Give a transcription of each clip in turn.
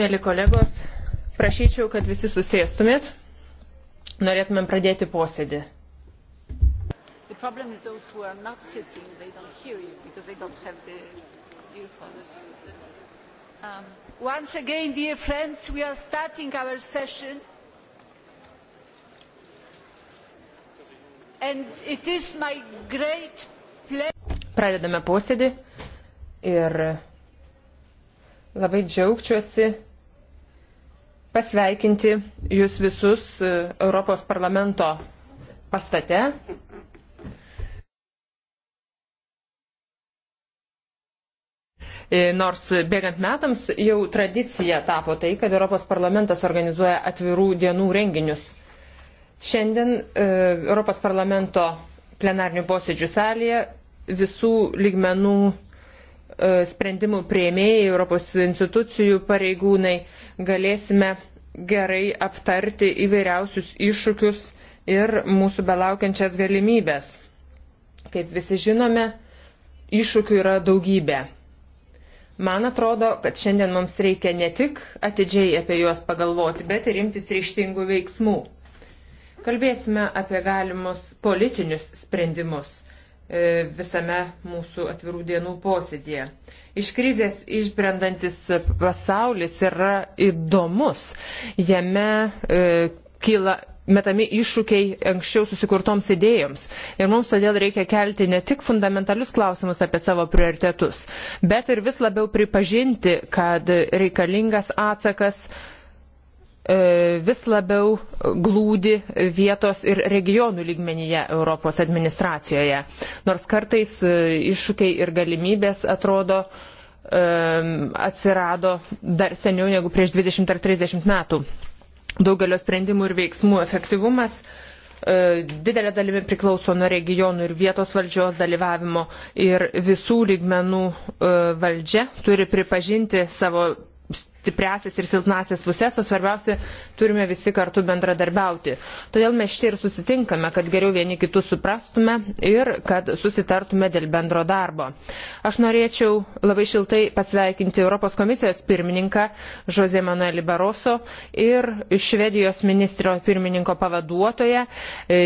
Mėly kolegos, prašyčiau, kad visi susėstumėt. Norėtumėm pradėti posėdį. Um, once again, dear friends, we are starting our session. And it is my great pleasure. Pradedame posėdį ir labai džiaugčiuosi pasveikinti jūs visus e, Europos parlamento pastate. E, nors bėgant metams jau tradicija tapo tai, kad Europos parlamentas organizuoja atvirų dienų renginius. Šiandien e, Europos parlamento plenarnių posėdžių salėje visų lygmenų E, sprendimų prieimėjai, Europos institucijų pareigūnai galėsime gerai aptarti įvairiausius iššūkius ir mūsų belaukiančias galimybės. Kaip visi žinome, iššūkių yra daugybė. Man atrodo, kad šiandien mums reikia ne tik atidžiai apie juos pagalvoti, bet ir imtis ryštingų veiksmų. Kalbėsime apie galimus politinius sprendimus, E, visame mūsų atvirų dienų posėdėje. Iš krizės išbrendantis pasaulis yra įdomus. Jame e, kyla metami iššūkiai anksčiau susikurtoms idėjoms. Ir mums todėl reikia kelti ne tik fundamentalius klausimus apie savo prioritetus, bet ir vis labiau pripažinti, kad reikalingas atsakas E, vis labiau glūdi vietos ir regionų lygmenyje Europos administracijoje. Nors kartais e, iššūkiai ir galimybės atrodo e, atsirado dar seniau negu prieš 20 ar 30 metų. Daugelio sprendimų ir veiksmų efektyvumas didelė dalimi priklauso nuo regionų ir vietos valdžios dalyvavimo ir visų lygmenų valdžia turi pripažinti savo stipriasias ir silpnasias pusės, o svarbiausia, turime visi kartu bendradarbiauti. Todėl mes čia ir susitinkame, kad geriau vieni kitus suprastume ir kad susitartume dėl bendro darbo. Aš norėčiau labai šiltai pasveikinti Europos komisijos pirmininką Jose Manuelį Baroso ir Švedijos ministro pirmininko pavaduotoją e,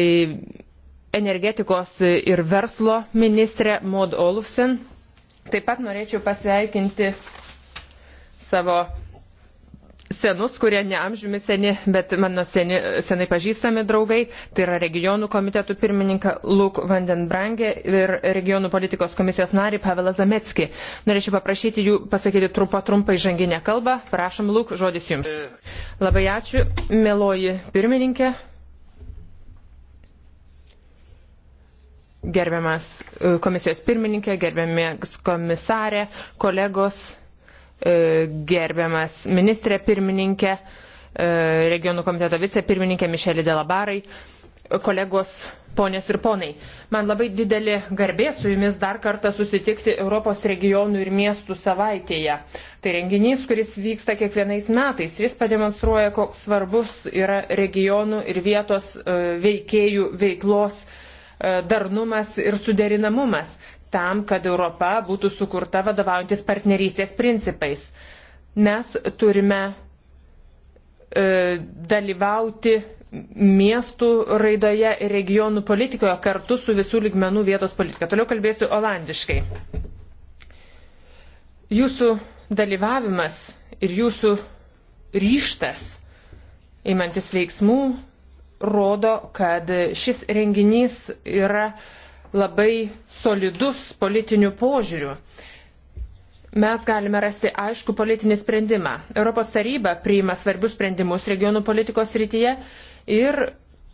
energetikos ir verslo ministrė Maud Olufsen. Taip pat norėčiau pasveikinti savo senus, kurie ne amžiumi seni, bet mano seni, senai pažįstami draugai, tai yra regionų komitetų pirmininką Luk Vandenbrangė ir regionų politikos komisijos narį Pavelą Zametskį. Norėčiau paprašyti jų pasakyti trumpą trumpą įžanginę kalbą. Prašom, Luk, žodis jums. Labai ačiū, mėloji pirmininkė. Gerbiamas e, komisijos pirmininkė, gerbiamas komisarė, kolegos E, gerbiamas ministrė pirmininkė, e, regionų komiteto vicepirmininkė Mišelė Delabarai, kolegos Ponios ir ponai, man labai didelė garbė su jumis dar kartą susitikti Europos regionų ir miestų savaitėje. Tai renginys, kuris vyksta kiekvienais metais. Jis pademonstruoja, koks svarbus yra regionų ir vietos e, veikėjų veiklos darnumas ir suderinamumas tam, kad Europa būtų sukurta vadovaujantis partnerystės principais. Mes turime e, dalyvauti miestų raidoje ir regionų politikoje kartu su visų ligmenų vietos politika. Toliau kalbėsiu olandiškai. Jūsų dalyvavimas ir jūsų ryštas įmantis veiksmų rodo, kad šis renginys yra uh, labai solidus politiniu požiūriu. Mes galime rasti aišku politinį sprendimą. Europos taryba priima svarbius sprendimus regionų politikos rytyje ir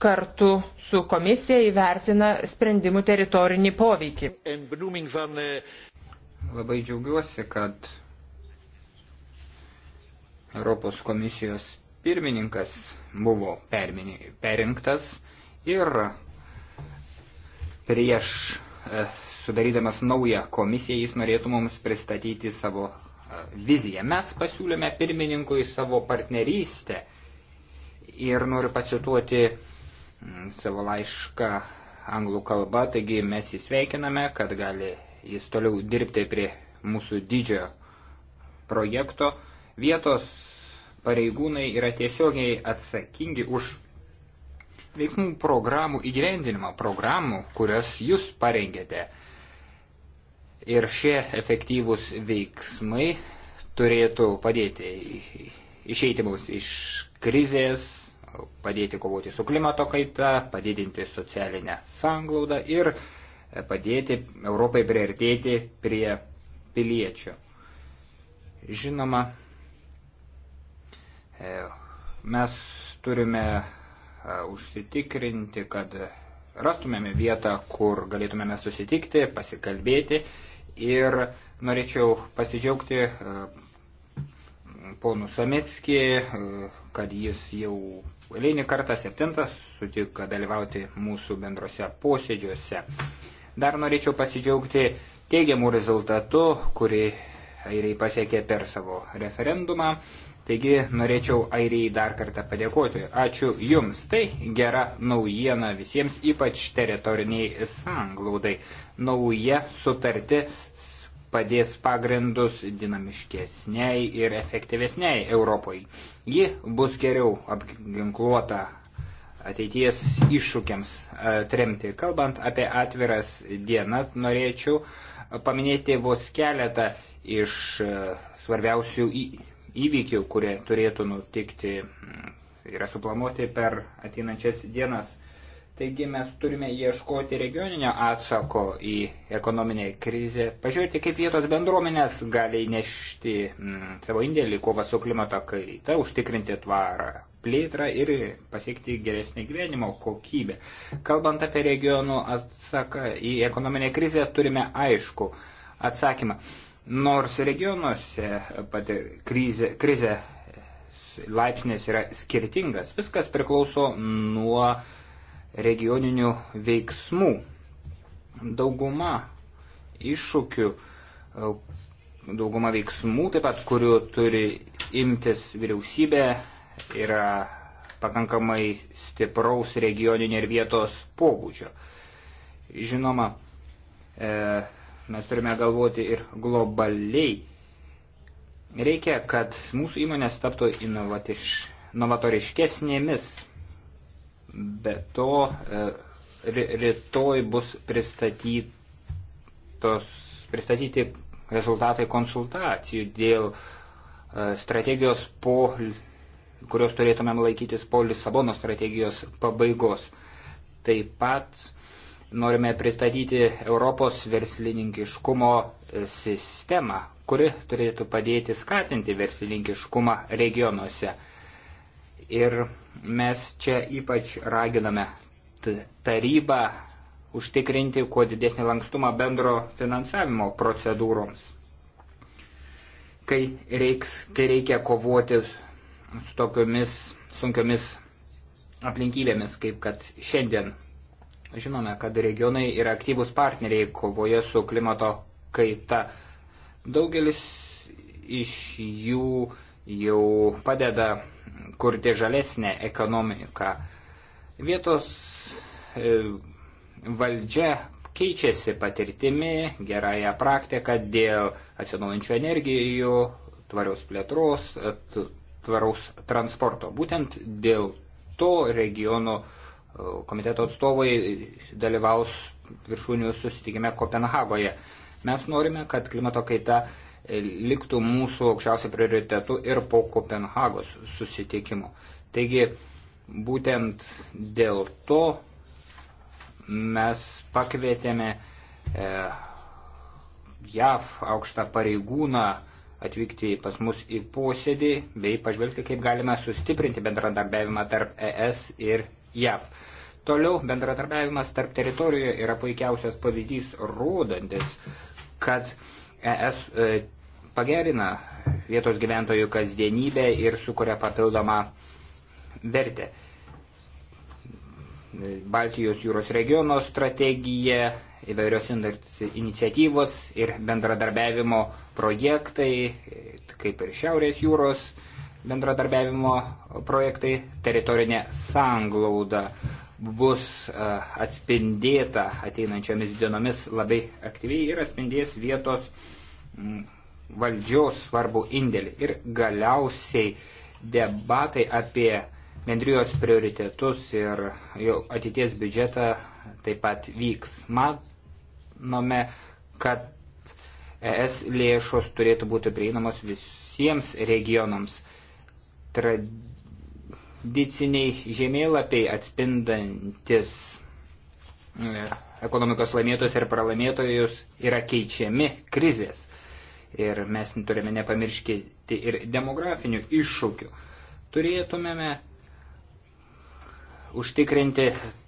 kartu su komisija įvertina sprendimų teritorinį poveikį. Labai džiaugiuosi, kad Europos komisijos pirmininkas buvo permini, perinktas ir prieš e, sudarydamas naują komisiją jis norėtų mums pristatyti savo e, viziją. Mes pasiūlėme pirmininkui savo partnerystę ir noriu pacituoti savo laišką anglų kalba, taigi mes įsveikiname, kad gali jis toliau dirbti prie mūsų didžiojo projekto. Vietos pareigūnai yra tiesiogiai atsakingi už veiksmų programų įgyvendinimą, programų, kurias jūs parengėte. Ir šie efektyvūs veiksmai turėtų padėti išeiti mums iš krizės, padėti kovoti su klimato kaita, padidinti socialinę sanglaudą ir padėti Europai priartėti prie piliečių. Žinoma, e, mes turime E, užsitikrinti, kad rastumėme vietą, kur galėtumėme susitikti, pasikalbėti ir norėčiau pasidžiaugti e, ponų Samitskį, e, kad jis jau eilinį kartą septintas sutiko dalyvauti mūsų bendrose posėdžiuose. Dar norėčiau pasidžiaugti teigiamų rezultatų, kurį airiai pasiekė per savo referendumą. Taigi norėčiau Airijai dar kartą padėkoti. Ačiū Jums. Tai gera naujiena visiems, ypač teritoriniai sanglaudai. Nauja sutartis padės pagrindus dinamiškesniai ir efektyvesniai Europai. Ji bus geriau apginkluota ateities iššūkiams e, tremti. Kalbant apie atviras dienas, norėčiau paminėti vos keletą iš e, svarbiausių į įvykių, kurie turėtų nutikti, mm, yra suplanuoti per ateinančias dienas. Taigi mes turime ieškoti regioninio atsako į ekonominę krizę, pažiūrėti, kaip vietos bendruomenės gali nešti mm, savo indėlį, kovą su klimato kaita, užtikrinti tvarą plėtrą ir pasiekti geresnį gyvenimo kokybę. Kalbant apie regionų atsaką į ekonominę krizę, turime aišku atsakymą. Nors regionuose pati krizė, krizė laipsnis yra skirtingas, viskas priklauso nuo regioninių veiksmų. Dauguma iššūkių, dauguma veiksmų, taip pat kurių turi imtis vyriausybė, yra pakankamai stipraus regioninio ir vietos pobūdžio. Žinoma, e, mes turime galvoti ir globaliai. Reikia, kad mūsų įmonės taptų inovatoriškesnėmis. Be to, e, rytoj bus pristatytos, pristatyti rezultatai konsultacijų dėl e, strategijos po kurios turėtumėm laikytis po Lisabono strategijos pabaigos. Taip pat norime pristatyti Europos verslininkiškumo e, sistemą, kuri turėtų padėti skatinti verslininkiškumą regionuose. Ir mes čia ypač raginame tarybą užtikrinti kuo didesnį lankstumą bendro finansavimo procedūroms. Kai, reiks, kai reikia kovoti su tokiomis sunkiomis aplinkybėmis, kaip kad šiandien Žinome, kad regionai yra aktyvūs partneriai kovoje su klimato kaita. Daugelis iš jų jau padeda kurti žalesnę ekonomiką. Vietos e, valdžia keičiasi patirtimi, gerąją praktiką dėl atsinaujančių energijų, tvarios plėtros, tvaraus transporto. Būtent dėl to regiono komiteto atstovai dalyvaus viršūnių susitikime Kopenhagoje. Mes norime, kad klimato kaita liktų mūsų aukščiausių prioritetų ir po Kopenhagos susitikimo. Taigi, būtent dėl to mes pakvietėme e, JAV aukštą pareigūną atvykti pas mus į posėdį bei pažvelgti, kaip galime sustiprinti bendradarbiavimą tarp ES ir JAV. Toliau bendratarbiavimas tarp teritorijoje yra puikiausias pavyzdys, rodantis, kad ES e, pagerina vietos gyventojų kasdienybę ir sukuria papildomą vertę. Baltijos jūros regiono strategija, įvairios iniciatyvos ir bendradarbiavimo projektai, kaip ir Šiaurės jūros bendradarbiavimo projektai, teritorinė sanglauda bus e, atspindėta ateinančiomis dienomis labai aktyviai ir atspindės vietos valdžios svarbu indėlį. Ir galiausiai debatai apie bendrijos prioritetus ir jo ateities biudžetą taip pat vyks. Manome, kad ES lėšos turėtų būti prieinamos visiems regionams tradiciniai žemėlapiai atspindantis e, ekonomikos laimėtojus ir pralaimėtojus yra keičiami krizės. Ir mes turime nepamirškyti ir demografinių iššūkių. Turėtumėme užtikrinti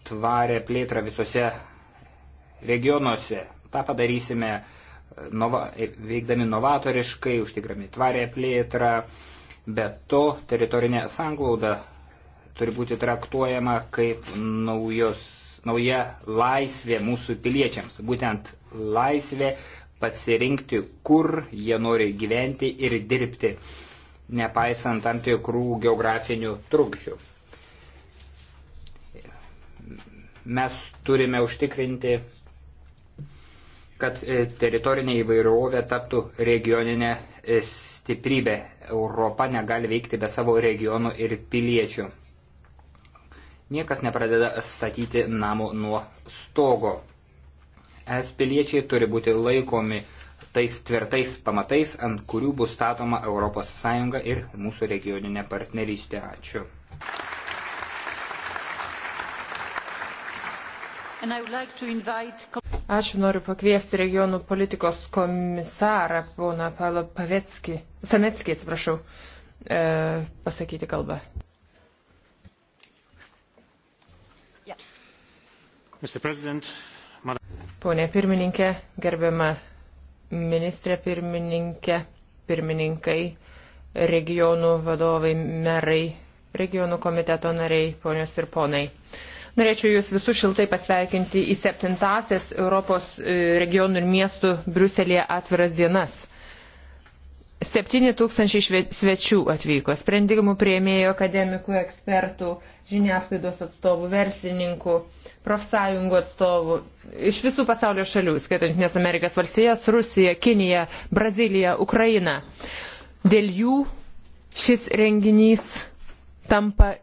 tvarę plėtrą visose regionuose. Ta padarysime nova, veikdami novatoriškai, užtikrami tvarę plėtrą, Bet to teritorinė sanglauda turi būti traktuojama kaip naujos, nauja laisvė mūsų piliečiams. Būtent laisvė pasirinkti, kur jie nori gyventi ir dirbti, nepaisant tam tikrų geografinių trukdžių. Mes turime užtikrinti, kad teritorinė įvairovė taptų regioninė stiprybė. Europa negali veikti be savo regionų ir piliečių. Niekas nepradeda statyti namų nuo stogo. Es piliečiai turi būti laikomi tais tvirtais pamatais, ant kurių bus statoma ES ir mūsų regioninė partnerystė. Ačiū. Like invite... Ačiū, noriu pakviesti regionų politikos komisarą, poną Pavlą Pavetskį, Sametskį, atsiprašau, e, pasakyti kalbą. Ja. Pone pirmininkė, gerbiama ministrė pirmininkė, pirmininkai, regionų vadovai, merai, regionų komiteto nariai, ponios ir ponai. E, Norėčiau Jūs visus šiltai pasveikinti į septintasias Europos e, regionų ir miestų Briuselėje atviras dienas. 7 tūkstančiai svečių atvyko, sprendimų prieimėjo akademikų, ekspertų, žiniasklaidos atstovų, verslininkų, profsąjungų atstovų iš visų pasaulio šalių, skaitant Nes Amerikas valstijas, Rusija, Kinija, Brazilija, Ukraina. Dėl jų šis renginys tampa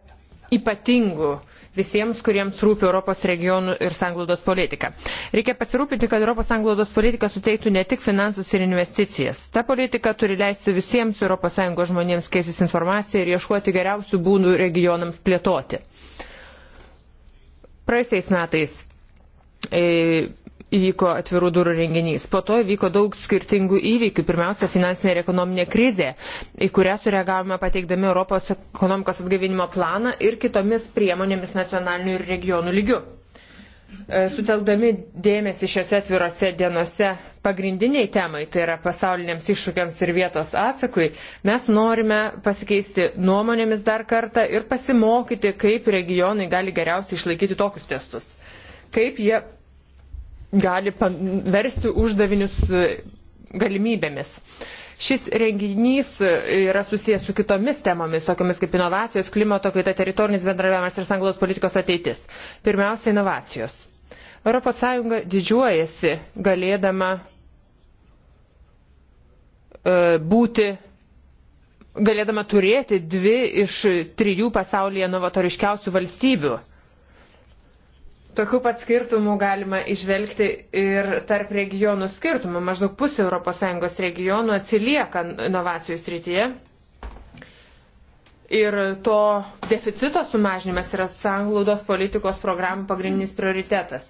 ypatingu visiems, kuriems rūpi Europos regionų ir sanglaudos politika. Reikia pasirūpinti, kad Europos sanglaudos politika suteiktų ne tik finansus ir investicijas. Ta politika turi leisti visiems ES žmonėms keisis informaciją ir ieškoti geriausių būdų regionams plėtoti. Praėjusiais metais e, įvyko atvirų durų renginys. Po to įvyko daug skirtingų įvykių. Pirmiausia, finansinė ir ekonominė krizė, į kurią sureagavome pateikdami Europos ekonomikos atgavinimo planą ir kitomis priemonėmis nacionaliniu ir regionų lygiu. E, Suteldami dėmesį šiuose atvirose dienose pagrindiniai temai, tai yra pasauliniams iššūkiams ir vietos atsakui, mes norime pasikeisti nuomonėmis dar kartą ir pasimokyti, kaip regionai gali geriausiai išlaikyti tokius testus kaip jie gali versti uždavinius e, galimybėmis. Šis renginys e, yra susijęs su kitomis temomis, tokiamis kaip inovacijos, klimato kaita, teritorinis bendravimas ir sanglaus politikos ateitis. Pirmiausia, inovacijos. ES didžiuojasi galėdama e, būti, galėdama turėti dvi iš trijų pasaulyje novatoriškiausių valstybių Tokių pat skirtumų galima išvelgti ir tarp regionų skirtumų. Maždaug pusė ES regionų atsilieka inovacijų srityje. Ir to deficito sumažinimas yra sanglaudos politikos programų pagrindinis prioritetas.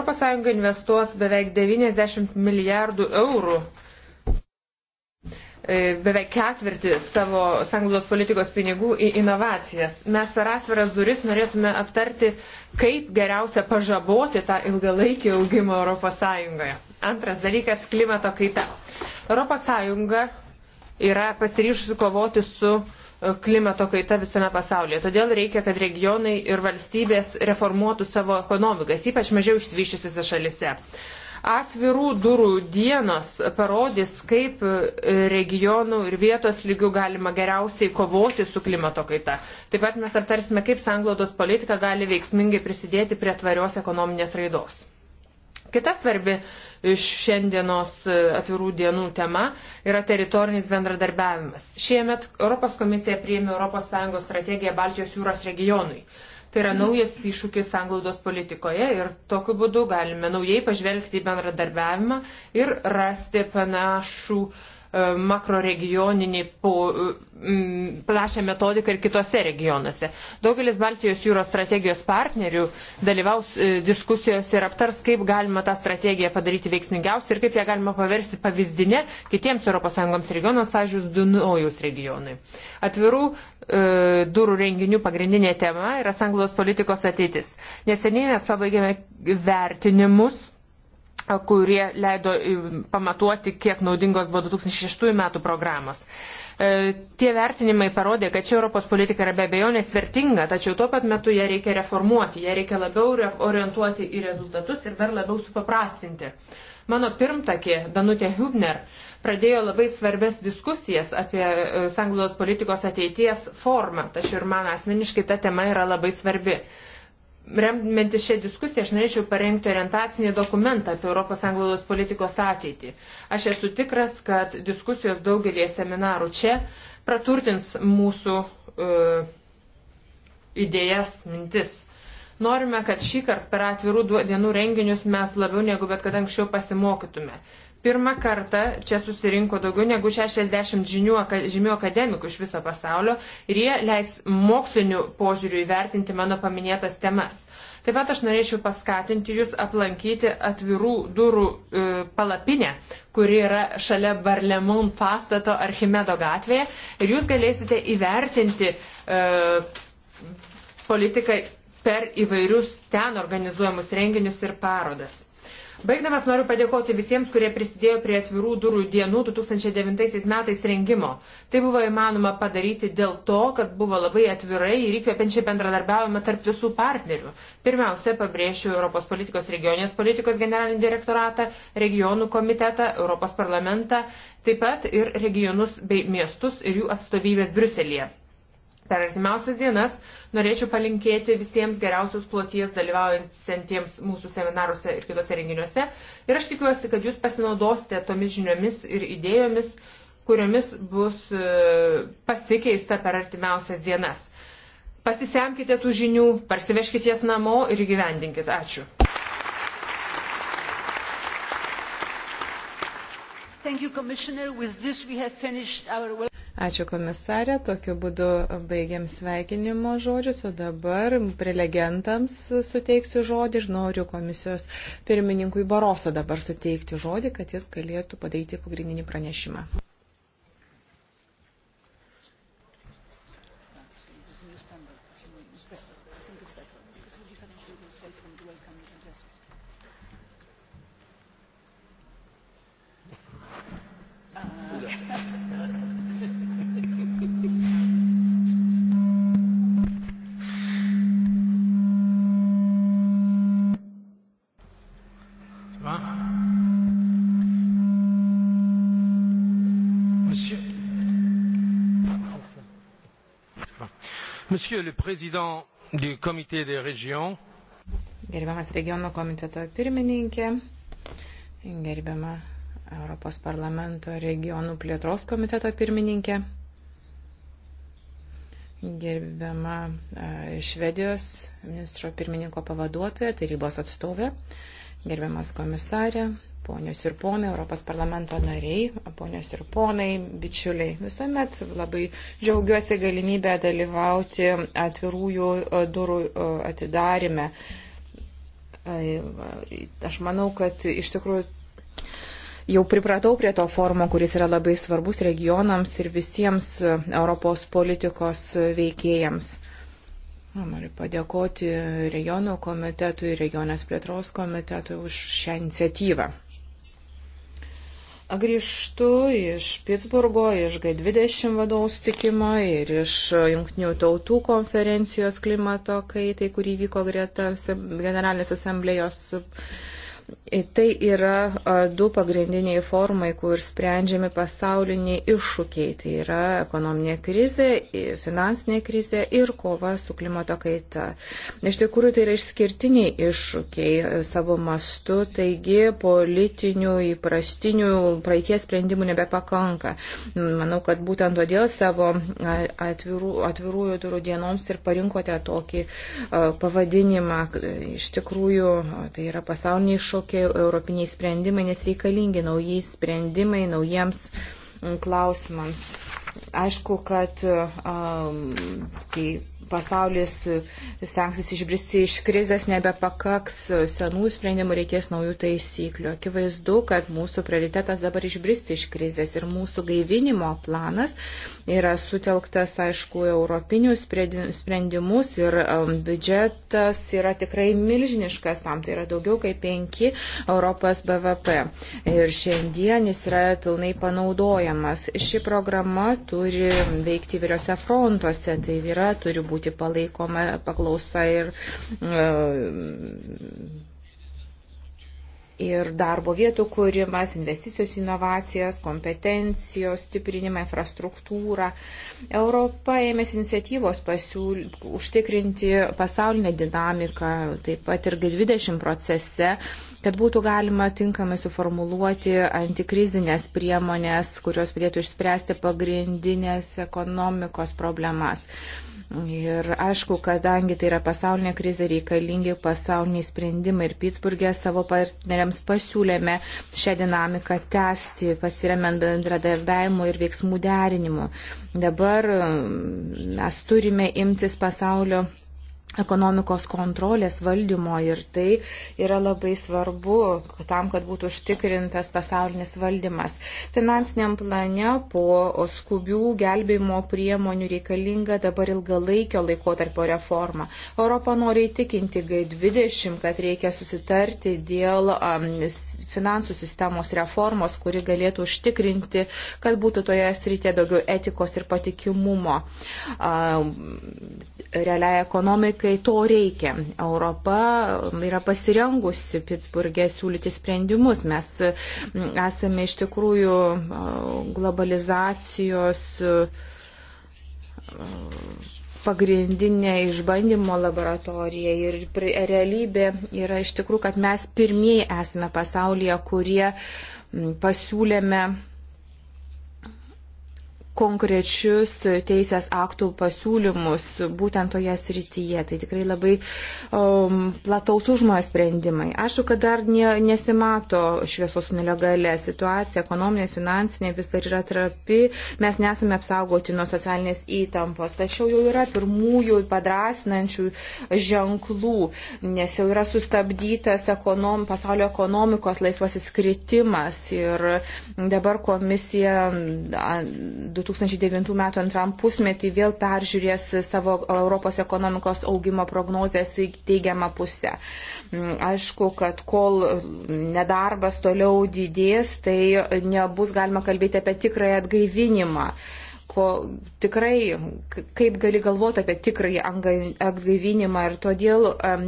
ES investuos beveik 90 milijardų eurų E, beveik ketvirtį savo sanglaudos politikos pinigų į inovacijas. Mes per atviras duris norėtume aptarti, kaip geriausia pažaboti tą ilgalaikį augimą ES. Antras dalykas - klimato kaita. ES yra pasiryžusi kovoti su e, klimato kaita visame pasaulyje. Todėl reikia, kad regionai ir valstybės reformuotų savo ekonomikas, ypač mažiau išsivyščiusiuose šalise. Atvirų durų dienos parodys, kaip e, regionų ir vietos lygių galima geriausiai kovoti su klimato kaita. Taip pat mes aptarsime, kaip sanglaudos politika gali veiksmingai prisidėti prie tvarios ekonominės raidos. Kita svarbi iš šiandienos e, atvirų dienų tema yra teritorinis bendradarbiavimas. Šiemet Europos komisija priėmė ES strategiją Baltijos jūros regionui. Tai yra naujas iššūkis sanglaudos politikoje ir tokiu būdu galime naujai pažvelgti į bendradarbiavimą ir rasti panašų uh, E, makroregioninį plačią e, metodiką ir kitose regionuose. Daugelis Baltijos jūros strategijos partnerių dalyvaus e, diskusijos ir aptars, kaip galima tą strategiją padaryti veiksmingiausiai ir kaip ją galima paversti pavyzdinę kitiems ES regionams, pavyzdžiui, Dunojaus regionui. Atvirų e, durų renginių pagrindinė tema yra sanglos politikos ateitis. Neseniai mes pabaigėme vertinimus kurie leido e, pamatuoti, kiek naudingos buvo 2006 metų programos. E, tie vertinimai parodė, kad ši Europos politika yra be abejonės vertinga, tačiau tuo pat metu ją reikia reformuoti, ją reikia labiau orientuoti į rezultatus ir dar labiau supaprastinti. Mano pirmtakė Danutė Hübner pradėjo labai svarbės diskusijas apie e, sanglaudos politikos ateities formą, tačiau ir man asmeniškai ta tema yra labai svarbi. Remiantis šią diskusiją, aš norėčiau parengti orientacinį dokumentą apie Europos anglodos politikos ateitį. Aš esu tikras, kad diskusijos daugelie seminarų čia praturtins mūsų uh, idėjas, mintis. Norime, kad šį kartą per atvirų dienų renginius mes labiau negu bet kada anksčiau pasimokytume. Pirmą kartą čia susirinko daugiau negu 60 žinių, žymių akademikų iš viso pasaulio ir jie leis mokslinių požiūrių įvertinti mano paminėtas temas. Taip pat aš norėčiau paskatinti jūs aplankyti atvirų durų e, palapinę, kuri yra šalia Barlemon pastato Archimedo gatvėje ir jūs galėsite įvertinti e, politiką per įvairius ten organizuojamus renginius ir parodas. Baigdamas noriu padėkoti visiems, kurie prisidėjo prie atvirų durų dienų 2009 metais rengimo. Tai buvo įmanoma padaryti dėl to, kad buvo labai atvirai ir įkvepiančiai bendradarbiavome tarp visų partnerių. Pirmiausia, pabrėšiu Europos politikos regionės politikos generalinį direktoratą, regionų komitetą, Europos parlamentą, taip pat ir regionus bei miestus ir jų atstovybės Briuselėje. Per artimiausias dienas norėčiau palinkėti visiems geriausios ploties dalyvaujantiems mūsų seminaruose ir kitose renginiuose. Ir aš tikiuosi, kad jūs pasinaudosite tomis žiniomis ir idėjomis, kuriomis bus e, pasikeista per artimiausias dienas. Pasisemkite tų žinių, parsiveškite jas namo ir gyvendinkite. Ačiū. Thank you, Commissioner. With this, we have finished our. Ačiū komisarė, tokiu būdu baigiam sveikinimo žodžius, o dabar prelegentams suteiksiu žodį ir noriu komisijos pirmininkui Baroso dabar suteikti žodį, kad jis galėtų padaryti pagrindinį pranešimą. Monsieur le Président du Comité des Régions. Gerbiamas regiono komiteto pirmininkė, gerbiama Europos parlamento regionų plėtros komiteto pirmininkė, gerbiama e, Švedijos ministro pirmininko pavaduotoja, tarybos atstovė, gerbiamas komisarė, ponios ir ponai, Europos parlamento nariai, ponios ir ponai, bičiuliai. Visuomet labai džiaugiuosi galimybę dalyvauti atvirųjų e, durų e, atidarime. E, aš manau, kad iš tikrųjų jau pripratau prie to formo, kuris yra labai svarbus regionams ir visiems Europos politikos veikėjams. Noriu padėkoti regionų komitetui, regionės plėtros komitetui už šią iniciatyvą. Grįžtu iš Pittsburgo, iš G20 vadovų sutikimo ir iš Junktinių tautų konferencijos klimato kaitai, kurį vyko greta generalinės asamblėjos Tai yra du pagrindiniai formai, kur sprendžiami pasauliniai iššūkiai. Tai yra ekonominė krizė, finansinė krizė ir kova su klimato kaita. Iš tikrųjų, tai yra išskirtiniai iššūkiai e, savo mastu, taigi politinių įprastinių praeities sprendimų nebepakanka. Manau, kad būtent todėl savo atvirų, atvirųjų durų dienoms ir parinkote tokį pavadinimą. Iš tikrųjų, tai yra pasauliniai iššūkiai kažkokie europiniai sprendimai, nes reikalingi nauji sprendimai naujiems mm, klausimams. Aišku, kad um, kai pasaulis stengsis išbristi iš krizės, nebepakaks senų sprendimų, reikės naujų taisyklių. Akivaizdu, kad mūsų prioritetas dabar išbristi iš krizės ir mūsų gaivinimo planas yra sutelktas, aišku, europinius sprendimus ir um, biudžetas yra tikrai milžiniškas, tam tai yra daugiau kaip 5 Europos BVP. Ir šiandien jis yra pilnai panaudojamas. Ši programa turi veikti įvairiose frontuose, tai yra turi būti būti palaikoma paklausa ir, e, ir darbo vietų kūrimas, investicijos inovacijas, kompetencijos stiprinimą, infrastruktūrą. Europa ėmėsi iniciatyvos pasiūl... užtikrinti pasaulinę dinamiką, taip pat ir G20 procese kad būtų galima tinkamai suformuluoti antikrizinės priemonės, kurios padėtų išspręsti pagrindinės ekonomikos problemas. Ir aišku, kadangi tai yra pasaulinė krizė, reikalingi pasauliniai sprendimai. Ir Pittsburgė savo partneriams pasiūlėme šią dinamiką tęsti, pasiremiant bendradarbiavimu ir veiksmų derinimu. Dabar mm, mes turime imtis pasaulio ekonomikos kontrolės valdymo ir tai yra labai svarbu tam, kad būtų užtikrintas pasaulinis valdymas. Finansiniam plane po skubių gelbėjimo priemonių reikalinga dabar ilgalaikio laikotarpio reforma. Europa nori įtikinti G20, kad reikia susitarti dėl um, finansų sistemos reformos, kuri galėtų užtikrinti, kad būtų toje srityje daugiau etikos ir patikimumo. Um, realiai ekonomikai to reikia. Europa yra pasirengusi Pittsburgė siūlyti sprendimus. Mes mm, esame iš tikrųjų globalizacijos pagrindinė išbandymo laboratorija ir realybė yra iš tikrųjų, kad mes pirmieji esame pasaulyje, kurie pasiūlėme konkrečius teisės aktų pasiūlymus būtent toje srityje. Tai tikrai labai um, plataus užmojo sprendimai. Aišku, kad dar ne, nesimato šviesos nulio gale. Situacija ekonominė, finansinė vis dar yra trapi. Mes nesame apsaugoti nuo socialinės įtampos. Tačiau jau yra pirmųjų padrasinančių ženklų, nes jau yra sustabdytas ekonom, pasaulio ekonomikos laisvasis kritimas. Ir dabar komisija 2000 2009 metų antram pusmetį vėl peržiūrės savo Europos ekonomikos augimo prognozės į teigiamą pusę. Mm, aišku, kad kol nedarbas toliau didės, tai nebus galima kalbėti apie tikrąją atgaivinimą ko tikrai, kaip gali galvoti apie tikrąjį atgaivinimą ir todėl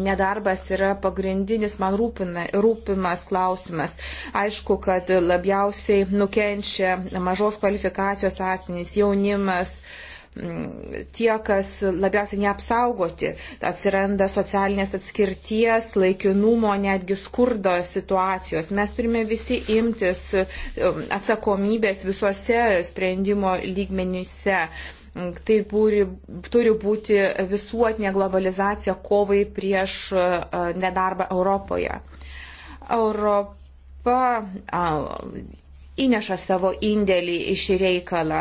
nedarbas yra pagrindinis man rūpina, rūpimas klausimas. Aišku, kad labiausiai nukenčia mažos kvalifikacijos asmenys, jaunimas, uh, Mm, tie, kas labiausiai neapsaugoti. Atsiranda socialinės atskirties, laikinumo, netgi skurdo situacijos. Mes turime visi imtis um, atsakomybės visuose sprendimo lygmenyse. Mm, tai būri, turi būti visuotinė globalizacija kovai prieš uh, nedarbą Europoje. Europa Europa uh, įneša savo indėlį į šį reikalą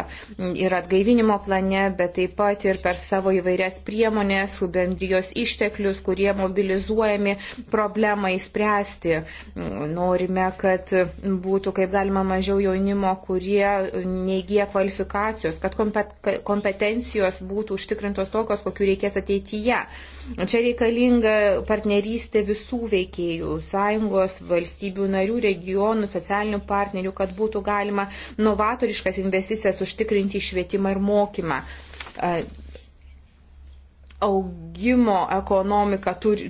ir atgaivinimo plane, bet taip pat ir per savo įvairias priemonės, bendrijos išteklius, kurie mobilizuojami problemai spręsti. Norime, kad būtų kaip galima mažiau jaunimo, kurie neįgyja kvalifikacijos, kad kompetencijos būtų užtikrintos tokios, kokiu reikės ateityje. Čia reikalinga partnerystė visų veikėjų - sąjungos, valstybių narių, regionų, socialinių partnerių, kad būtų būtų galima novatoriškas investicijas užtikrinti į švietimą ir mokymą. E, augimo ekonomika turi,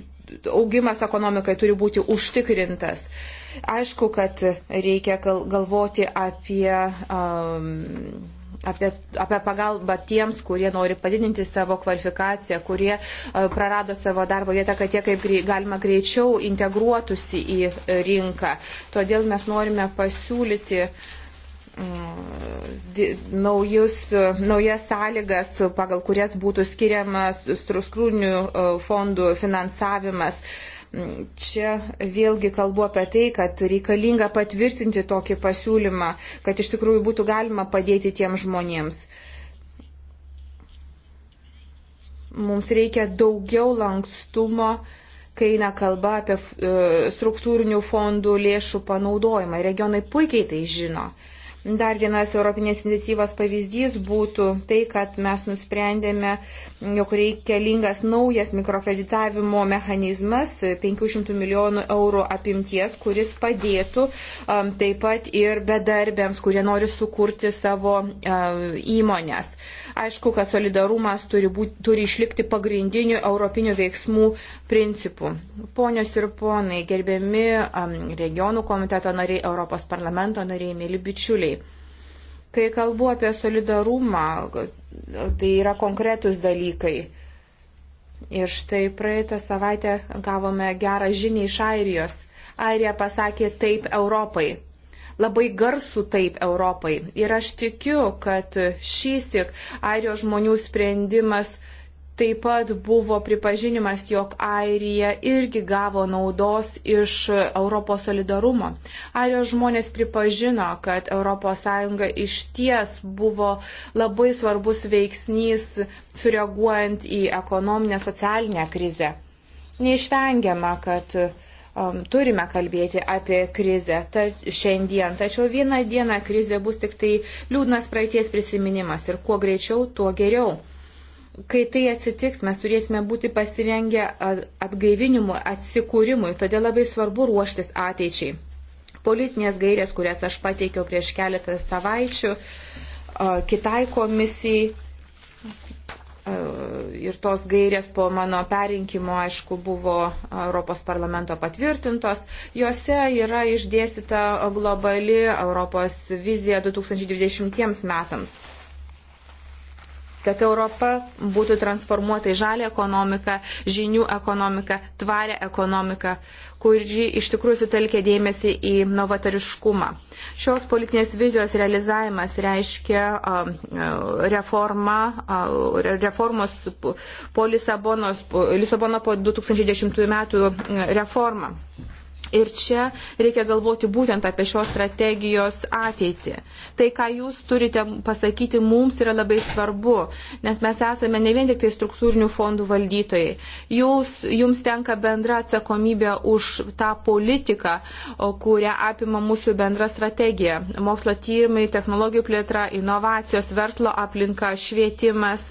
augimas ekonomikai turi būti užtikrintas. Aišku, kad reikia galvoti apie um, apie, apie pagalbą tiems, kurie nori padidinti savo kvalifikaciją, kurie e, prarado savo darbo vietą, kad jie kaip galima greičiau integruotųsi į e, rinką. Todėl mes norime pasiūlyti mm, naujus, naujas sąlygas, pagal kurias būtų skiriamas struktūrinių e, fondų finansavimas. Uh, Mm, čia vėlgi kalbu apie tai, kad reikalinga patvirtinti tokį pasiūlymą, kad iš tikrųjų būtų galima padėti tiem žmonėms. Mums reikia daugiau lankstumo kai eina kalba apie e, struktūrinių fondų lėšų panaudojimą. Regionai puikiai tai žino. Uh, Dar vienas Europinės iniciatyvos pavyzdys būtų tai, kad mes nusprendėme, jog reikalingas naujas mikrokreditavimo mechanizmas 500 milijonų eurų apimties, kuris padėtų um, taip pat ir bedarbiams, kurie nori sukurti savo um, įmonės. Aišku, kad solidarumas turi, būti, turi išlikti pagrindiniu europinių veiksmų principu. Ponios ir ponai, gerbiami um, regionų komiteto nariai, Europos parlamento nariai, mėly bičiuliai. Kai kalbu apie solidarumą, tai yra konkretus dalykai. Ir štai praeitą savaitę gavome gerą žinią iš Airijos. Airija pasakė taip Europai labai garsų taip Europai. Ir aš tikiu, kad šįsik airijos žmonių sprendimas taip pat buvo pripažinimas, jog Airija irgi gavo naudos iš Europos solidarumo. Airijos žmonės pripažino, kad ES iš ties buvo labai svarbus veiksnys sureaguojant į ekonominę socialinę krizę. Neišvengiama, kad um, turime kalbėti apie krizę ta, šiandien. Tačiau vieną dieną krizė bus tik tai liūdnas praeities prisiminimas ir kuo greičiau, tuo geriau. Kai tai atsitiks, mes turėsime būti pasirengę atgaivinimui, atsikūrimui, todėl labai svarbu ruoštis ateičiai. Politinės gairės, kurias aš pateikiau prieš keletą savaičių kitai komisijai, ir tos gairės po mano perinkimo, aišku, buvo Europos parlamento patvirtintos. Jose yra išdėstyta globali Europos vizija 2020 metams kad Europa būtų transformuota į žalę ekonomiką, žinių ekonomiką, tvarę ekonomiką, kuri iš tikrųjų sutelkia dėmesį į novatariškumą. Šios politinės vizijos realizavimas reiškia um, reforma, um, reformos po Lisabonos, Lisabono po 2010 metų um, reformą. Ir čia reikia galvoti būtent apie šios strategijos ateitį. Tai, ką jūs turite pasakyti, mums yra labai svarbu, nes mes esame ne vien tik tai struktūrinių fondų valdytojai. Jūs, jums tenka bendra atsakomybė už tą politiką, kurią apima mūsų bendra strategija. Mokslo tyrimai, technologijų plėtra, inovacijos, verslo aplinka, švietimas,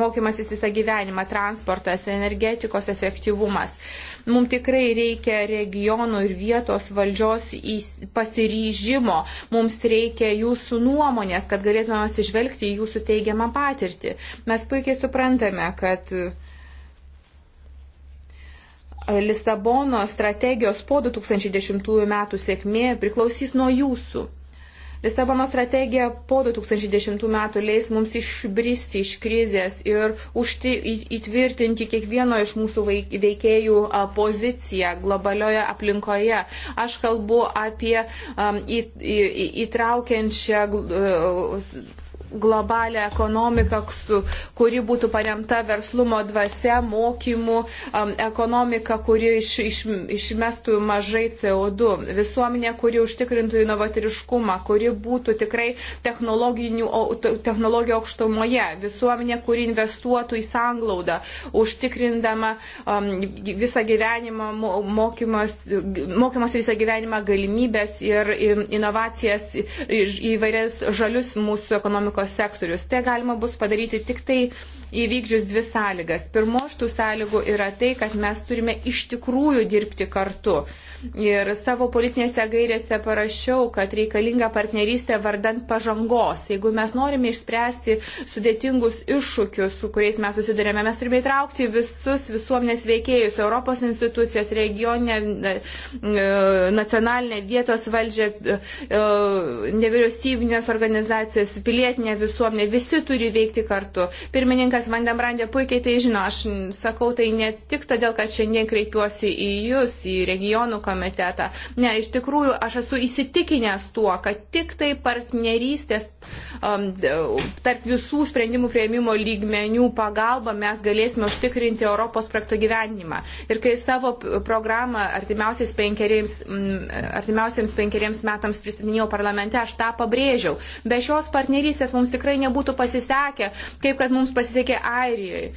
mokymasis visą gyvenimą, transportas, energetikos efektyvumas. Uh, Mums tikrai reikia regionų ir vietos valdžios pasiryžimo, mums reikia jūsų nuomonės, kad galėtume atsižvelgti į jūsų teigiamą patirtį. Mes puikiai suprantame, kad e, Lisabono strategijos po 2010 metų sėkmė priklausys nuo jūsų. Lisabono strategija po 2010 metų leis mums išbristi iš krizės ir užti, įtvirtinti kiekvieno iš mūsų veikėjų poziciją globalioje aplinkoje. Aš kalbu apie um, į, į, įtraukiančią uh, globalią ekonomiką, kuri būtų paremta verslumo dvasia, mokymu, um, ekonomika, kuri iš, iš, išmestų mažai CO2, visuomenė, kuri užtikrintų inovatoriškumą, kuri būtų tikrai technologijų aukštumoje, visuomenė, kuri investuotų į sanglaudą, užtikrindama um, visą gyvenimą, mokymas, mokymas visą gyvenimą galimybės ir inovacijas į, į, įvairias žalius mūsų ekonomikos energetikos sektorius. Tai galima bus padaryti tik tai įvykdžius dvi sąlygas. Pirmoji tų sąlygų yra tai, kad mes turime iš tikrųjų dirbti kartu. Ir savo politinėse gairėse parašiau, kad reikalinga partnerystė vardant pažangos. Jeigu mes norime išspręsti sudėtingus iššūkius, su kuriais mes susidurėme, mes turime įtraukti visus visuomenės veikėjus, Europos institucijas, regioninę, e, e, nacionalinę, vietos valdžią, e, nevyriausybinės organizacijas, pilietinę pilietinė visuomenė, visi turi veikti kartu. Pirmininkas Vandenbrandė puikiai tai žino, aš sakau tai ne tik todėl, kad šiandien kreipiuosi į Jūs, į regionų komitetą. Ne, iš tikrųjų, aš esu įsitikinęs tuo, kad tik tai partnerystės um, tarp visų sprendimų prieimimo lygmenių pagalba mes galėsime užtikrinti Europos projekto gyvenimą. Ir kai savo programą artimiausiais penkeriems, mm, artimiausiams penkeriems metams pristatinėjau parlamente, aš tą pabrėžiau. Be šios partnerystės mums tikrai nebūtų pasisekę, taip kad mums pasisekė Airijoje.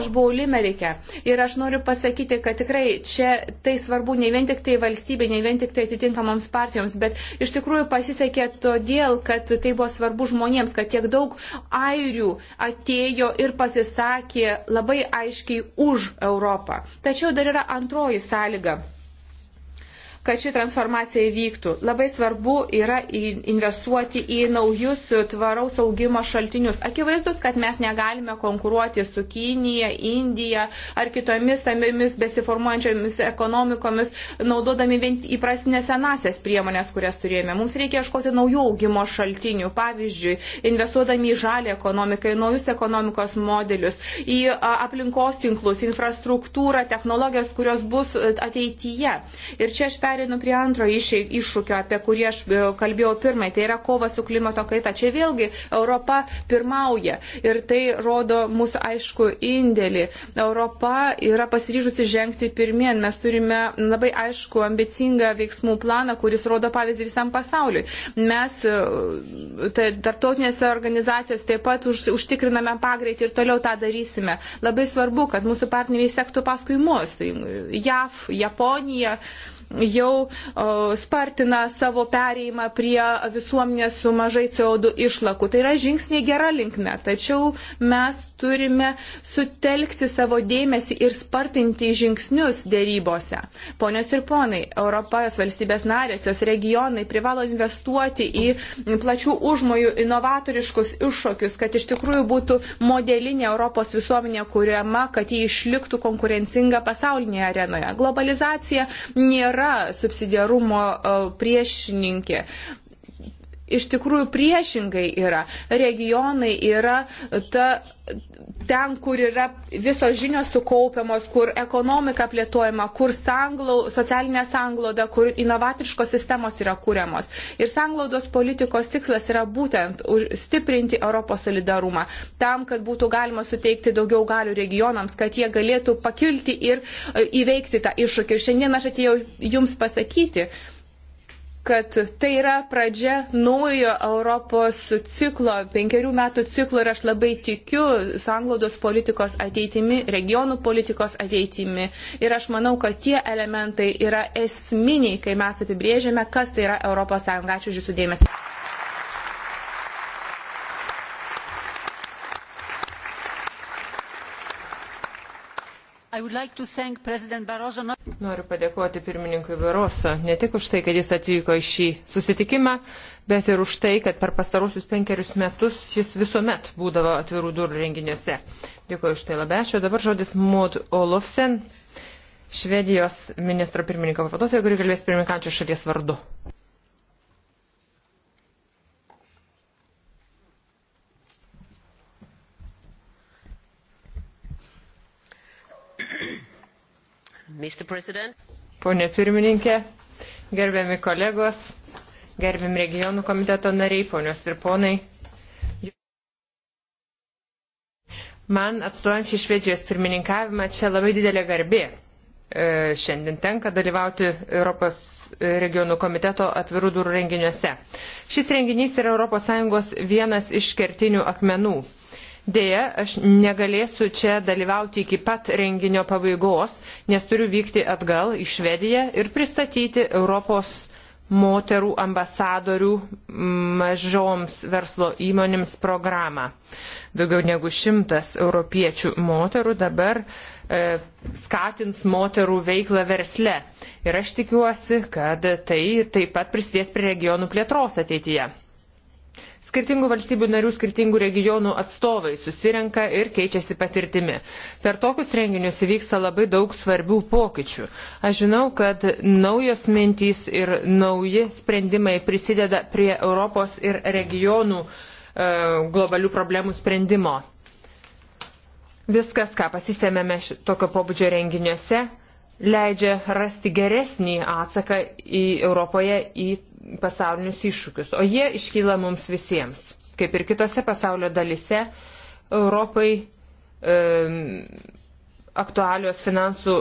Aš buvau Limerike ir aš noriu pasakyti, kad tikrai čia tai svarbu ne vien tik tai valstybė, ne vien tik tai atitinkamoms partijoms, bet iš tikrųjų pasisekė todėl, kad tai buvo svarbu žmonėms, kad tiek daug airių atėjo ir pasisakė labai aiškiai už Europą. Tačiau dar yra antroji sąlyga kad ši transformacija įvyktų. Labai svarbu yra investuoti į naujus tvaraus augimo šaltinius. Akivaizdus, kad mes negalime konkuruoti su Kinija, Indija ar kitomis tamiomis besiformuojančiomis ekonomikomis, naudodami vien įprastinės senasias priemonės, kurias turėjome. Mums reikia ieškoti naujų augimo šaltinių. Pavyzdžiui, investuodami į žalį ekonomiką, į naujus ekonomikos modelius, į aplinkos tinklus, infrastruktūrą, technologijas, kurios bus ateityje. Ir čia aš perėsiu perinu prie antro iššūkio, apie kurį aš e, kalbėjau pirmai, tai yra kova su klimato kaita. Čia vėlgi Europa pirmauja ir tai rodo mūsų aišku indėlį. Europa yra pasiryžusi žengti pirmien. Mes turime labai aišku ambicingą veiksmų planą, kuris rodo pavyzdį visam pasauliui. Mes e, tai, tarptautinėse organizacijose taip pat už, užtikriname pagreitį ir toliau tą darysime. Labai svarbu, kad mūsų partneriai sektų paskui mus. JAF, Japonija jau spartina savo pereimą prie visuomenės su mažai CO2 išlakų. Tai yra žingsniai gera linkme, tačiau mes turime sutelkti savo dėmesį ir spartinti žingsnius dėrybose. Ponios ir ponai, Europos valstybės narės, jos regionai privalo investuoti į plačių užmojų inovatoriškus iššūkius, kad iš tikrųjų būtų modelinė Europos visuomenė kuriama, kad ji išliktų konkurencinga pasaulinėje arenoje. Globalizacija nėra subsidiarumo e, priešininkė iš tikrųjų priešingai yra. Regionai yra ta ten, kur yra visos žinios sukaupiamos, kur ekonomika plėtojama, kur sanglau, socialinė sanglauda, kur inovatiškos sistemos yra kūriamos. Ir sanglaudos politikos tikslas yra būtent stiprinti Europos solidarumą, tam, kad būtų galima suteikti daugiau galių regionams, kad jie galėtų pakilti ir e, įveikti tą iššūkį. Ir šiandien aš atėjau jums pasakyti, kad tai yra pradžia naujo Europos ciklo, penkerių metų ciklo ir aš labai tikiu sanglaudos politikos ateitimi, regionų politikos ateitimi. Ir aš manau, kad tie elementai yra esminiai, kai mes apibrėžiame, kas tai yra Europos Sąjunga. Ačiū už jūsų dėmesį. Like Noriu padėkoti pirmininkui Baroso ne tik už tai, kad jis atvyko į šį susitikimą, bet ir už tai, kad per pastarusius penkerius metus jis visuomet būdavo atvirų durų renginiuose. Dėkuoju už tai labai. Ačiū. Dabar žodis Maud Olofsen, Švedijos ministro pirmininko pavaduotojo, kuri kalbės pirmininkančio šalies vardu. Pone pirmininkė, gerbiami kolegos, gerbiami regionų komiteto nariai, ponios ir ponai. Man atstovančiai Švedijos pirmininkavimą čia labai didelė garbė. E, šiandien tenka dalyvauti Europos regionų komiteto atvirų durų renginiuose. Šis renginys yra ES vienas iš kertinių akmenų. Deja, aš negalėsiu čia dalyvauti iki pat renginio pabaigos, nes turiu vykti atgal į Švediją ir pristatyti Europos moterų ambasadorių mažoms verslo įmonėms programą. Daugiau negu šimtas europiečių moterų dabar e, skatins moterų veiklą versle. Ir aš tikiuosi, kad tai taip pat prisidės prie regionų plėtros ateityje. Skirtingų valstybių narių, skirtingų regionų atstovai susirenka ir keičiasi patirtimi. Per tokius renginius įvyksta labai daug svarbių pokyčių. Aš žinau, kad naujos mintys ir nauji sprendimai prisideda prie Europos ir regionų e, globalių problemų sprendimo. Viskas, ką pasisėmėme tokio pobūdžio renginiuose, leidžia rasti geresnį atsaką į Europoje į pasaulinius iššūkius, o jie iškyla mums visiems. Kaip ir kitose pasaulio dalise, Europai e, aktualios finansų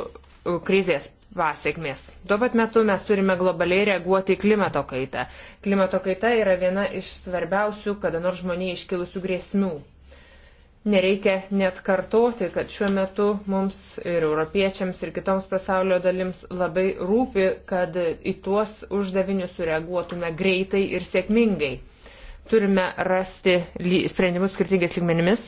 krizės pasiekmės. Tuo pat metu mes turime globaliai reaguoti į klimato kaitą. Klimato kaita yra viena iš svarbiausių, kada nors žmonėje iškilusių grėsmių. Nereikia net kartoti, kad šiuo metu mums ir europiečiams ir kitoms pasaulio dalims labai rūpi, kad į tuos uždavinius sureaguotume greitai ir sėkmingai. Turime rasti sprendimus skirtingais lygmenimis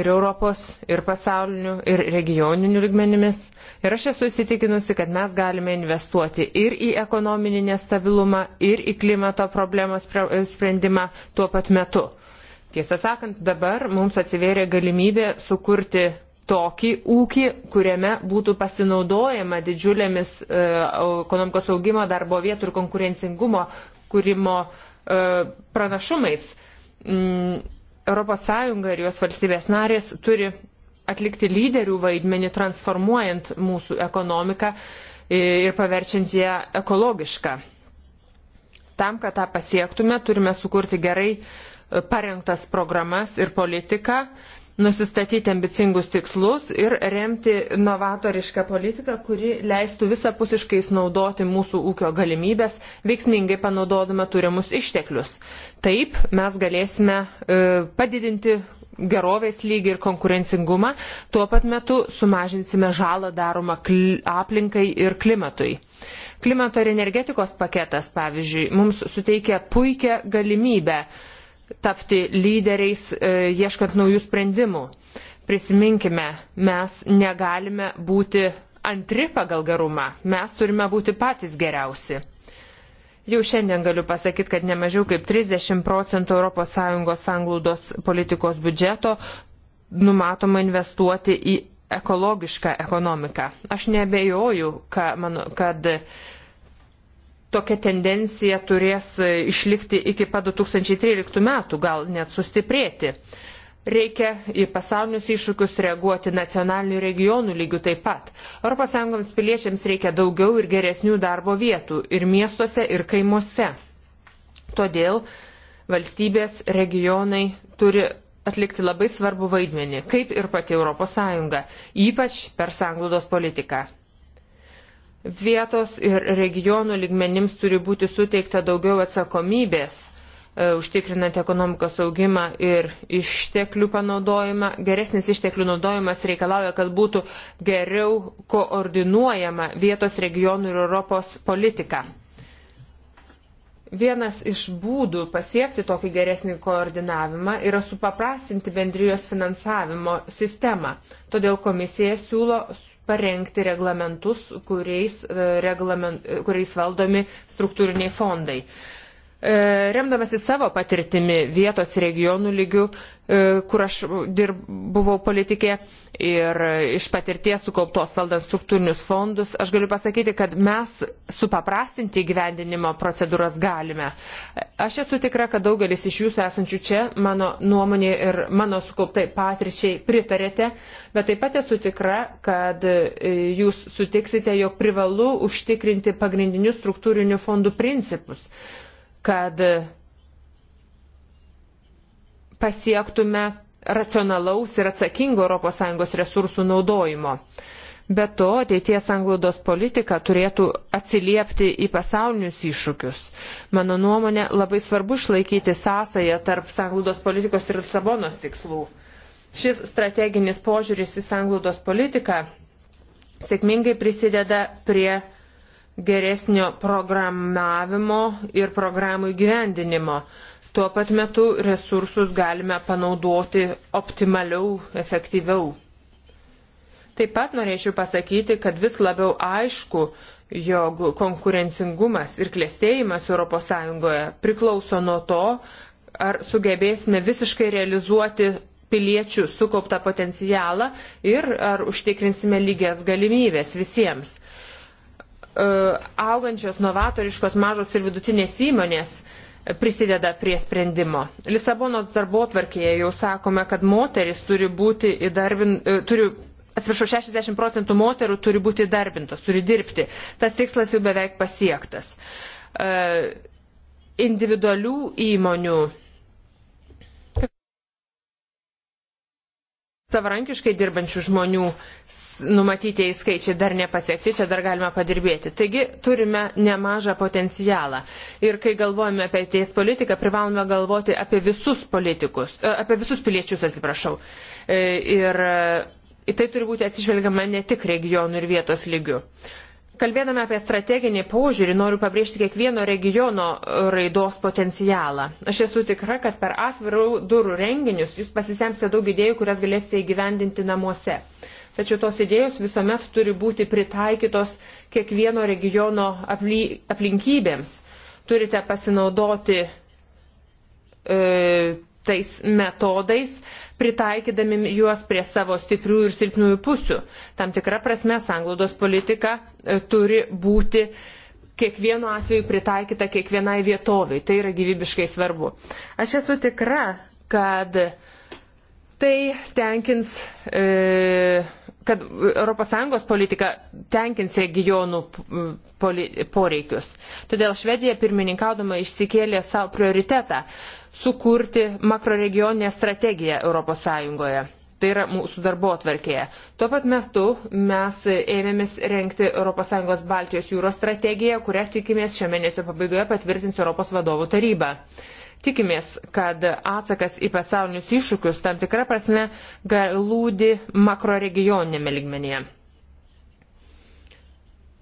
ir Europos, ir pasaulinių, ir regioninių lygmenimis. Ir aš esu įsitikinusi, kad mes galime investuoti ir į ekonominį nestabilumą, ir į klimato problemos sprendimą tuo pat metu. Tiesą sakant, dabar mums atsivėrė galimybė sukurti tokį ūkį, kuriame būtų pasinaudojama didžiulėmis e, ekonomikos augimo, darbo vietų ir konkurencingumo kūrimo e, pranašumais. Mm, ES ir jos valstybės narės turi atlikti lyderių vaidmenį transformuojant mūsų ekonomiką e, ir paverčiant ją ekologišką. Tam, kad tą pasiektume, turime sukurti gerai parengtas programas ir politiką, nusistatyti ambicingus tikslus ir remti novatorišką politiką, kuri leistų visapusiškai naudoti mūsų ūkio galimybės, veiksmingai panaudodama turimus išteklius. Taip mes galėsime e, padidinti gerovės lygį ir konkurencingumą, tuo pat metu sumažinsime žalą daromą aplinkai ir klimatui. Klimato ir energetikos paketas, pavyzdžiui, mums suteikia puikią galimybę uh, tapti lyderiais, e, ieškant naujų sprendimų. Prisiminkime, mes negalime būti antri pagal gerumą, mes turime būti patys geriausi. Jau šiandien galiu pasakyti, kad nemažiau kaip 30 procentų ES sanglaudos politikos biudžeto numatoma investuoti į ekologišką ekonomiką. Aš nebejoju, kad, mano, kad tokia tendencija turės išlikti iki pat 2013 metų, gal net sustiprėti. Reikia į pasaulinius iššūkius reaguoti nacionalinių regionų lygių taip pat. ES piliečiams reikia daugiau ir geresnių darbo vietų ir miestuose, ir kaimuose. Todėl valstybės regionai turi atlikti labai svarbu vaidmenį, kaip ir pati ES, ypač per sanglaudos politiką vietos ir regionų lygmenims turi būti suteikta daugiau atsakomybės, e, užtikrinant ekonomikos augimą ir išteklių panaudojimą. Geresnis išteklių naudojimas reikalauja, kad būtų geriau koordinuojama vietos regionų ir Europos politika. Vienas iš būdų pasiekti tokį geresnį koordinavimą yra supaprastinti bendrijos finansavimo sistemą. Todėl komisija siūlo parengti reglamentus, kuriais, e, reglament, e, kuriais valdomi struktūriniai fondai. Uh, E, remdamasi savo patirtimi vietos regionų lygių, e, kur aš dirb, buvau politikė ir iš patirties sukauptos valdant struktūrinius fondus, aš galiu pasakyti, kad mes supaprastinti gyvendinimo procedūras galime. Aš esu tikra, kad daugelis iš jūsų esančių čia mano nuomonė ir mano sukauptai patirčiai pritarėte, bet taip pat esu tikra, kad e, jūs sutiksite, jog privalu užtikrinti pagrindinius struktūrinių fondų principus kad pasiektume racionalaus ir atsakingo ES resursų naudojimo. Be to, ateities sanglaudos politika turėtų atsiliepti į pasaulinius iššūkius. Mano nuomonė, labai svarbu išlaikyti sąsąją tarp sanglaudos politikos ir Lisabonos tikslų. Šis strateginis požiūris į sanglaudos politiką sėkmingai prisideda prie geresnio programavimo ir programų įgyvendinimo. Tuo pat metu resursus galime panaudoti optimaliau, efektyviau. Taip pat norėčiau pasakyti, kad vis labiau aišku, jog konkurencingumas ir klėstėjimas ES priklauso nuo to, ar sugebėsime visiškai realizuoti piliečių sukauptą potencialą ir ar užtikrinsime lygias galimybės visiems. E, augančios novatoriškos mažos ir vidutinės įmonės prisideda prie sprendimo. Lisabonos darbo tvarkėje jau sakome, kad moteris turi būti įdarbin, e, turi, atsiprašau, 60 procentų moterų turi būti įdarbintos, turi dirbti. Tas tikslas jau beveik pasiektas. E, individualių įmonių savarankiškai dirbančių žmonių numatytieji skaičiai dar nepasiekti, čia dar galima padirbėti. Taigi turime nemažą potencialą. Ir kai galvojame apie teis politiką, privalome galvoti apie visus politikus, e, apie visus piliečius, atsiprašau. E, ir e, į tai turi būti atsižvelgiama ne tik regionų ir vietos lygių. Kalbėdama apie strateginį požiūrį, noriu pabrėžti kiekvieno regiono raidos potencialą. Aš esu tikra, kad per atvirų durų renginius jūs pasisemsite daug idėjų, kurias galėsite įgyvendinti namuose. Tačiau tos idėjos visuomet turi būti pritaikytos kiekvieno regiono aply, aplinkybėms. Turite pasinaudoti e, tais metodais, pritaikydami juos prie savo stiprių ir silpnųjų pusių. Tam tikra prasme, sanglaudos politika e, turi būti kiekvienu atveju pritaikyta kiekvienai vietoviai. Tai yra gyvybiškai svarbu. Aš esu tikra, kad tai tenkins e, kad ES politika tenkins regionų poreikius. Todėl Švedija pirmininkaudama išsikėlė savo prioritetą - sukurti makroregioninę strategiją ES. Tai yra mūsų darbo atvarkėje. Tuo pat metu mes ėmėmės renkti ES Baltijos jūros strategiją, kurią tikimės šią mėnesio pabaigoje patvirtins Europos vadovų taryba. Tikimės, kad atsakas į pasaulinius iššūkius tam tikrą prasme galūdi makroregioninėme ligmenyje.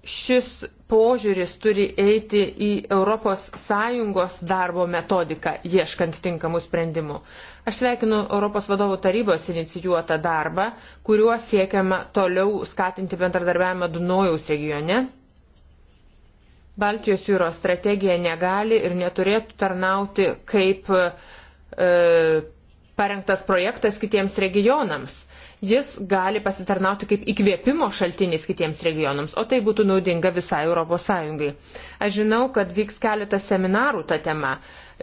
Šis požiūris turi eiti į ES darbo metodiką, ieškant tinkamų sprendimų. Aš sveikinu ES vadovų tarybos inicijuotą darbą, kuriuo siekiama toliau skatinti bendradarbiavimą Dunojaus regione Baltijos jūros strategija negali ir neturėtų tarnauti kaip e, parengtas projektas kitiems regionams. Jis gali pasitarnauti kaip įkvėpimo šaltinis kitiems regionams, o tai būtų naudinga visai ES. Aš žinau, kad vyks keletas seminarų tą temą,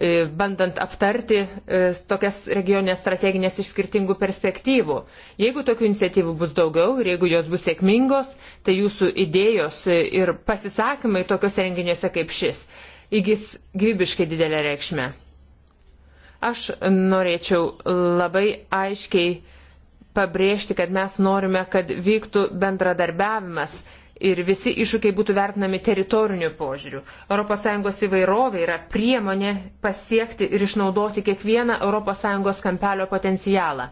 e, bandant aptarti e, tokias regionės strateginės iš skirtingų perspektyvų. Jeigu tokių iniciatyvų bus daugiau ir jeigu jos bus sėkmingos, tai jūsų idėjos e, ir pasisakymai tokiuose renginiuose kaip šis įgis gyvybiškai didelę reikšmę. Aš norėčiau labai aiškiai pabrėžti, kad mes norime, kad vyktų bendradarbiavimas ir visi iššūkiai būtų vertinami teritoriniu požiūriu. ES įvairovė yra priemonė pasiekti ir išnaudoti kiekvieną ES kampelio potencialą.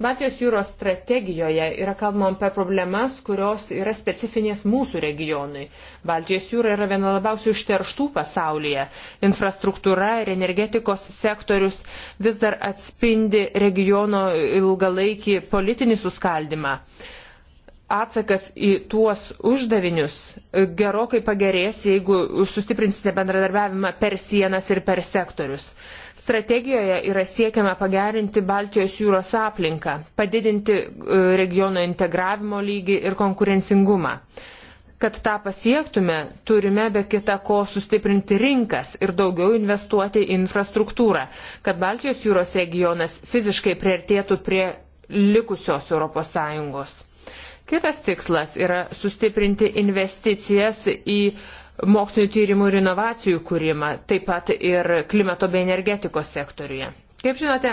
Baltijos jūros strategijoje yra kalbama apie problemas, kurios yra specifinės mūsų regionui. Baltijos jūra yra viena labiausiai užterštų pasaulyje. Infrastruktūra ir energetikos sektorius vis dar atspindi regiono ilgalaikį politinį suskaldimą atsakas į tuos uždavinius gerokai pagerės, jeigu sustiprinsite bendradarbiavimą per sienas ir per sektorius. Strategijoje yra siekiama pagerinti Baltijos jūros aplinką, padidinti e, regiono integravimo lygį ir konkurencingumą. Kad tą pasiektume, turime be kita ko sustiprinti rinkas ir daugiau investuoti į infrastruktūrą, kad Baltijos jūros regionas fiziškai priartėtų prie likusios ES. Kitas tikslas yra sustiprinti investicijas į uh, mokslinio tyrimų ir inovacijų kūrimą, taip pat ir klimato bei energetikos sektoriuje. Kaip žinote,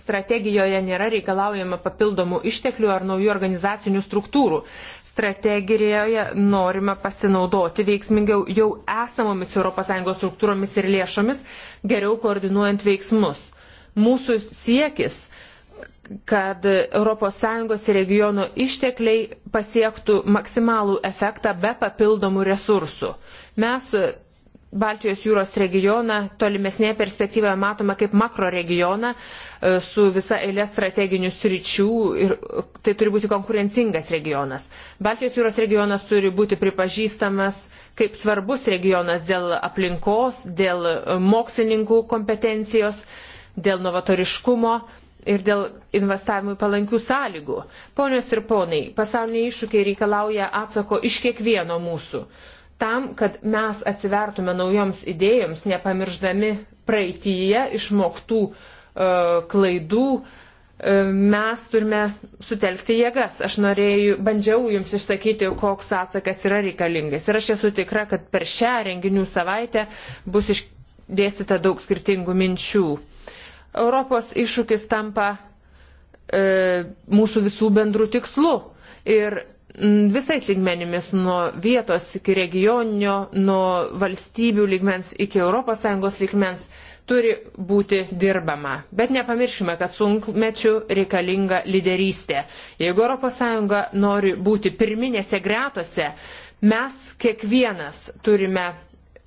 strategijoje nėra reikalaujama papildomų išteklių ar naujų organizacinių struktūrų. Strategijoje norima pasinaudoti veiksmingiau jau esamomis ES struktūromis ir lėšomis, geriau koordinuojant veiksmus. Mūsų siekis kad ES regionų ištekliai pasiektų maksimalų efektą be papildomų resursų. Mes Baltijos jūros regioną tolimesnėje perspektyvoje matome kaip makro regioną e, su visa eilė strateginių sričių ir tai turi būti konkurencingas regionas. Baltijos jūros regionas turi būti pripažįstamas kaip svarbus regionas dėl aplinkos, dėl mokslininkų kompetencijos, dėl novatoriškumo ir dėl investavimui palankių sąlygų. Ponios ir ponai, pasauliniai iššūkiai reikalauja atsako iš kiekvieno mūsų. Tam, kad mes atsivertume naujoms idėjoms, nepamirždami praeitįje išmoktų e, klaidų, e, mes turime sutelkti jėgas. Aš norėjau, bandžiau jums išsakyti, koks atsakas yra reikalingas. Ir aš esu tikra, kad per šią renginių savaitę bus išdėstyta daug skirtingų minčių. E, Europos iššūkis tampa e, mūsų visų bendrų tikslų. Ir visais lygmenimis, nuo vietos iki regioninio, nuo valstybių lygmens iki ES lygmens, turi būti dirbama. Bet nepamirškime, kad sunkmečių reikalinga lyderystė. Jeigu ES nori būti pirminėse gretose, mes kiekvienas turime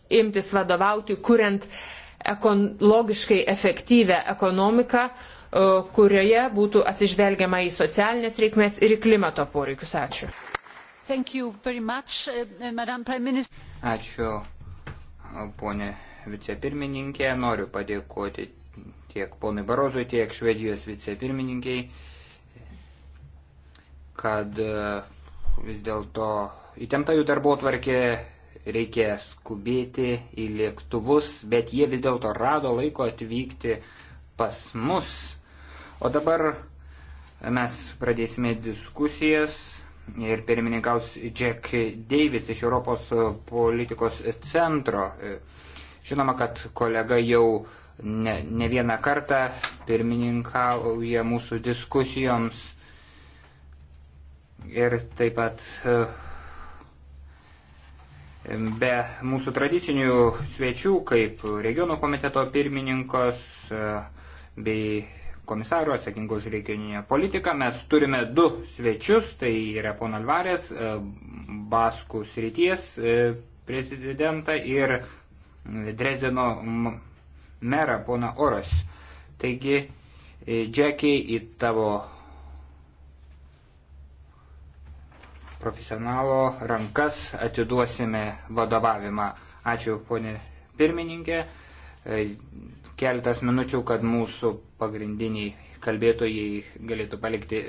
imtis vadovauti, kuriant ekologiškai efektyvę ekonomiką, e, kurioje būtų atsižvelgiama į socialinės reikmės ir į klimato poreikius. Ačiū. Much, uh, Ačiū, ponė vicepirmininkė. Noriu padėkoti tiek ponui Barozui, tiek Švedijos vicepirmininkiai, kad e, vis dėlto įtempta jų darbo tvarkė reikia skubėti į lėktuvus, bet jie vis dėlto rado laiko atvykti pas mus. O dabar mes pradėsime diskusijas ir pirmininkaus Jack Davis iš Europos politikos centro. Žinoma, kad kolega jau ne, ne vieną kartą pirmininkauja mūsų diskusijoms ir taip pat uh, Be mūsų tradicinių svečių, kaip regiono komiteto pirmininkas e, bei komisarų atsakingo už regioninę politiką, mes turime du svečius, tai yra pon Alvarės, e, Baskų srities e, prezidentą ir Dresdeno merą poną Oras. Taigi, Džekiai, į tavo profesionalo rankas atiduosime vadovavimą. Ačiū, ponė pirmininkė. E, keletas minučių, kad mūsų pagrindiniai kalbėtojai galėtų palikti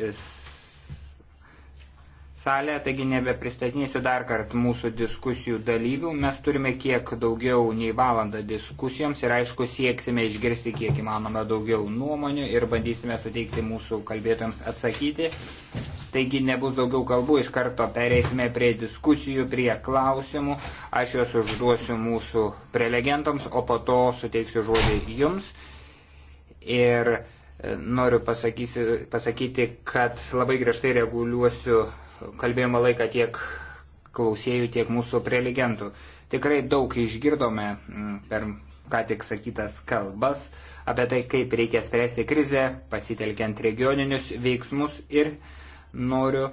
salę, taigi nebepristatinėsiu dar kart mūsų diskusijų dalyvių. Mes turime kiek daugiau nei valandą diskusijoms ir aišku sieksime išgirsti kiek įmanoma daugiau nuomonių ir bandysime suteikti mūsų kalbėtojams atsakyti. Taigi nebus daugiau kalbų, iš karto pereisime prie diskusijų, prie klausimų. Aš juos užduosiu mūsų prelegentams, o po to suteiksiu žodį jums. Ir e, noriu pasakysi, pasakyti, kad labai griežtai reguliuosiu kalbėjimo laiką tiek klausėjų, tiek mūsų prelegentų. Tikrai daug išgirdome mm, per ką tik sakytas kalbas apie tai, kaip reikia spręsti krizę, pasitelkiant regioninius veiksmus ir noriu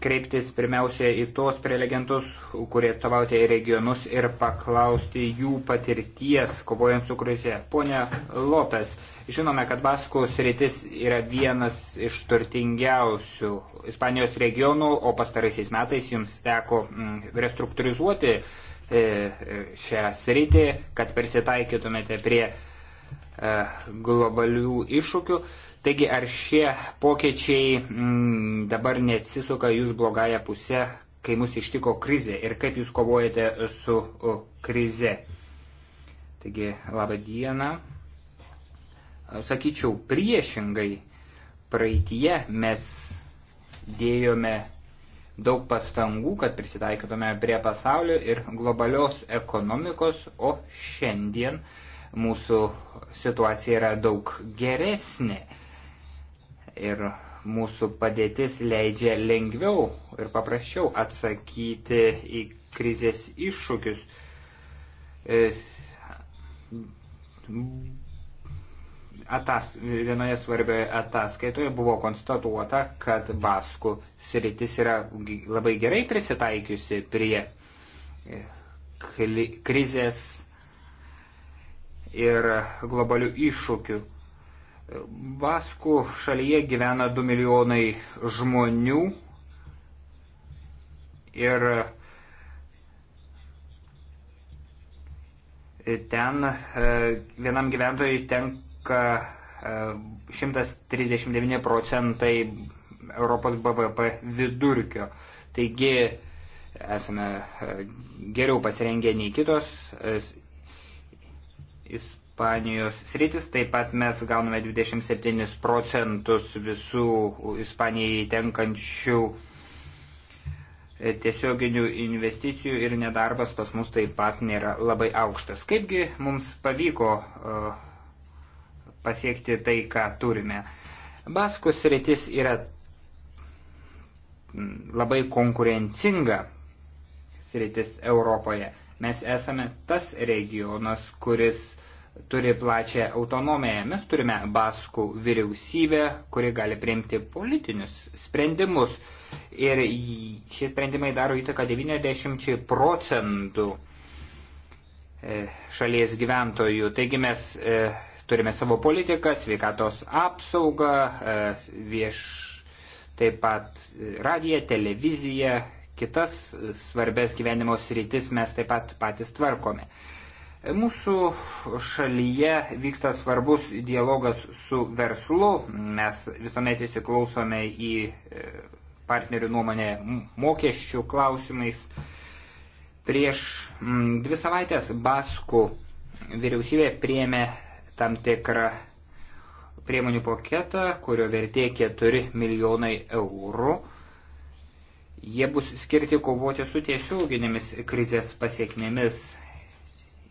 kreiptis pirmiausia į tos prelegentus, kurie atstovauti regionus ir paklausti jų patirties kovojant su krize. Pone Lopes, žinome, kad Baskų sritis yra vienas iš turtingiausių Ispanijos regionų, o pastaraisiais metais jums teko mm, restruktūrizuoti e, šią sritį, kad prisitaikytumėte prie e, globalių iššūkių. Taigi ar šie pokyčiai m, mm, dabar neatsisuka jūs blogąją pusę, kai mus ištiko krizė ir kaip jūs kovojate su krize? Taigi, laba diena. Sakyčiau, priešingai praeitie mes dėjome daug pastangų, kad prisitaikytume prie pasaulio ir globalios ekonomikos, o šiandien mūsų situacija yra daug geresnė ir mūsų padėtis leidžia lengviau ir paprasčiau atsakyti į krizės iššūkius. E, atas, vienoje svarbioje ataskaitoje buvo konstatuota, kad Baskų sritis yra labai gerai prisitaikiusi prie e, krizės ir globalių iššūkių. Baskų šalyje gyvena 2 milijonai žmonių ir ten e, vienam gyventojui tenka 139 e, procentai Europos BVP vidurkio. Taigi esame e, geriau pasirengę nei kitos. Jis Ispanijos sritis. Taip pat mes gauname 27 procentus visų Ispanijai tenkančių e, tiesioginių investicijų ir nedarbas pas mus taip pat nėra labai aukštas. Kaipgi mums pavyko e, pasiekti tai, ką turime. Baskų sritis yra labai konkurencinga sritis Europoje. Mes esame tas regionas, kuris turi plačią autonomiją. Mes turime Baskų vyriausybę, kuri gali priimti politinius sprendimus. Ir šie sprendimai daro įtaką 90 procentų e, šalies gyventojų. Taigi mes e, turime savo politiką, sveikatos apsaugą, e, vieš, taip pat radiją, televiziją, kitas svarbės gyvenimo sritis mes taip pat patys tvarkome. Mūsų šalyje vyksta svarbus dialogas su verslu, mes visuomet įsiklausome į e, partnerių nuomonę mokesčių klausimais. Prieš dvi savaitės Baskų vyriausybė priėmė tam tikrą priemonių paketą, kurio vertė 4 milijonai eurų. Jie bus skirti kovoti su tiesioginėmis krizės pasiekmėmis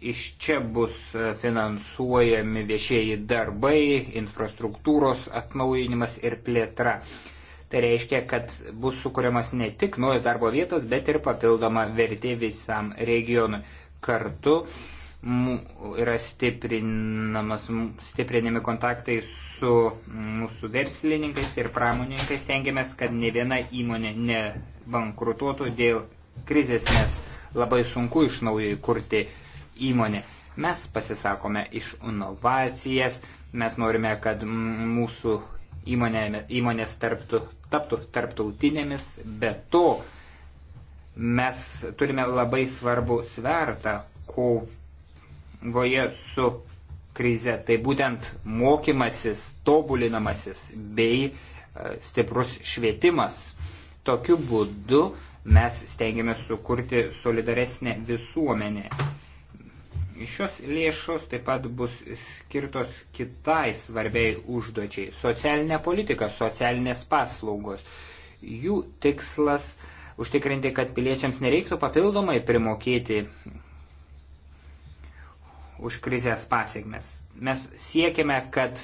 Iš čia bus e, finansuojami viešieji darbai, infrastruktūros atnaujinimas ir plėtra. Tai reiškia, kad bus sukūriamas ne tik naujas darbo vietos, bet ir papildoma vertė visam regionui. Kartu yra stiprinami kontaktai su mūsų verslininkais ir pramoninkais. Tengiamės, kad ne viena įmonė nebankrutuotų dėl krizės, nes labai sunku iš naujo įkurti įmonė. Mes pasisakome iš inovacijas, mes norime, kad mūsų įmonė, įmonės tarptų, taptų tarptautinėmis, bet to mes turime labai svarbų svertą kovoje su krize. Tai būtent mokymasis, tobulinamasis bei e, stiprus švietimas. Tokiu būdu mes stengiamės sukurti solidaresnę visuomenę. Šios lėšos taip pat bus skirtos kitai svarbiai užduočiai - socialinė politika, socialinės paslaugos. Jų tikslas - užtikrinti, kad piliečiams nereiktų papildomai primokėti už krizės pasiekmes. Mes siekime, kad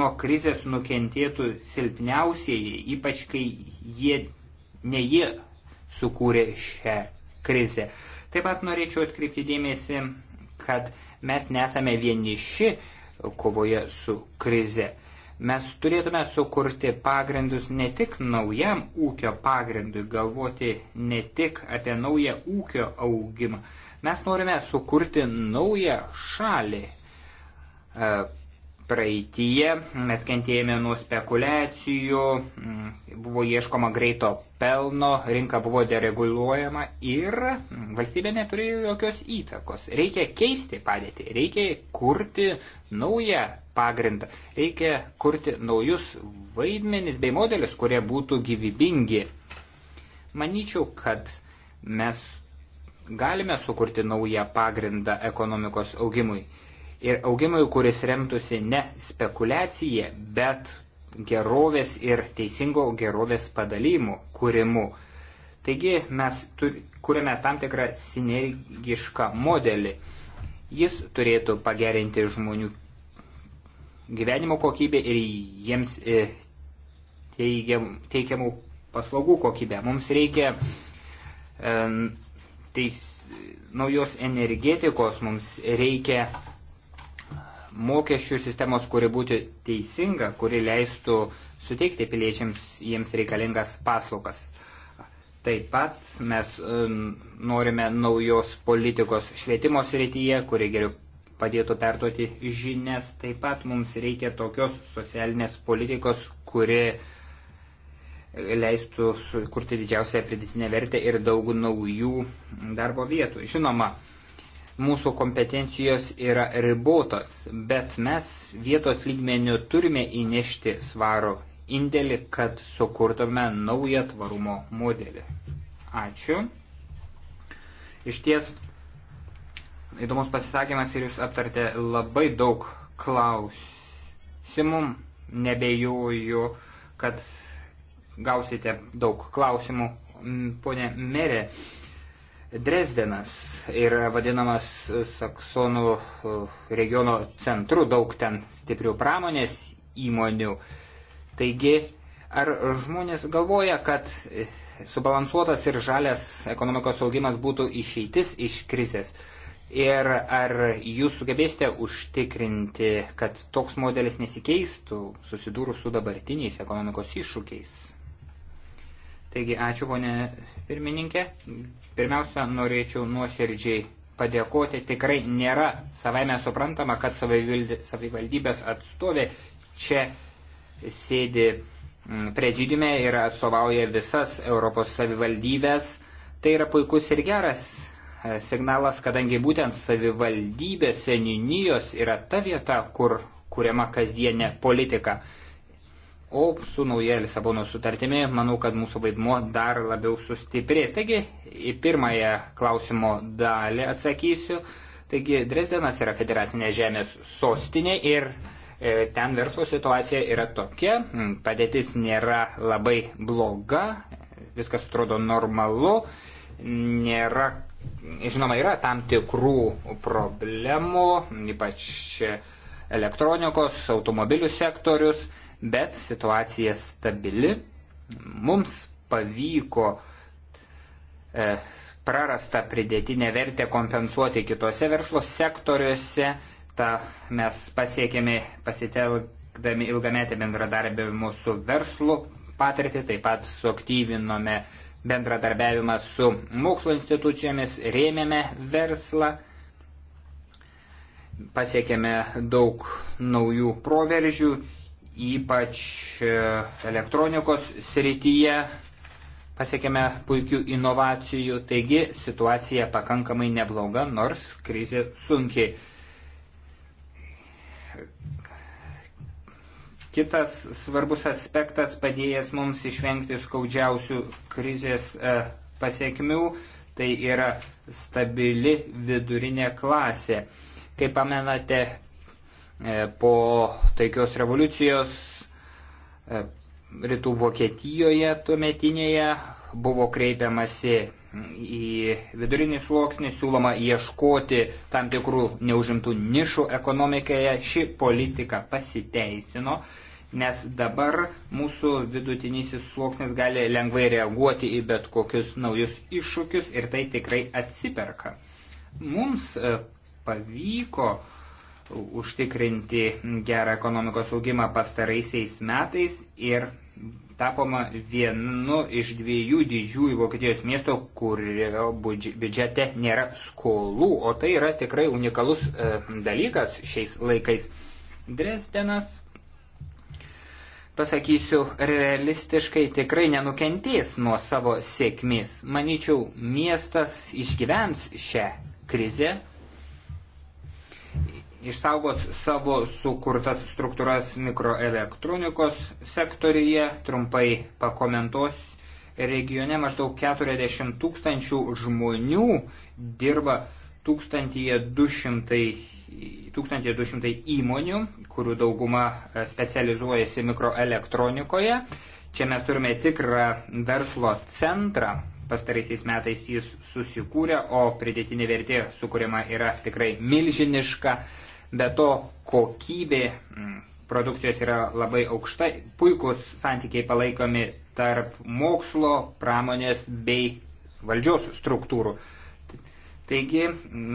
nuo krizės nukentėtų silpniausieji, ypač kai jie, ne jie sukūrė šią krizę. Taip pat norėčiau atkreipti dėmesį, kad mes nesame vieniši kovoje su krize. Mes turėtume sukurti pagrindus ne tik naujam ūkio pagrindui, galvoti ne tik apie naują ūkio augimą. Mes norime sukurti naują šalį, e, praeitie mes kentėjome nuo spekulacijų, mm, buvo ieškoma greito pelno, rinka buvo dereguliuojama ir valstybė neturėjo jokios įtakos. Reikia keisti padėtį, reikia kurti naują pagrindą, reikia kurti naujus vaidmenis bei modelius, kurie būtų gyvybingi. Manyčiau, kad mes galime sukurti naują pagrindą ekonomikos augimui ir augimui, kuris remtųsi ne spekulacija, bet gerovės ir teisingo gerovės padalymu, kūrimu. Taigi mes kūrėme tam tikrą sinergišką modelį. Jis turėtų pagerinti žmonių gyvenimo kokybę ir jiems e, teigiam, teikiamų paslaugų kokybę. Mums reikia e, teis, naujos energetikos, mums reikia mokesčių sistemos, kuri būtų teisinga, kuri leistų suteikti piliečiams jiems reikalingas paslaugas. Taip pat mes e, norime naujos politikos švietimo srityje, kuri geriau padėtų perduoti žinias. Taip pat mums reikia tokios socialinės politikos, kuri leistų sukurti didžiausią pridėtinę vertę ir daug naujų darbo vietų. Žinoma, mūsų kompetencijos yra ribotos, bet mes vietos lygmenių turime įnešti svaro indėlį, kad sukurtume naują tvarumo modelį. Ačiū. Iš ties įdomus pasisakymas ir jūs aptartė labai daug klausimų. Nebejoju, kad gausite daug klausimų, ponė Merė. Dresdenas yra vadinamas Saksonų uh, regiono centru, daug ten stiprių pramonės įmonių. Taigi, ar žmonės galvoja, kad uh, subalansuotas ir žalias ekonomikos augimas būtų išeitis iš krizės? Ir ar jūs sugebėsite užtikrinti, kad toks modelis nesikeistų susidūrus su dabartiniais ekonomikos iššūkiais? Taigi ačiū, ponė pirmininkė. Pirmiausia, norėčiau nuoširdžiai padėkoti. Tikrai nėra savaime suprantama, kad savivaldybės atstovė čia sėdi mm, prezidiume ir atstovauja visas Europos savivaldybės. Tai yra puikus ir geras e, signalas, kadangi būtent savivaldybės seninijos yra ta vieta, kur kuriama kasdienė politika. O su nauja Lisabono sutartimi manau, kad mūsų vaidmuo dar labiau sustiprės. Taigi, į pirmąją klausimo dalį atsakysiu. Taigi, Dresdenas yra federacinė žemės sostinė ir e, ten verslo situacija yra tokia. Padėtis nėra labai bloga, viskas atrodo normalu, nėra. Žinoma, yra tam tikrų problemų, ypač elektronikos, automobilių sektorius, bet situacija stabili. Mums pavyko e, prarastą pridėtinę vertę kompensuoti kitose verslo sektoriuose. Ta mes pasiekėme pasitelkdami ilgametę bendradarbiavimą su verslu patirtį, taip pat suaktyvinome bendradarbiavimą su mokslo institucijomis, rėmėme verslą, pasiekėme daug naujų proveržių, ypač e, elektronikos srityje pasiekėme puikių inovacijų, taigi situacija pakankamai nebloga, nors krizė sunkiai. Kitas svarbus aspektas padėjęs mums išvengti skaudžiausių krizės e, pasiekmių, tai yra stabili vidurinė klasė. Kaip pamenate, E, po taikios revoliucijos e, rytų Vokietijoje tuometinėje buvo kreipiamasi į vidurinį sluoksnį, siūloma ieškoti tam tikrų neužimtų nišų ekonomikoje. Ši politika pasiteisino, nes dabar mūsų vidutinysis sluoksnis gali lengvai reaguoti į bet kokius naujus iššūkius ir tai tikrai atsiperka. Mums e, pavyko uh, užtikrinti gerą ekonomikos augimą pastaraisiais metais ir tapoma vienu iš dviejų didžiųjų Vokietijos miesto, kurio biudžete nėra skolų, o tai yra tikrai unikalus e, dalykas šiais laikais. Dresdenas, pasakysiu realistiškai, tikrai nenukentės nuo savo sėkmės. Manyčiau, miestas išgyvens šią krizę, išsaugos savo sukurtas struktūras mikroelektronikos sektoriuje. Trumpai pakomentos, regione maždaug 40 tūkstančių žmonių dirba 1200, 1200 įmonių, kurių dauguma e, specializuojasi mikroelektronikoje. Čia mes turime tikrą verslo centrą. Pastaraisiais metais jis susikūrė, o pridėtinė vertė sukūrima yra tikrai milžiniška. Be to, kokybė mm, produkcijos yra labai aukšta, puikus santykiai palaikomi tarp mokslo, pramonės bei valdžios struktūrų. Taigi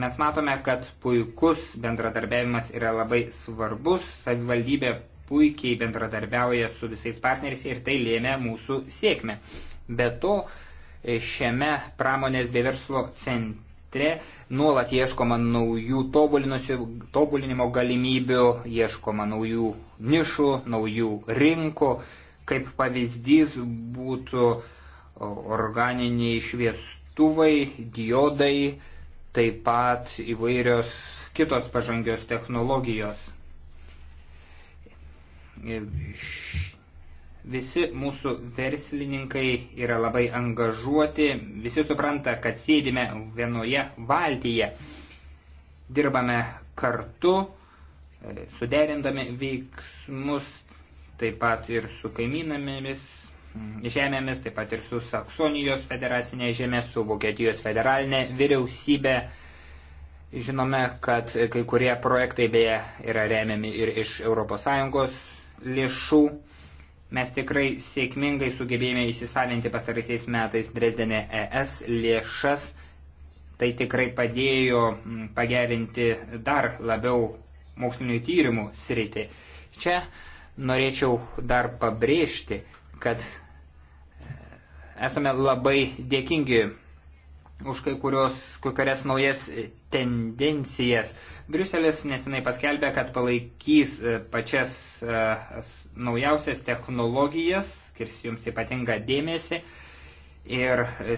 mes matome, kad puikus bendradarbiavimas yra labai svarbus, savivaldybė puikiai bendradarbiauja su visais partneriais ir tai lėmė mūsų sėkmę. Be to, šiame pramonės bei verslo centre centre, nuolat ieškoma naujų tobulinimo galimybių, ieškoma naujų nišų, naujų rinkų. Kaip pavyzdys būtų organiniai šviestuvai, diodai, taip pat įvairios kitos pažangios technologijos Visi mūsų verslininkai yra labai angažuoti, visi supranta, kad sėdime vienoje valtyje. Dirbame kartu, e, suderindami veiksmus, taip pat ir su kaiminamėmis mm, žemėmis, taip pat ir su Saksonijos federacinė žemė, su Vokietijos federalinė vyriausybė. Žinome, kad kai kurie projektai beje yra remiami ir iš ES lėšų. Mes tikrai sėkmingai sugebėjome įsisavinti pastaraisiais metais Dresdenė ES lėšas. Tai tikrai padėjo mm, pagerinti dar labiau mokslinių tyrimų sritį. Čia norėčiau dar pabrėžti, kad e, esame labai dėkingi už kai kurios, kai kurias naujas tendencijas. Briuselis nesenai paskelbė, kad palaikys e, pačias e, naujausias technologijas, skirs jums ypatingą dėmesį ir e,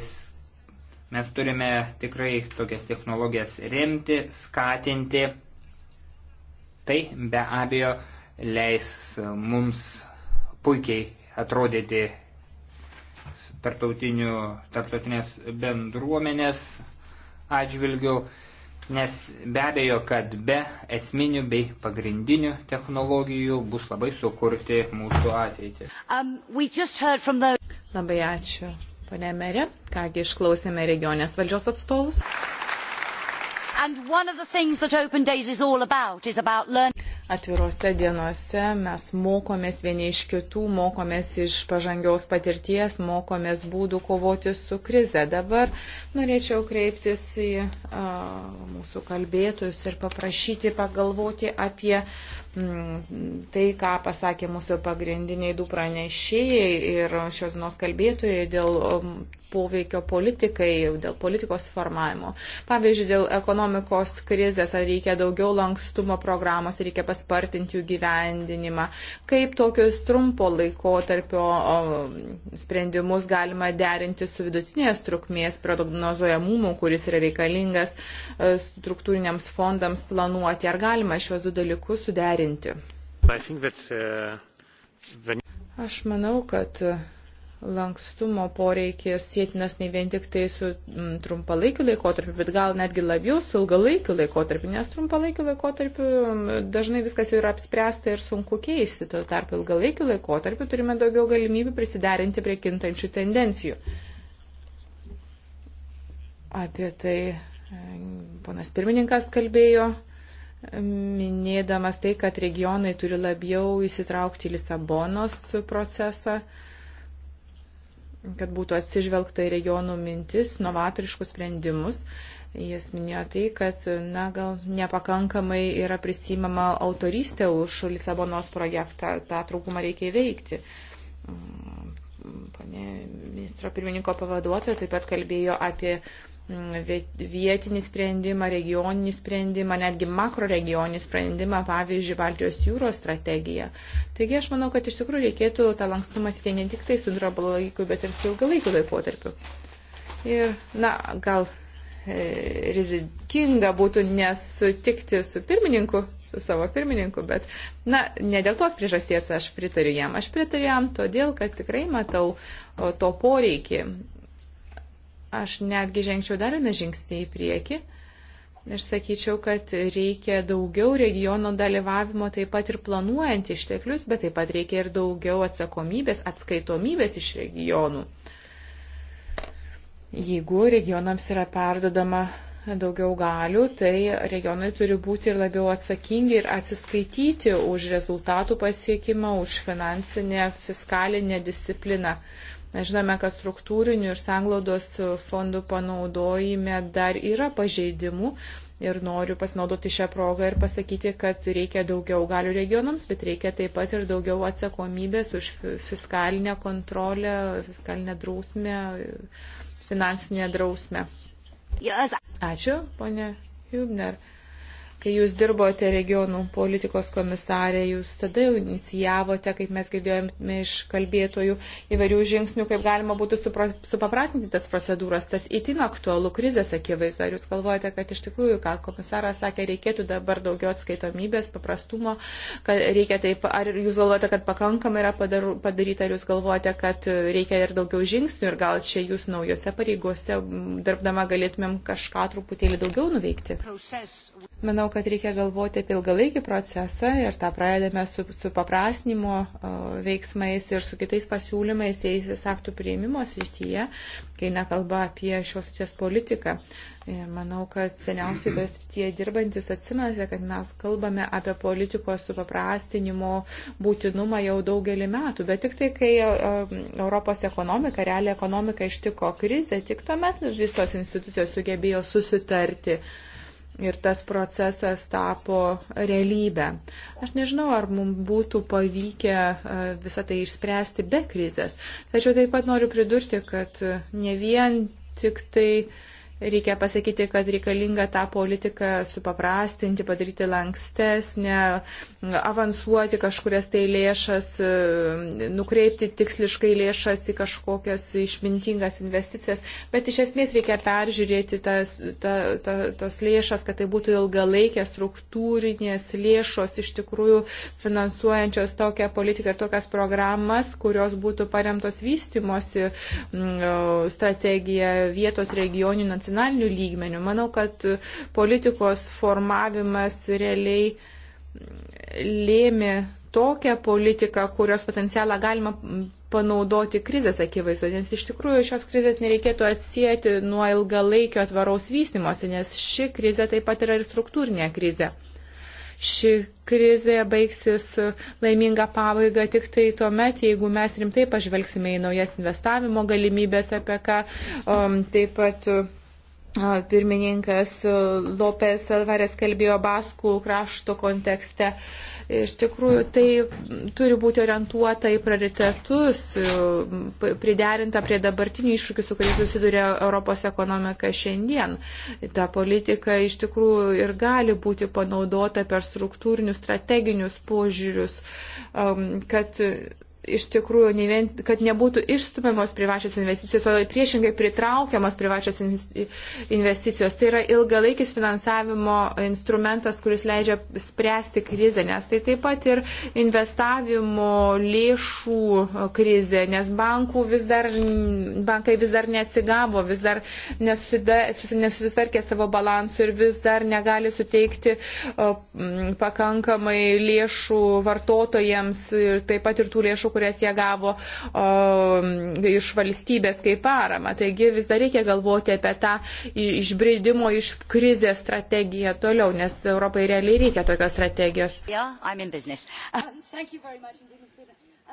mes turime tikrai tokias technologijas remti, skatinti. Tai be abejo leis mums puikiai atrodyti tarptautinės bendruomenės atžvilgių nes be abejo, kad be esminių bei pagrindinių technologijų bus labai sukurti mūsų ateitį. Um, the... Labai ačiū, ponė Merė. Kągi išklausėme regionės valdžios atstovus. About, about learning atvirose dienose mes mokomės vieni iš kitų, mokomės iš pažangiaus patirties, mokomės būdų kovoti su krize. Dabar norėčiau kreiptis į a, mūsų kalbėtojus ir paprašyti pagalvoti apie tai, ką pasakė mūsų pagrindiniai du pranešėjai ir šios dienos kalbėtojai dėl um, poveikio politikai, dėl politikos formavimo. Pavyzdžiui, dėl ekonomikos krizės, ar reikia daugiau lankstumo programos, reikia paspartinti jų gyvendinimą, kaip tokius trumpo laiko tarpio um, sprendimus galima derinti su vidutinės trukmės prognozuojamumu, kuris yra reikalingas uh, struktūriniams fondams planuoti, ar galima šios du dalykus suderinti įgyvendinti. Uh, Aš manau, kad lankstumo poreikis sėtinas ne vien tik tai su mm, trumpalaikiu laikotarpiu, bet gal netgi labiau su ilgalaikiu laikotarpiu, nes trumpalaikiu laikotarpiu mm, dažnai viskas jau yra apspręsta ir sunku keisti, tuo tarp ilgalaikiu laikotarpiu turime daugiau galimybių prisiderinti prie kintančių tendencijų. Apie tai mm, ponas pirmininkas kalbėjo minėdamas tai, kad regionai turi labiau įsitraukti į Lisabonos procesą, kad būtų atsižvelgta į regionų mintis, novatoriškus sprendimus. Jis minėjo tai, kad na, gal nepakankamai yra prisimama autoristė už Lisabonos projektą, tą trūkumą reikia įveikti. Mm, Pane ministro pirmininko pavaduotoja taip pat kalbėjo apie Mm, vietinį sprendimą, regioninį sprendimą, netgi makroregioninį sprendimą, pavyzdžiui, Baltijos jūros strategiją. Taigi aš manau, kad iš tikrųjų reikėtų tą lankstumą sėti ne tik tai su drobalaikiu, bet ir su ilgalaikiu laikotarpiu. Ir, na, gal e, rizikinga būtų nesutikti su pirmininku, su savo pirmininku, bet, na, ne dėl tos priežasties aš pritariu jam. Aš pritariu jam todėl, kad tikrai matau to poreikį Aš netgi žengčiau dar vieną žingsnį į priekį ir sakyčiau, kad reikia daugiau regiono dalyvavimo, taip pat ir planuojant išteklius, bet taip pat reikia ir daugiau atsakomybės, atskaitomybės iš regionų. Jeigu regionams yra perdodama daugiau galių, tai regionai turi būti ir labiau atsakingi ir atsiskaityti už rezultatų pasiekimą, už finansinę, fiskalinę discipliną. Mes žinome, kad struktūrinių ir sanglaudos fondų panaudojime dar yra pažeidimų. Ir noriu pasinaudoti šią progą ir pasakyti, kad reikia daugiau galių regionams, bet reikia taip pat ir daugiau atsakomybės už fiskalinę kontrolę, fiskalinę drausmę, finansinę drausmę. Ačiū, ponė Hübner. Kai jūs dirbote regionų politikos komisarė, jūs tada jau inicijavote, kaip mes girdėjome iš kalbėtojų, įvairių žingsnių, kaip galima būtų supapratinti tas procedūras. Tas itin aktualu krizės akivaizdu. Ar jūs galvojate, kad iš tikrųjų, ką komisaras sakė, reikėtų dabar daugiau atskaitomybės, paprastumo, kad reikia taip, ar jūs galvojate, kad pakankamai yra padaryta, ar jūs galvojate, kad reikia ir daugiau žingsnių ir gal čia jūs naujose pareigose dirbdama galėtumėm kažką truputėlį daugiau nuveikti. Manau, manau, kad reikia galvoti apie ilgalaikį procesą ir tą pradedame su, su paprasnimo veiksmais ir su kitais pasiūlymais teisės aktų prieimimo srityje, kai nekalba apie šios srities politiką. Ir manau, kad seniausiai toje srityje dirbantis atsimasi, kad mes kalbame apie politikos supaprastinimo būtinumą jau daugelį metų, bet tik tai, kai Europos ekonomika, realiai ekonomika ištiko krizę, tik tuomet visos institucijos sugebėjo susitarti. Uh, ir tas procesas tapo realybę. Aš nežinau, ar mums būtų pavykę e, visą tai išspręsti be krizės. Tačiau taip pat noriu pridurti, kad e, ne vien tik tai uh, Reikia pasakyti, kad reikalinga tą politiką supaprastinti, padaryti lankstesnę, avansuoti kažkurias tai lėšas, nukreipti tiksliškai lėšas į kažkokias išmintingas investicijas. Bet iš esmės reikia peržiūrėti tas, ta, ta, tas lėšas, kad tai būtų ilgalaikės struktūrinės lėšos, iš tikrųjų finansuojančios tokią politiką ir tokias programas, kurios būtų paremtos vystimosi mm, strategija vietos regioninių nacionalinių nacionaliniu lygmeniu. Manau, kad politikos formavimas realiai lėmė tokią politiką, kurios potencialą galima panaudoti krizės akivaizdu, nes iš tikrųjų šios krizės nereikėtų atsijėti nuo ilgalaikio tvaraus vystimosi, nes ši krizė taip pat yra ir struktūrinė krizė. Ši krizė baigsis laiminga pabaiga tik tai tuo met, jeigu mes rimtai pažvelgsime į naujas investavimo galimybės, apie ką um, taip pat. Uh, pirmininkas e, Lopes Alvarės kalbėjo Baskų krašto kontekste. Iš tikrųjų, tai turi būti orientuota į prioritetus, e, priderinta prie dabartinių iššūkių, su kuriais susiduria Europos ekonomika šiandien. Ta politika iš tikrųjų ir gali būti panaudota per struktūrinius strateginius požiūrius, kad iš tikrųjų, ne vien, kad nebūtų išstumiamos privačios investicijos, o priešingai pritraukiamos privačios investicijos. Tai yra ilgalaikis finansavimo instrumentas, kuris leidžia spręsti krizę, nes tai taip pat ir investavimo lėšų krizė, nes bankų vis dar, bankai vis dar neatsigavo, vis dar nesusitvarkė savo balansų ir vis dar negali suteikti pakankamai lėšų vartotojams ir taip pat ir tų lėšų, kurias jie gavo o, iš valstybės kaip parama. Taigi vis dar reikia galvoti apie tą išbridimo iš krizės strategiją toliau, nes Europai realiai reikia tokios strategijos. Yeah, um,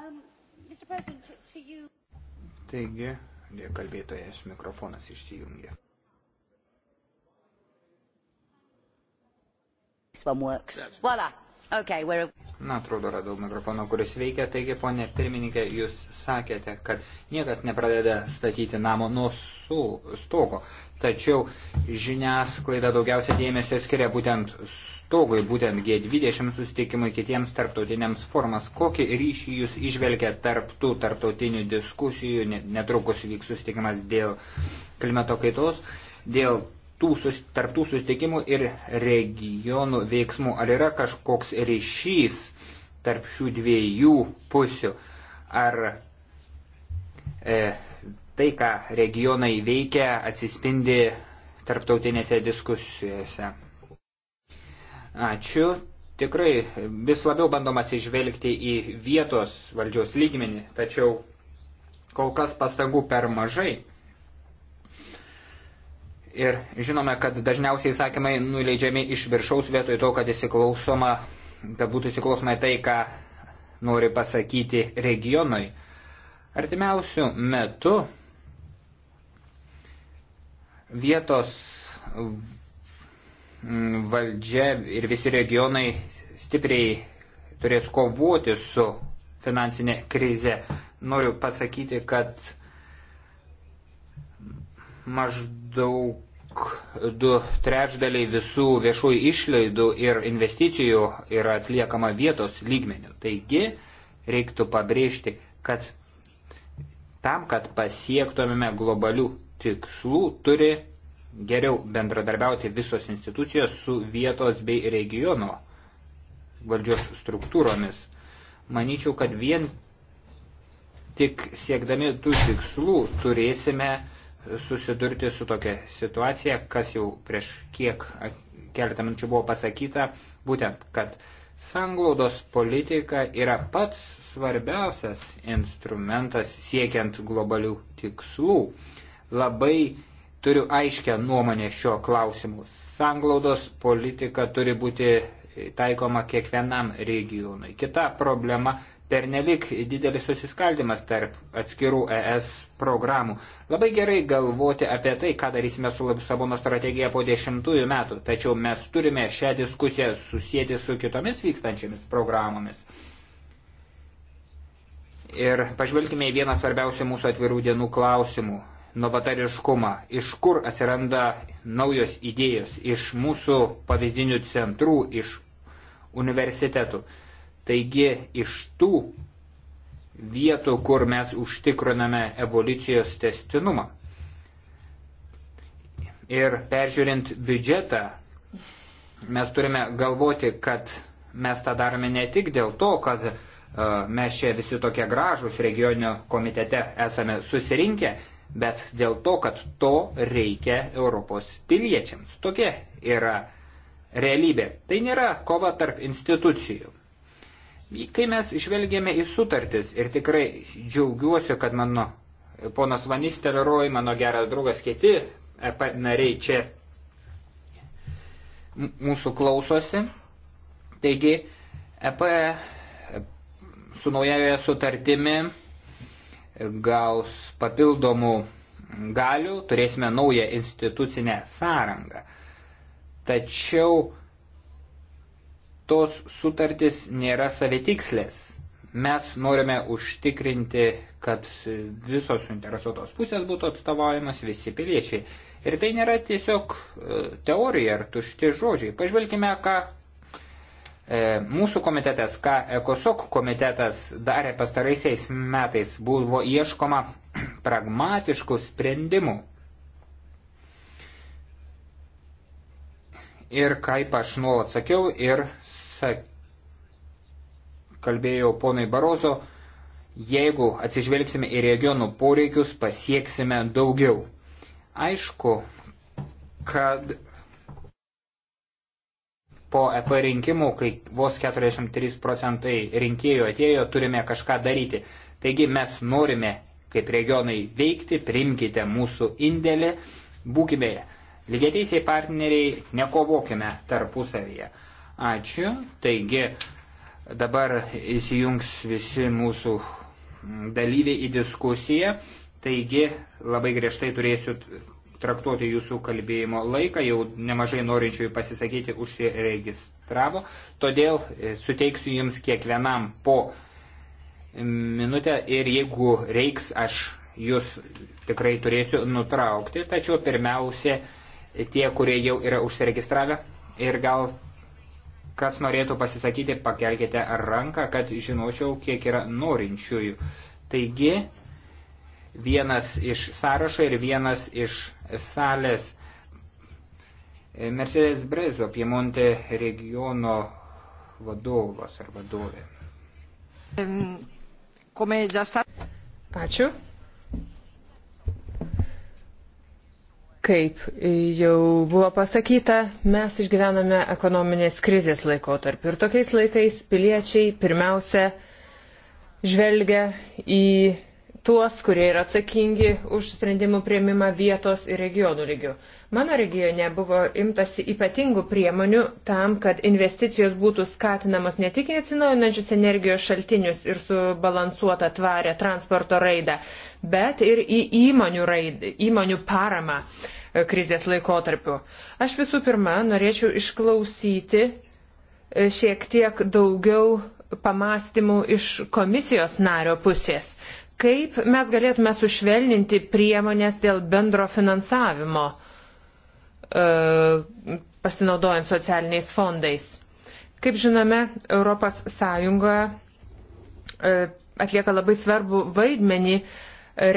um, Taigi, kalbėtojas mikrofonas išsijungia. This one works. That's... Voila. Okay, we're... Na, atrodo, radau mikrofoną, kuris veikia. Taigi, ponė pirmininkė, jūs sakėte, kad niekas nepradeda statyti namo nuo su, stogo. Tačiau žiniasklaida daugiausia dėmesio skiria būtent stogui, būtent G20 susitikimui kitiems tarptautiniams formas. Kokį ryšį jūs išvelgia tarptų tarptautinių diskusijų, netrukus vyks susitikimas dėl klimato kaitos, dėl tų sus, tarptų sustikimų ir regionų veiksmų. Ar yra kažkoks ryšys tarp šių dviejų pusių? Ar e, tai, ką regionai veikia, atsispindi tarptautinėse diskusijose? Ačiū. Tikrai vis labiau bandom atsižvelgti į vietos valdžios lygmenį, tačiau kol kas pastangų per mažai. Ir žinome, kad dažniausiai įsakymai nuleidžiami iš viršaus vietoj to, kad įsiklausoma, kad būtų įsiklausoma tai, ką nori pasakyti regionui. Artimiausių metų vietos valdžia ir visi regionai stipriai turės kovoti su finansinė krize. Noriu pasakyti, kad maždaug du trečdaliai visų viešųjų išlaidų ir investicijų yra atliekama vietos lygmenių. Taigi, reiktų pabrėžti, kad tam, kad pasiektumėme globalių tikslų, turi geriau bendradarbiauti visos institucijos su vietos bei regiono valdžios struktūromis. Manyčiau, kad vien tik siekdami tų tikslų turėsime susidurti su tokia situacija, kas jau prieš kiek keletą minčių buvo pasakyta, būtent, kad sanglaudos politika yra pats svarbiausias instrumentas siekiant globalių tikslų. Labai turiu aiškę nuomonę šio klausimu. Sanglaudos politika turi būti taikoma kiekvienam regionui. Kita problema pernelik didelis susiskaldimas tarp atskirų ES programų. Labai gerai galvoti apie tai, ką darysime su Lisabono strategija po dešimtųjų metų, tačiau mes turime šią diskusiją susėti su kitomis vykstančiamis programomis. Ir pažvelkime į vieną svarbiausių mūsų atvirų dienų klausimų - novatariškumą. Iš kur atsiranda naujos idėjos? Iš mūsų pavyzdinių centrų, iš universitetų. Taigi iš tų vietų, kur mes užtikriname evoliucijos testinumą. Ir peržiūrint biudžetą, mes turime galvoti, kad mes tą darome ne tik dėl to, kad e, mes čia visi tokie gražus regioninio komitete esame susirinkę, bet dėl to, kad to reikia Europos piliečiams. Tokia yra realybė. Tai nėra kova tarp institucijų. Kai mes žvelgėme į sutartis ir tikrai džiaugiuosi, kad mano ponas Vanys Teleroj, mano geras draugas, kiti EP nariai čia mūsų klausosi. Taigi, EP su naujoje sutartimi gaus papildomų galių, turėsime naują institucinę sąrangą. Tačiau tos sutartys nėra savitikslės. Mes norime užtikrinti, kad visos suinteresuotos pusės būtų atstovaujamas visi piliečiai. Ir tai nėra tiesiog e, teorija ar tušti žodžiai. Pažvelkime, ką e, mūsų komitetas, ką ECOSOC komitetas darė pastaraisiais metais, buvo ieškoma pragmatiškų sprendimų. Ir kaip aš nuolat sakiau ir kalbėjau ponai Barozo, jeigu atsižvelgsime į regionų poreikius, pasieksime daugiau. Aišku, kad po EP rinkimų, kai vos 43 procentai rinkėjų atėjo, turime kažką daryti. Taigi mes norime, kaip regionai, veikti, priimkite mūsų indėlį, būkime lygiateisiai partneriai, nekovokime tarpusavyje. Ačiū. Taigi dabar įsijungs visi mūsų dalyviai į diskusiją. Taigi labai griežtai turėsiu traktuoti jūsų kalbėjimo laiką. Jau nemažai norinčiųjų pasisakyti užsiregistravo. Todėl e, suteiksiu jums kiekvienam po minutę ir jeigu reiks, aš jūs tikrai turėsiu nutraukti. Tačiau pirmiausia tie, kurie jau yra užsiregistravę ir gal Kas norėtų pasisakyti, pakelkite ranką, kad žinočiau, kiek yra norinčiųjų. Taigi, vienas iš sąrašo ir vienas iš salės. Mercedes Brezo, Piemonte regiono vadovas ar vadovė. Ačiū. Kaip jau buvo pasakyta, mes išgyvename ekonominės krizės laikotarpį ir tokiais laikais piliečiai pirmiausia žvelgia į tuos, kurie yra atsakingi už sprendimų prieimimą vietos ir regionų lygių. Mano regione buvo imtasi ypatingų priemonių tam, kad investicijos būtų skatinamos ne tik į atsinaujinančius energijos šaltinius ir subalansuotą tvarę transporto raidą, bet ir į įmonių, raidą, įmonių paramą e, krizės laikotarpiu. Aš visų pirma norėčiau išklausyti e, šiek tiek daugiau pamastymų iš komisijos nario pusės. Kaip mes galėtume sušvelninti priemonės dėl bendro finansavimo, e, pasinaudojant socialiniais fondais? Kaip žinome, ES e, atlieka labai svarbu vaidmenį e,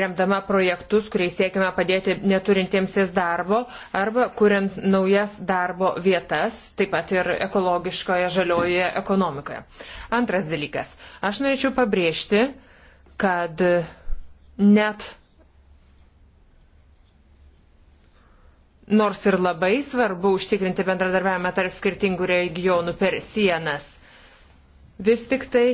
remdama projektus, kuriais siekime padėti neturintiems darbo arba kuriant naujas darbo vietas, taip pat ir ekologiškoje žaliojoje ekonomikoje. Antras dalykas. Aš norėčiau pabrėžti, kad net nors ir labai svarbu užtikrinti bendradarbiavimą tarp skirtingų regionų per sienas, vis tik tai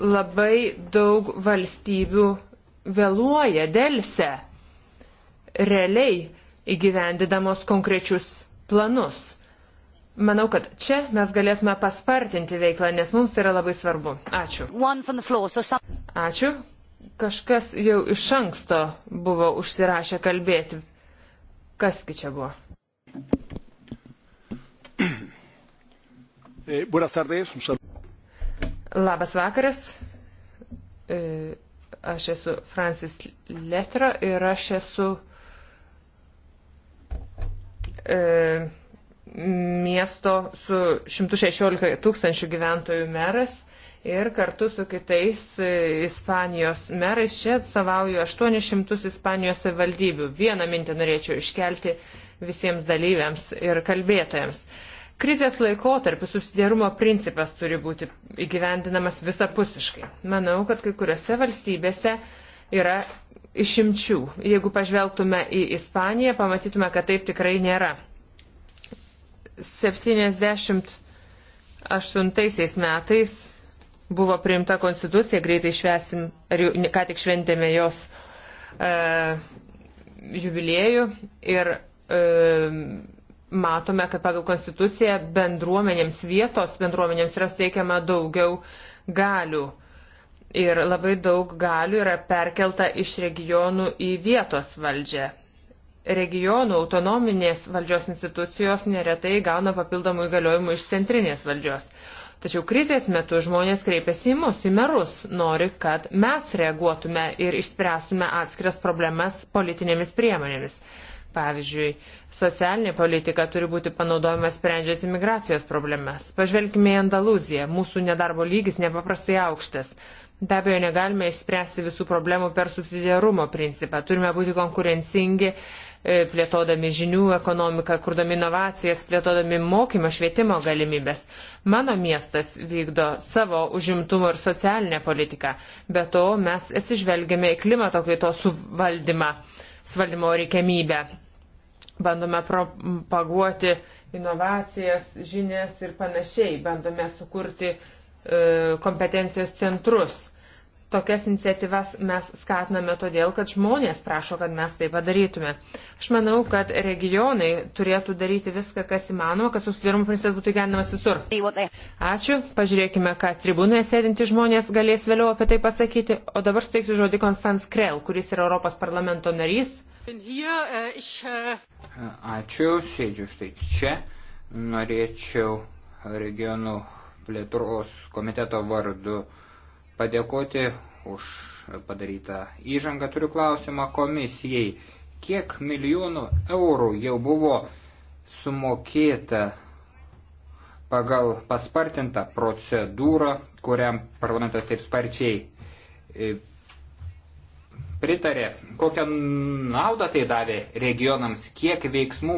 labai daug valstybių vėluoja, dėlse, realiai įgyvendidamos konkrečius planus. Manau, kad čia mes galėtume paspartinti veiklą, nes mums tai yra labai svarbu. Ačiū. Ačiū. Kažkas jau iš anksto buvo užsirašę kalbėti. Kaski čia buvo? Eh, Labas vakaras. E, aš esu Francis Letra ir aš esu. E, miesto su 116 tūkstančių gyventojų meras ir kartu su kitais e, Ispanijos merais čia atstovauju 800 Ispanijos savivaldybių. Vieną mintį norėčiau iškelti visiems dalyviams ir kalbėtojams. Krizės laikotarpiu susidėrumo principas turi būti įgyvendinamas visapusiškai. Manau, kad kai kuriuose valstybėse yra išimčių. Jeigu pažvelgtume į Ispaniją, pamatytume, kad taip tikrai nėra. 78 metais buvo priimta konstitucija, greitai švesim, ar jau, ką tik šventėme jos e, jubiliejų ir e, matome, kad pagal konstituciją bendruomenėms vietos, bendruomenėms yra suteikiama daugiau galių. Ir labai daug galių yra perkelta iš regionų į vietos valdžią regionų autonominės valdžios institucijos neretai gauna papildomų įgaliojimų iš centrinės valdžios. Tačiau krizės metu žmonės kreipiasi į mus, į merus, nori, kad mes reaguotume ir išspręstume atskiras problemas politinėmis priemonėmis. Pavyzdžiui, socialinė politika turi būti panaudojama sprendžiant imigracijos problemas. Pažvelkime į Andaluziją. Mūsų nedarbo lygis nepaprastai aukštas. Be abejo, negalime išspręsti visų problemų per subsidiarumo principą. Turime būti konkurencingi, e, plėtodami žinių ekonomiką, kurdami inovacijas, plėtodami mokymo švietimo galimybės. Mano miestas vykdo savo užimtumo ir socialinę politiką. Be to, mes atsižvelgiame į klimato kaitos suvaldymą, suvaldymo reikiamybę. Bandome propaguoti inovacijas, žinias ir panašiai. Bandome sukurti uh, E, kompetencijos centrus. Tokias iniciatyvas mes skatiname todėl, kad žmonės prašo, kad mes tai padarytume. Aš manau, kad regionai turėtų daryti viską, kas įmanoma, kad susidarimo principas būtų gyvenamas visur. Ačiū, pažiūrėkime, ką tribūnoje sėdinti žmonės galės vėliau apie tai pasakyti. O dabar suteiksiu žodį Konstans Krell, kuris yra Europos parlamento narys. Ačiū, sėdžiu štai čia. Norėčiau regionų plėtros komiteto vardu padėkoti už padarytą įžangą. Turiu klausimą komisijai. Kiek milijonų eurų jau buvo sumokėta pagal paspartintą procedūrą, kuriam parlamentas taip sparčiai e, pritarė, kokią naudą tai davė regionams, kiek veiksmų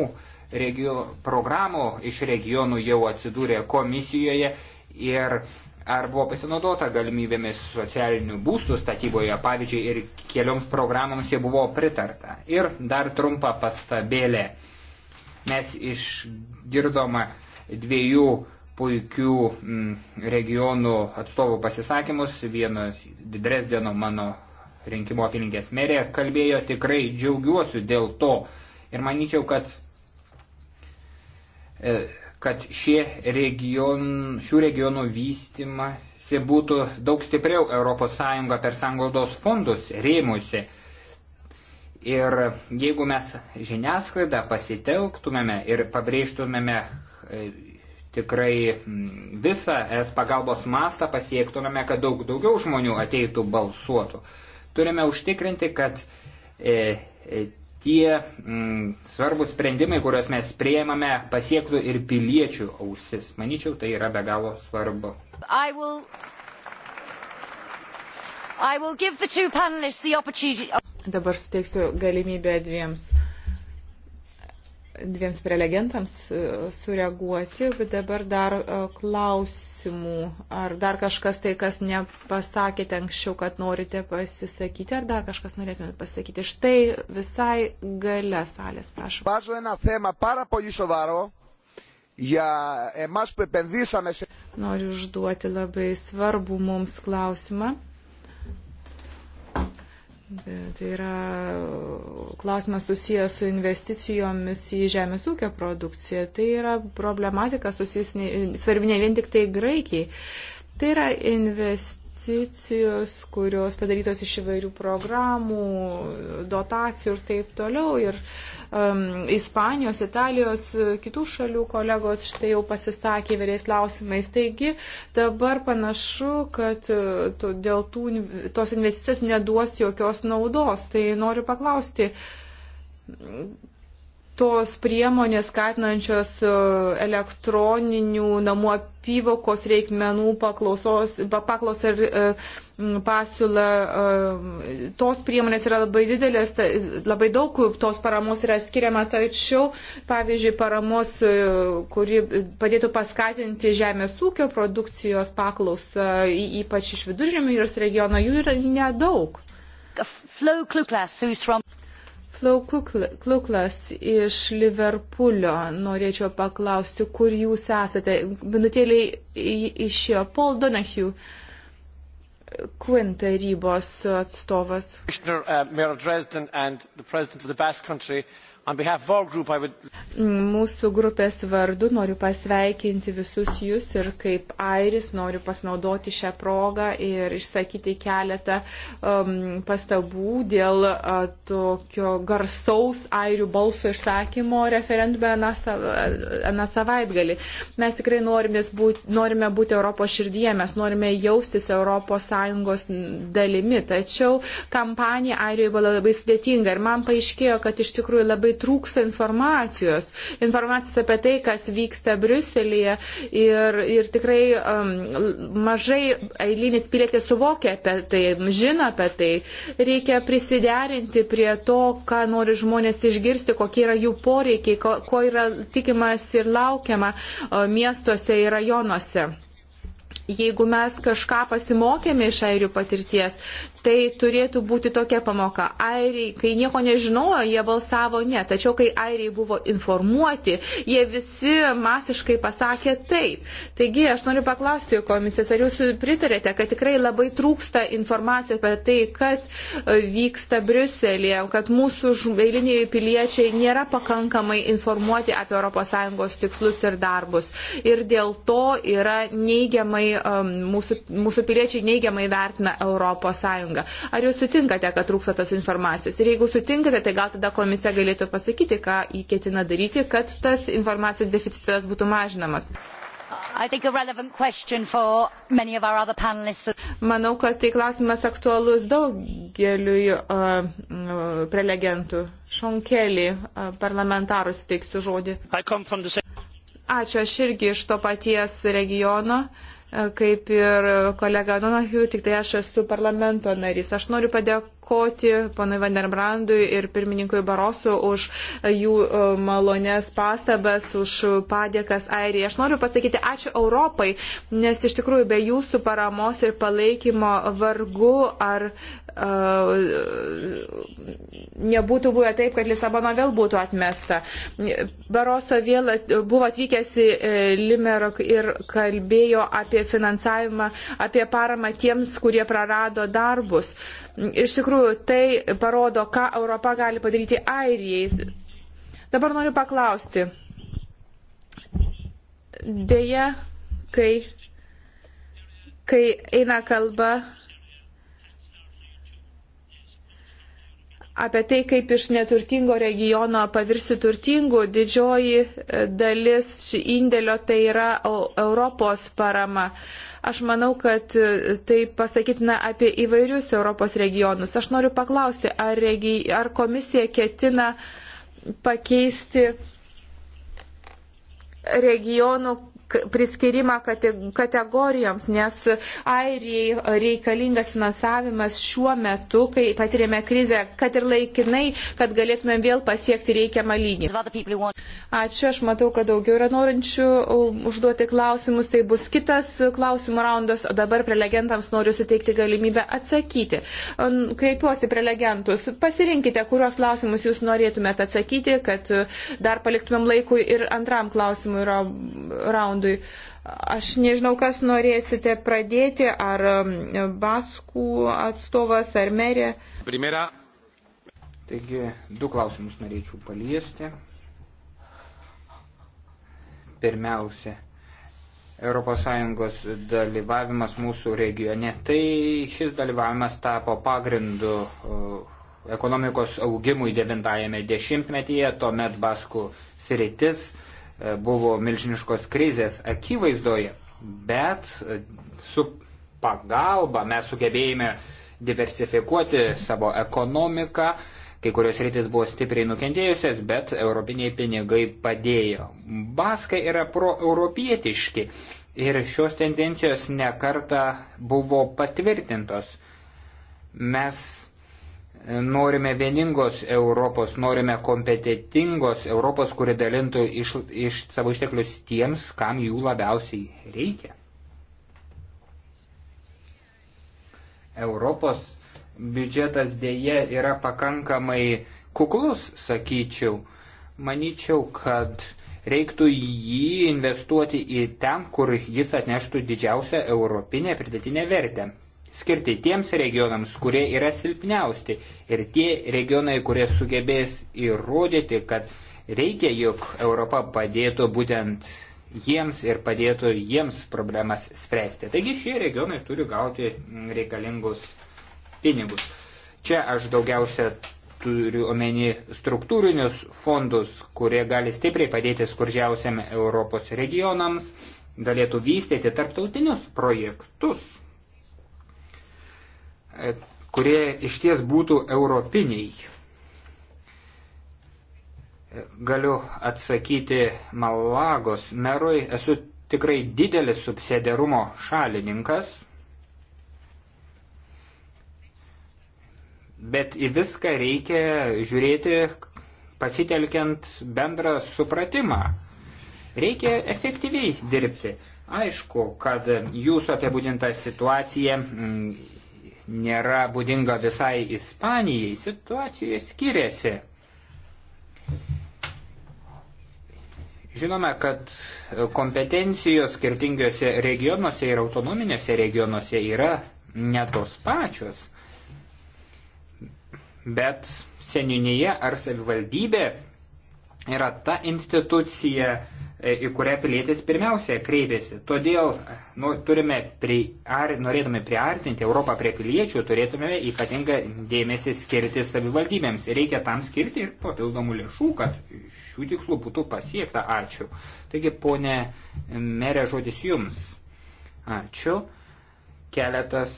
regio, programų iš regionų jau atsidūrė komisijoje ir ar buvo pasinaudota galimybėmis socialinių būstų statyboje, pavyzdžiui, ir kelioms programoms jau buvo pritarta. Ir dar trumpa pastabėlė. Mes išgirdome dviejų puikių m, mm, regionų atstovų pasisakymus. Vieno Dresdeno mano rinkimo apylinkės merė kalbėjo, tikrai džiaugiuosi dėl to. Ir manyčiau, kad e, kad šie region, šių regionų vystimasi būtų daug stipriau ES per sanglaudos fondus rėmusi. Ir jeigu mes žiniasklaidą pasitelktumėme ir pabrėžtumėme e, tikrai mm, visą es pagalbos mastą, pasiektumėme, kad daug daugiau žmonių ateitų balsuotų. Turime užtikrinti, kad e, e, tie mm, svarbus sprendimai, kuriuos mes prieimame, pasiektų ir piliečių ausis. Manyčiau, tai yra be galo svarbu. I will... I will Dabar steiksiu galimybę dviems dviems prelegentams e, sureaguoti, bet dabar dar e, klausimų. Ar dar kažkas tai, kas nepasakėte anksčiau, kad norite pasisakyti, ar dar kažkas norėtumėte pasakyti? Štai visai gale salės, prašau. Pažu eną temą, para polisovaro. Eh, Noriu užduoti labai svarbų mums klausimą. Tai yra uh, klausimas susijęs su investicijomis į žemės ūkio produkciją. Tai yra problematika susijus ne, svarbi ne vien tik tai Graikijai. Tai yra invest, investicijos, kurios padarytos iš įvairių programų, dotacijų ir taip toliau. Ir um, Ispanijos, Italijos, kitų šalių kolegos štai jau pasistakė įvairiais klausimais. Taigi dabar panašu, kad uh, to, dėl tų, tos investicijos neduos jokios naudos. Tai noriu paklausti tos priemonės skatinančios e, elektroninių namų apyvokos reikmenų paklausos, paklaus ir e, pasiūlą, e, tos priemonės yra labai didelės, labai daug tos paramos yra skiriama, tačiau, pavyzdžiui, paramos, kuri padėtų paskatinti žemės ūkio produkcijos paklausą, ypač iš viduržėmių jūros regiono, jų yra nedaug. Flo Kluklas, who's from Klauklas iš Liverpulio. Norėčiau paklausti, kur jūs esate. Minutėliai išėjo Paul Donahue. Quinn tarybos atstovas. Would... Mūsų grupės vardu noriu pasveikinti visus jūs ir kaip airis noriu pasinaudoti šią progą ir išsakyti keletą um, pastabų dėl uh, tokio garsaus airių balso išsakymo referendume aną savaitgalį. Mes tikrai būt, norime būti Europos širdyje, mes norime jaustis ES dalimi, tačiau kampanija airijoje buvo labai sudėtinga ir man paaiškėjo, kad iš tikrųjų labai trūksta informacijos. Informacijos apie tai, kas vyksta Briuselėje ir, ir tikrai um, mažai eilinis pilietė suvokia apie tai, žino apie tai. Reikia prisiderinti prie to, ką nori žmonės išgirsti, kokie yra jų poreikiai, ko, ko yra tikimas ir laukiama uh, miestuose ir rajonuose jeigu mes kažką pasimokėme iš airių patirties, Tai turėtų būti tokia pamoka. Airiai, kai nieko nežinojo, jie balsavo ne. Tačiau, kai airiai buvo informuoti, jie visi masiškai pasakė taip. Taigi, aš noriu paklausti komisijos, ar jūs pritarėte, kad tikrai labai trūksta informacijos apie tai, kas e, vyksta Briuselėje, kad mūsų eiliniai piliečiai nėra pakankamai informuoti apie ES tikslus ir darbus. Ir dėl to yra neigiamai, e, mūsų, mūsų piliečiai neigiamai vertina ES. Ar jūs sutinkate, kad trūksta tos informacijos? Ir jeigu sutinkate, tai gal tada komisija galėtų pasakyti, ką jį ketina daryti, kad tas informacijos deficitas būtų mažinamas. Manau, kad tai klausimas aktualus daugeliui uh, prelegentų. Šonkelį uh, parlamentarų suteiksiu žodį. Ačiū, aš irgi iš to paties regiono. Uh, kaip ir kolega Donahiu, tik tai aš esu parlamento narys. Aš noriu padėkoti ponui Vanderbrandui ir pirmininkui Barosu už jų e, malonės pastabas, už padėkas Airijai. Aš noriu pasakyti ačiū Europai, nes iš tikrųjų be jūsų paramos ir palaikymo vargu ar nebūtų buvę taip, kad Lisabona vėl būtų atmesta. Baroso vėl buvo atvykęs į e, Limerok ir kalbėjo apie finansavimą, apie paramą tiems, kurie prarado darbus. Iš tikrųjų, tai parodo, ką Europa gali padaryti Airijai. Dabar noriu paklausti. Deja, kai, kai eina kalba apie tai, kaip iš neturtingo regiono pavirsi turtingu, didžioji e, dalis šį indėlio tai yra Europos parama. Aš manau, kad e, tai pasakytina apie įvairius Europos regionus. Aš noriu paklausti, ar, regi, ar komisija ketina pakeisti regionų priskirimą kategorijoms, nes Airijai reikalingas finansavimas šiuo metu, kai patirėme krizę, kad ir laikinai, kad galėtumėm vėl pasiekti reikiamą lygį. Ačiū, aš matau, kad daugiau yra norinčių um, užduoti klausimus, tai bus kitas klausimų raundas, o dabar prelegentams noriu suteikti galimybę atsakyti. Kreipiuosi prelegentus, pasirinkite, kuriuos klausimus jūs norėtumėte atsakyti, kad dar paliktumėm laikui ir antram klausimui raundui fondui. Aš nežinau, kas norėsite pradėti, ar um, Baskų atstovas, ar merė. Primera. Taigi, du klausimus norėčiau paliesti. Pirmiausia, ES dalyvavimas mūsų regione. Tai šis dalyvavimas tapo pagrindu ekonomikos augimui 90-metyje, tuomet Baskų sritis E, buvo milžiniškos krizės akivaizdoje, bet e, su pagalba mes sugebėjome diversifikuoti savo ekonomiką, kai kurios rytis buvo stipriai nukentėjusios, bet europiniai pinigai padėjo. Baskai yra proeuropietiški ir šios tendencijos nekarta buvo patvirtintos. Mes Norime vieningos Europos, norime kompetitingos Europos, kuri dalintų iš, iš savo išteklius tiems, kam jų labiausiai reikia. Europos biudžetas dėje yra pakankamai kuklus, sakyčiau. Manyčiau, kad reiktų jį investuoti į ten, kur jis atneštų didžiausią europinę pridėtinę vertę skirti tiems regionams, kurie yra silpniausti ir tie regionai, kurie sugebės įrodyti, kad reikia, jog Europa padėtų būtent jiems ir padėtų jiems problemas spręsti. Taigi šie regionai turi gauti reikalingus pinigus. Čia aš daugiausia turiu omeny struktūrinius fondus, kurie gali stipriai padėti skurdžiausiam Europos regionams, galėtų vystyti tarptautinius projektus kurie išties būtų europiniai. Galiu atsakyti Malagos merui, esu tikrai didelis subsidiarumo šalininkas, bet į viską reikia žiūrėti pasitelkiant bendrą supratimą. Reikia efektyviai dirbti. Aišku, kad jūsų apibūdinta situacija mm, nėra būdinga visai Ispanijai, situacija skiriasi. Žinome, kad kompetencijos skirtingiose regionuose ir autonominėse regionuose yra netos pačios, bet seninėje ar savivaldybė yra ta institucija, E, į kurią pilietis pirmiausia kreipėsi. Todėl nu, turime priar, norėtume priartinti Europą prie piliečių, turėtume ypatingą dėmesį skirti savivaldybėms. Reikia tam skirti ir papildomų lėšų, kad šių tikslų būtų pasiekta. Ačiū. Taigi, ponė merė, žodis jums. Ačiū. Keletas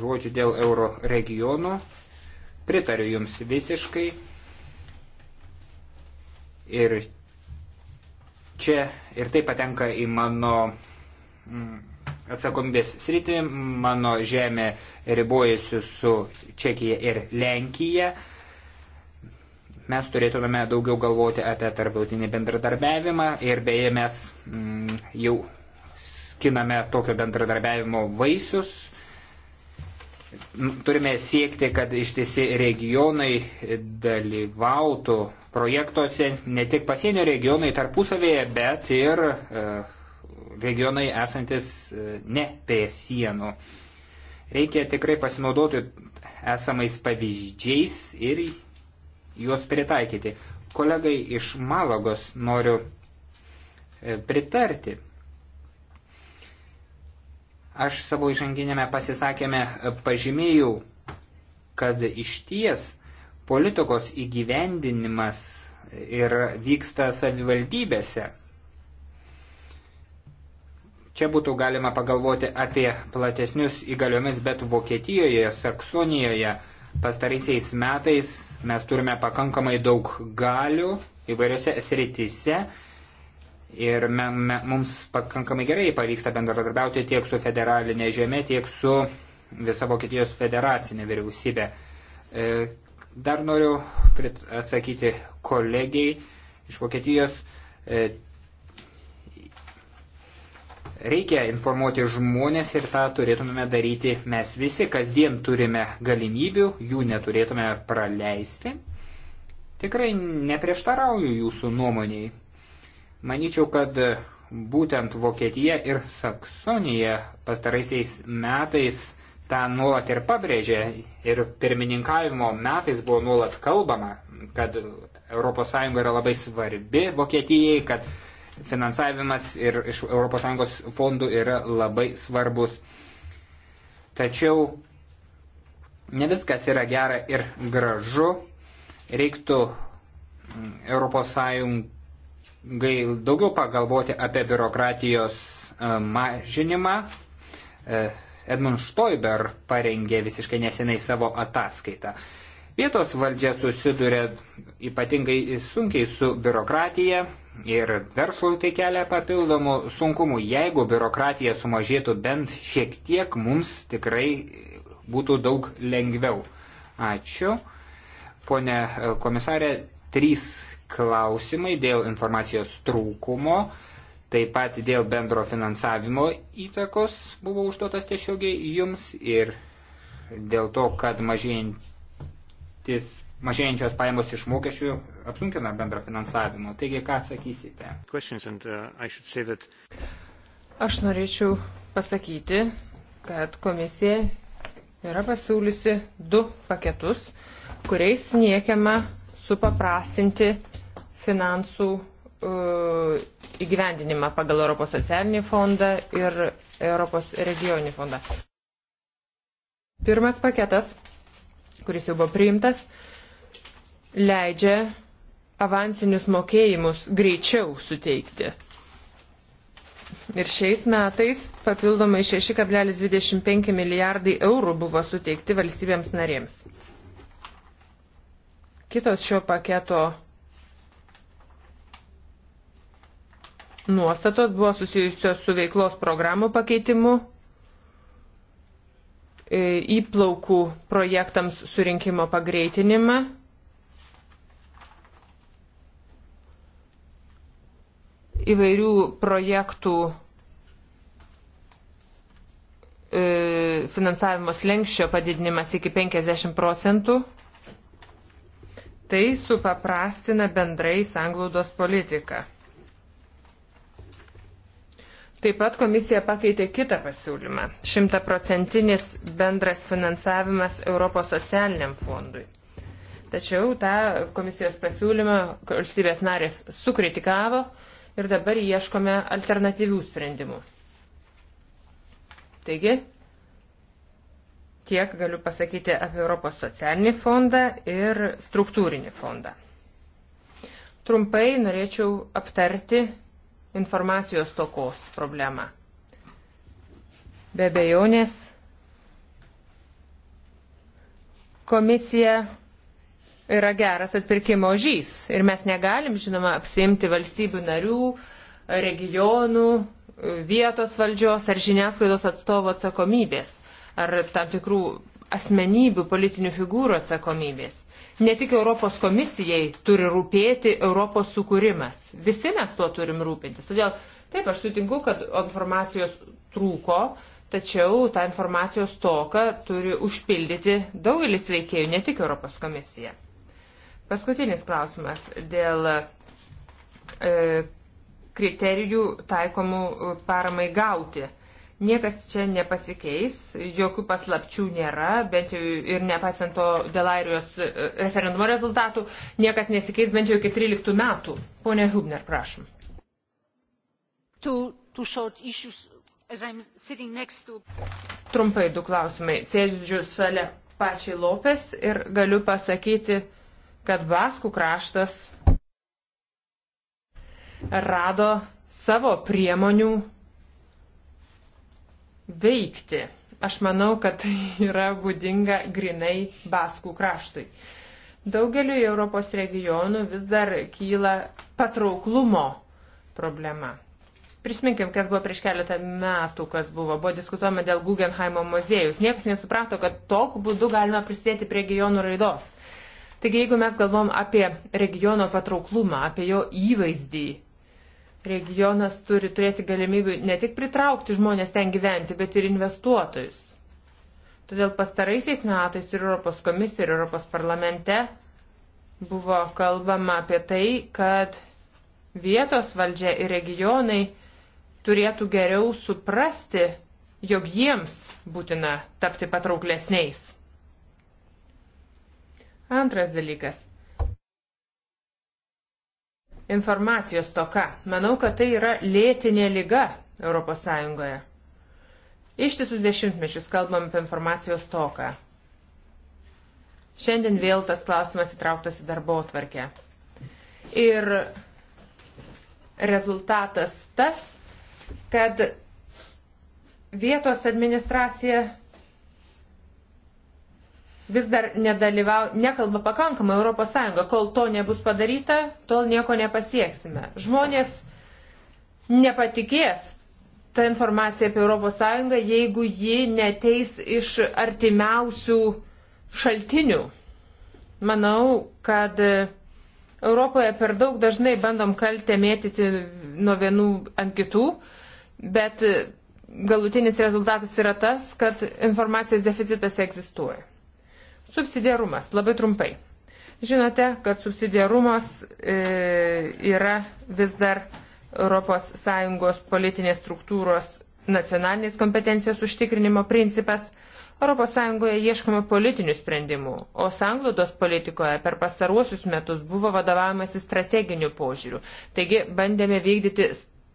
žodžių dėl euro regionų. Pritariu jums visiškai. Ir čia ir tai patenka į mano mm, atsakomybės sritį, mano žemė ribojasi su Čekija ir Lenkija. Mes turėtumėme daugiau galvoti apie tarptautinį bendradarbiavimą ir beje mes mm, jau skiname tokio bendradarbiavimo vaisius. Turime siekti, kad ištisi regionai dalyvautų projektuose ne tik pasienio regionai tarpusavėje, bet ir e, regionai esantis e, ne prie sienų. Reikia tikrai pasinaudoti esamais pavyzdžiais ir juos pritaikyti. Kolegai iš Malagos noriu e, pritarti. Aš savo įžanginėme pasisakėme pažymėjau, kad iš ties politikos įgyvendinimas ir vyksta savivaldybėse. Čia būtų galima pagalvoti apie platesnius įgaliomis, bet Vokietijoje, Saksonijoje pastaraisiais metais mes turime pakankamai daug galių įvairiose sritise ir me, me, mums pakankamai gerai pavyksta bendradarbiauti tiek su federalinė žemė, tiek su visa Vokietijos federacinė vyriausybė. E, Dar noriu atsakyti kolegijai iš Vokietijos. E, reikia informuoti žmonės ir tą turėtumėme daryti mes visi. Kasdien turime galimybių, jų neturėtume praleisti. Tikrai neprieštarauju jūsų nuomoniai. Maničiau, kad būtent Vokietija ir Saksonija pastaraisiais metais tą nuolat ir pabrėžė ir pirmininkavimo metais buvo nuolat kalbama, kad ES yra labai svarbi Vokietijai, kad finansavimas ir iš ES fondų yra labai svarbus. Tačiau ne viskas yra gera ir gražu. Reiktų mm, ES daugiau pagalvoti apie biurokratijos e, mažinimą e, Edmund Stoiber parengė visiškai nesenai savo ataskaitą. Vietos valdžia susiduria ypatingai sunkiai su biurokratija ir verslui tai kelia papildomų sunkumų. Jeigu biurokratija sumažėtų bent šiek tiek, mums tikrai būtų daug lengviau. Ačiū. Pone komisarė, trys klausimai dėl informacijos trūkumo. Taip pat dėl bendro finansavimo įtakos buvo užduotas tiesiogiai jums ir dėl to, kad mažėjantis, mažėjančios pajamos iš mokesčių apsunkina bendro finansavimo. Taigi, ką atsakysite? And, uh, that... Aš norėčiau pasakyti, kad komisija yra pasiūlysi du paketus, kuriais niekiama supaprasinti finansų E, įgyvendinimą pagal Europos socialinį fondą ir Europos regioninį fondą. Pirmas paketas, kuris jau buvo priimtas, leidžia avansinius mokėjimus greičiau suteikti. Ir šiais metais papildomai 6,25 milijardai eurų buvo suteikti valstybėms narėms. Kitos šio paketo nuostatos buvo susijusios su veiklos programų pakeitimu, e, įplaukų projektams surinkimo pagreitinimą. įvairių projektų e, finansavimo slengščio padidinimas iki 50 procentų. Tai supaprastina bendrai sanglaudos politiką. Taip pat komisija pakeitė kitą pasiūlymą - šimtaprocentinis bendras finansavimas Europos socialiniam fondui. Tačiau tą komisijos pasiūlymą valstybės narės sukritikavo ir dabar ieškome alternatyvių sprendimų. Taigi, tiek galiu pasakyti apie Europos socialinį fondą ir struktūrinį fondą. Trumpai norėčiau aptarti informacijos tokos problemą. Be bejonės, komisija yra geras atpirkimo žys ir mes negalim, žinoma, apsimti valstybių narių, regionų, vietos valdžios ar žiniasklaidos atstovų atsakomybės ar tam tikrų asmenybių, politinių figūrų atsakomybės. Ne tik Europos komisijai turi rūpėti Europos sukūrimas. Visi mes tuo turim rūpintis. Todėl taip, aš sutinku, kad informacijos trūko, tačiau tą informacijos toką turi užpildyti daugelis veikėjų, ne tik Europos komisija. Paskutinis klausimas dėl e, kriterijų taikomų paramai gauti. Niekas čia nepasikeis, jokių paslapčių nėra, bent jau ir nepaisant to dėl Airijos e, referendumo rezultatų, niekas nesikeis bent jau iki 13 metų. Pone Hubner, prašom. Two, two issues, to... Trumpai du klausimai. Sėdžiu šalia pačiai Lopes ir galiu pasakyti, kad Baskų kraštas rado savo priemonių veikti. Aš manau, kad tai yra būdinga grinai Baskų kraštui. Daugeliu Europos regionų vis dar kyla patrauklumo problema. Prisiminkim, kas buvo prieš keletą metų, kas buvo. Buvo diskutuojama dėl Guggenheimo muziejus. Niekas nesuprato, kad tokiu būdu galima prisidėti prie regionų raidos. Taigi, jeigu mes galvom apie regiono patrauklumą, apie jo įvaizdį, regionas turi turėti galimybių ne tik pritraukti žmonės ten gyventi, bet ir investuotojus. Todėl pastaraisiais metais ir Europos komisija, ir Europos parlamente buvo kalbama apie tai, kad vietos valdžia ir regionai turėtų geriau suprasti, jog jiems būtina tapti patrauklesniais. Antras dalykas informacijos toka. Manau, kad tai yra lėtinė lyga ES. Ištisus dešimtmečius kalbam apie informacijos toką. Šiandien vėl tas klausimas įtrauktas į darbo atvarkę. Ir rezultatas tas, kad vietos administracija vis dar nedalyvau, nekalba pakankamai ES. Kol to nebus padaryta, tol nieko nepasieksime. Žmonės nepatikės tą informaciją apie ES, jeigu ji neteis iš artimiausių šaltinių. Manau, kad Europoje per daug dažnai bandom kaltę mėtyti nuo vienų ant kitų, bet galutinis rezultatas yra tas, kad informacijos deficitas egzistuoja. Subsidiarumas, labai trumpai. Žinote, kad subsidiarumas e, yra vis dar ES politinės struktūros nacionalinės kompetencijos užtikrinimo principas. ES ieškoma politinių sprendimų, o sanglaudos politikoje per pastaruosius metus buvo vadovavimasi strateginiu požiūriu. Taigi bandėme vykdyti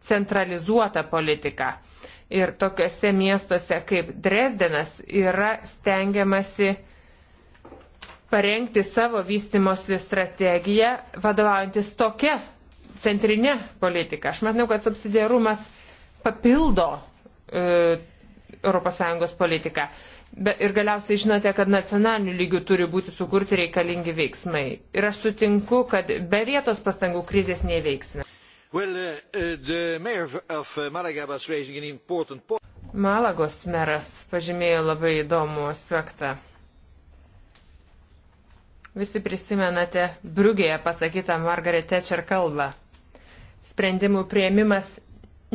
centralizuotą politiką. Ir tokiuose miestuose kaip Dresdenas yra stengiamasi uh, parengti savo vystimosi strategiją, vadovaujantis tokia centrinė politika. Aš manau, kad subsidiarumas papildo e, ES politiką. Be, ir galiausiai žinote, kad nacionaliniu lygiu turi būti sukurti reikalingi veiksmai. Ir aš sutinku, kad be vietos pastangų krizės neįveiksime. Well, uh, uh, uh Malagos meras pažymėjo labai įdomų aspektą. Visi prisimenate Briugėje pasakytą Margaret Thatcher kalbą. Sprendimų prieimimas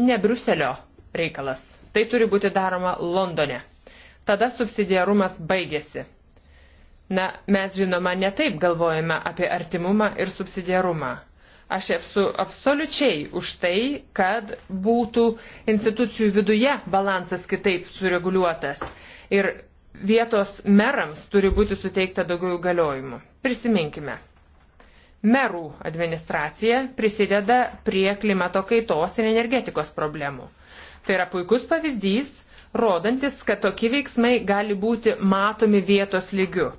ne Bruselio reikalas. Tai turi būti daroma Londone. Tada subsidiarumas baigėsi. Na, mes žinoma netaip galvojame apie artimumą ir subsidiarumą aš esu absoliučiai už tai, kad būtų institucijų viduje balansas kitaip sureguliuotas. Ir vietos merams turi būti suteikta daugiau įgaliojimų. Prisiminkime. Merų administracija prisideda prie klimato kaitos ir energetikos problemų. Tai yra puikus pavyzdys, rodantis, kad tokie veiksmai gali būti matomi vietos lygiu.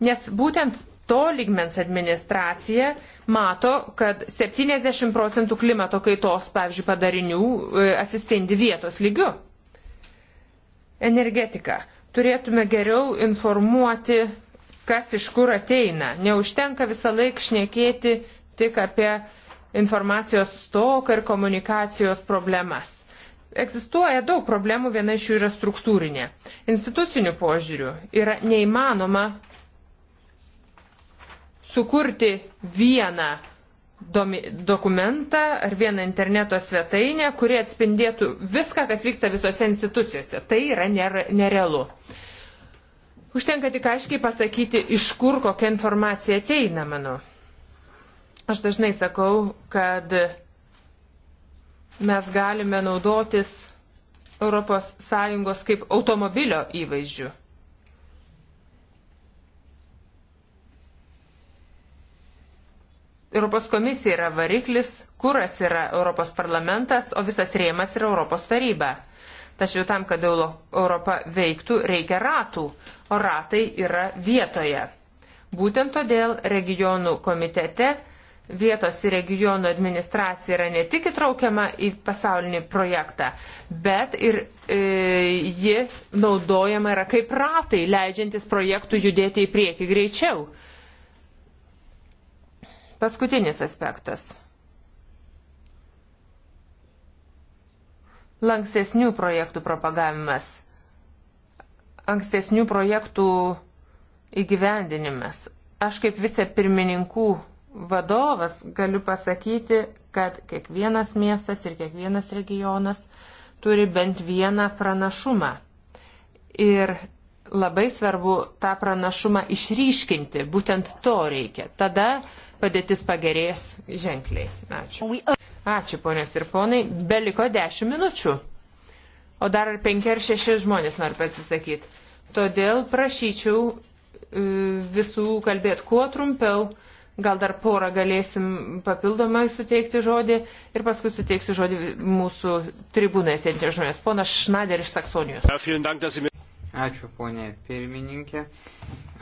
Nes būtent to lygmens administracija mato, kad 70 procentų klimato kaitos, pavyzdžiui, padarinių e, atsispindi vietos lygiu. Energetika turėtume geriau informuoti, kas iš kur ateina. Neužtenka visą laiką šnekėti tik apie informacijos stoką ir komunikacijos problemas. Egzistuoja daug problemų, viena iš jų yra struktūrinė. Institucinių požiūrių yra neįmanoma sukurti vieną dokumentą ar vieną interneto svetainę, kurie atspindėtų viską, kas vyksta visose institucijose. Tai yra nerealu. Užtenka tik aiškiai pasakyti, iš kur kokia informacija ateina mano. Aš dažnai sakau, kad mes galime naudotis ES kaip automobilio įvaizdžių. Europos komisija yra variklis, kuras yra Europos parlamentas, o visas rėmas yra Europos taryba. Tačiau tam, kad Europa veiktų, reikia ratų, o ratai yra vietoje. Būtent todėl regionų komitete vietos ir regionų administracija yra ne tik įtraukiama į pasaulinį projektą, bet ir e, ji naudojama yra kaip ratai, leidžiantis projektų judėti į priekį greičiau. Paskutinis aspektas. Lanksesnių projektų propagavimas. Ankstesnių projektų įgyvendinimas. Aš kaip vicepirmininkų vadovas galiu pasakyti, kad kiekvienas miestas ir kiekvienas regionas turi bent vieną pranašumą. Ir labai svarbu tą pranašumą išryškinti, būtent to reikia. Tada padėtis pagerės ženkliai. Ačiū. Ačiū, ponios ir ponai. Beliko 10 minučių. O dar ar 5 ar 6 žmonės nori pasisakyti. Todėl prašyčiau e, visų kalbėti kuo trumpiau. Gal dar porą galėsim papildomai suteikti žodį ir paskui suteiksiu žodį mūsų tribūnai sėdinti žmonės. Ponas Šnader iš Saksonijos. Ačiū, ponė pirmininkė.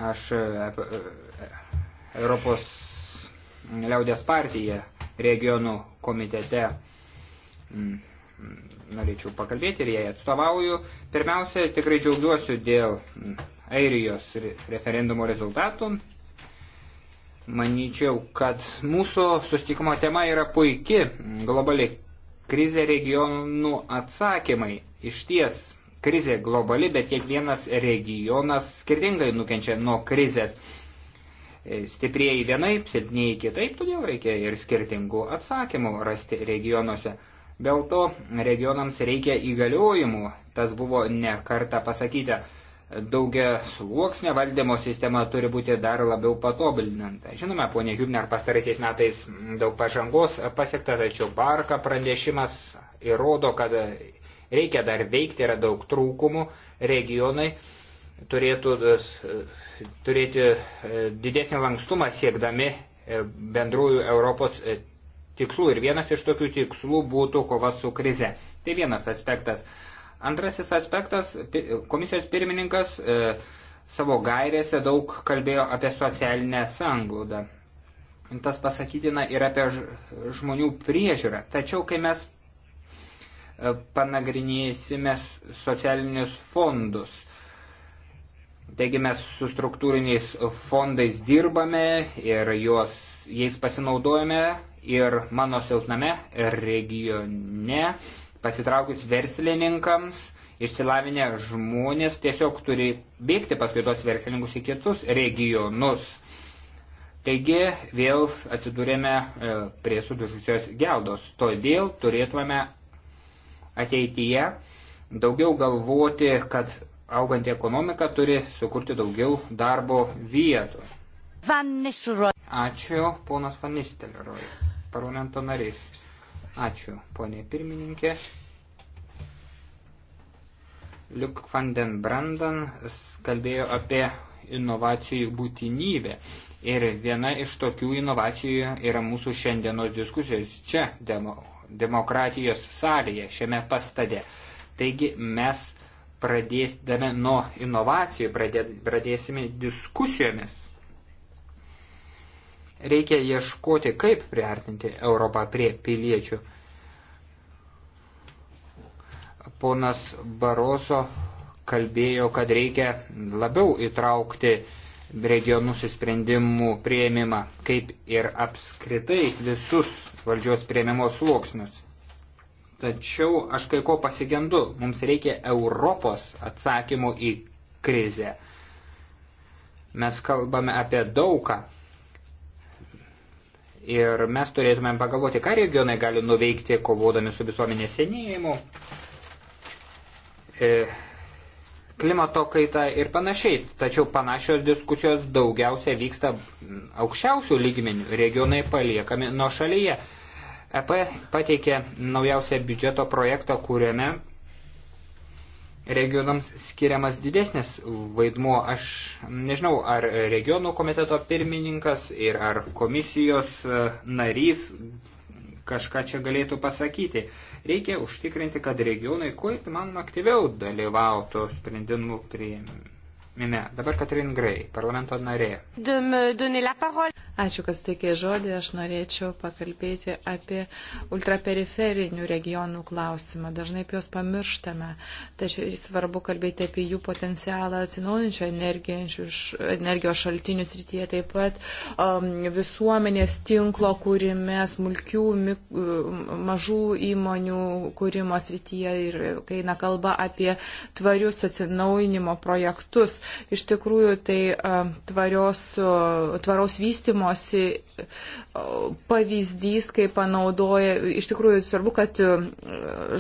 Aš e, e, Europos liaudės partiją regionų komitete mm, norėčiau pakalbėti ir jai atstovauju. Pirmiausia, tikrai džiaugiuosi dėl mm, Airijos referendumo rezultatų. Manyčiau, kad mūsų sustikimo tema yra puiki mm, globali krizė regionų atsakymai. Iš ties krizė globali, bet kiekvienas regionas skirtingai nukenčia nuo krizės. E, stiprieji vienaip, silpnieji kitaip, todėl reikia ir skirtingų atsakymų rasti regionuose. Dėl to regionams reikia įgaliojimų, tas buvo ne kartą pasakyta. Daugia sluoksnė valdymo sistema turi būti dar labiau patobulinta. Žinome, ponė Hübner pastaraisiais metais daug pažangos pasiekta, tačiau Barka pranešimas įrodo, kad reikia dar veikti, yra daug trūkumų, regionai turėtų turėti e, didesnį lankstumą siekdami e, bendrųjų Europos e, tikslų. Ir vienas iš tokių tikslų būtų kova su krize. Tai vienas aspektas. Antrasis aspektas, komisijos pirmininkas savo gairėse daug kalbėjo apie socialinę sanglaudą. Tas pasakytina ir apie žmonių priežiūrą. Tačiau, kai mes panagrinėsime socialinius fondus, Taigi mes su struktūriniais fondais dirbame ir juos, jais pasinaudojame ir mano silpname regione pasitraukus verslininkams išsilavinę žmonės tiesiog turi bėgti paskui tos verslininkus į kitus regionus. Taigi vėl atsidūrėme e, prie sudužusios geldos. Todėl turėtume ateityje daugiau galvoti, kad auganti ekonomika turi sukurti daugiau darbo vietų. Van Nistelrooy. Ačiū, ponas Van Nistelrooy, parlamento narys. Ačiū, ponė pirmininkė. Liuk van den Branden kalbėjo apie inovacijų būtinybę. Ir viena iš tokių inovacijų yra mūsų šiandienos diskusijos čia, demo, demokratijos salėje, šiame pastate. Taigi mes pradėsime nuo inovacijų, pradėsime diskusijomis. Reikia ieškoti, kaip priartinti Europą prie piliečių. Ponas Baroso kalbėjo, kad reikia labiau įtraukti regionus į sprendimų prieimimą, kaip ir apskritai visus valdžios prieimimo sluoksnius. Tačiau aš kai ko pasigendu, mums reikia Europos atsakymų į krizę. Mes kalbame apie daugą. Ir mes turėtumėm pagalvoti, ką regionai gali nuveikti, kovodami su visuomenės senėjimu, e, klimato kaita ir panašiai. Tačiau panašios diskusijos daugiausia vyksta aukščiausių lygmenių, regionai paliekami nuo šalyje. EP pateikė naujausią biudžeto projektą, kuriame regionams skiriamas didesnis vaidmuo. Aš nežinau, ar regionų komiteto pirmininkas ir ar komisijos e, narys kažką čia galėtų pasakyti. Reikia užtikrinti, kad regionai kaip man aktyviau dalyvautų sprendimų priėmime. Dabar Katrin Grey, parlamento narė. Ačiū, kas teikė žodį. Aš norėčiau pakalbėti apie ultraperiferinių regionų klausimą. Dažnai apie juos pamirštame. Tačiau svarbu kalbėti apie jų potencialą atsinaujinčio energijos šaltinių srityje, taip pat um, visuomenės tinklo kūrime, smulkių, mik, um, mažų įmonių kūrimo srityje ir kai eina kalba apie tvarius atsinaujinimo projektus. Iš tikrųjų, tai um, tvarios, tvaraus vystimo mokymosi pavyzdys, kaip panaudoja, iš tikrųjų svarbu, kad e,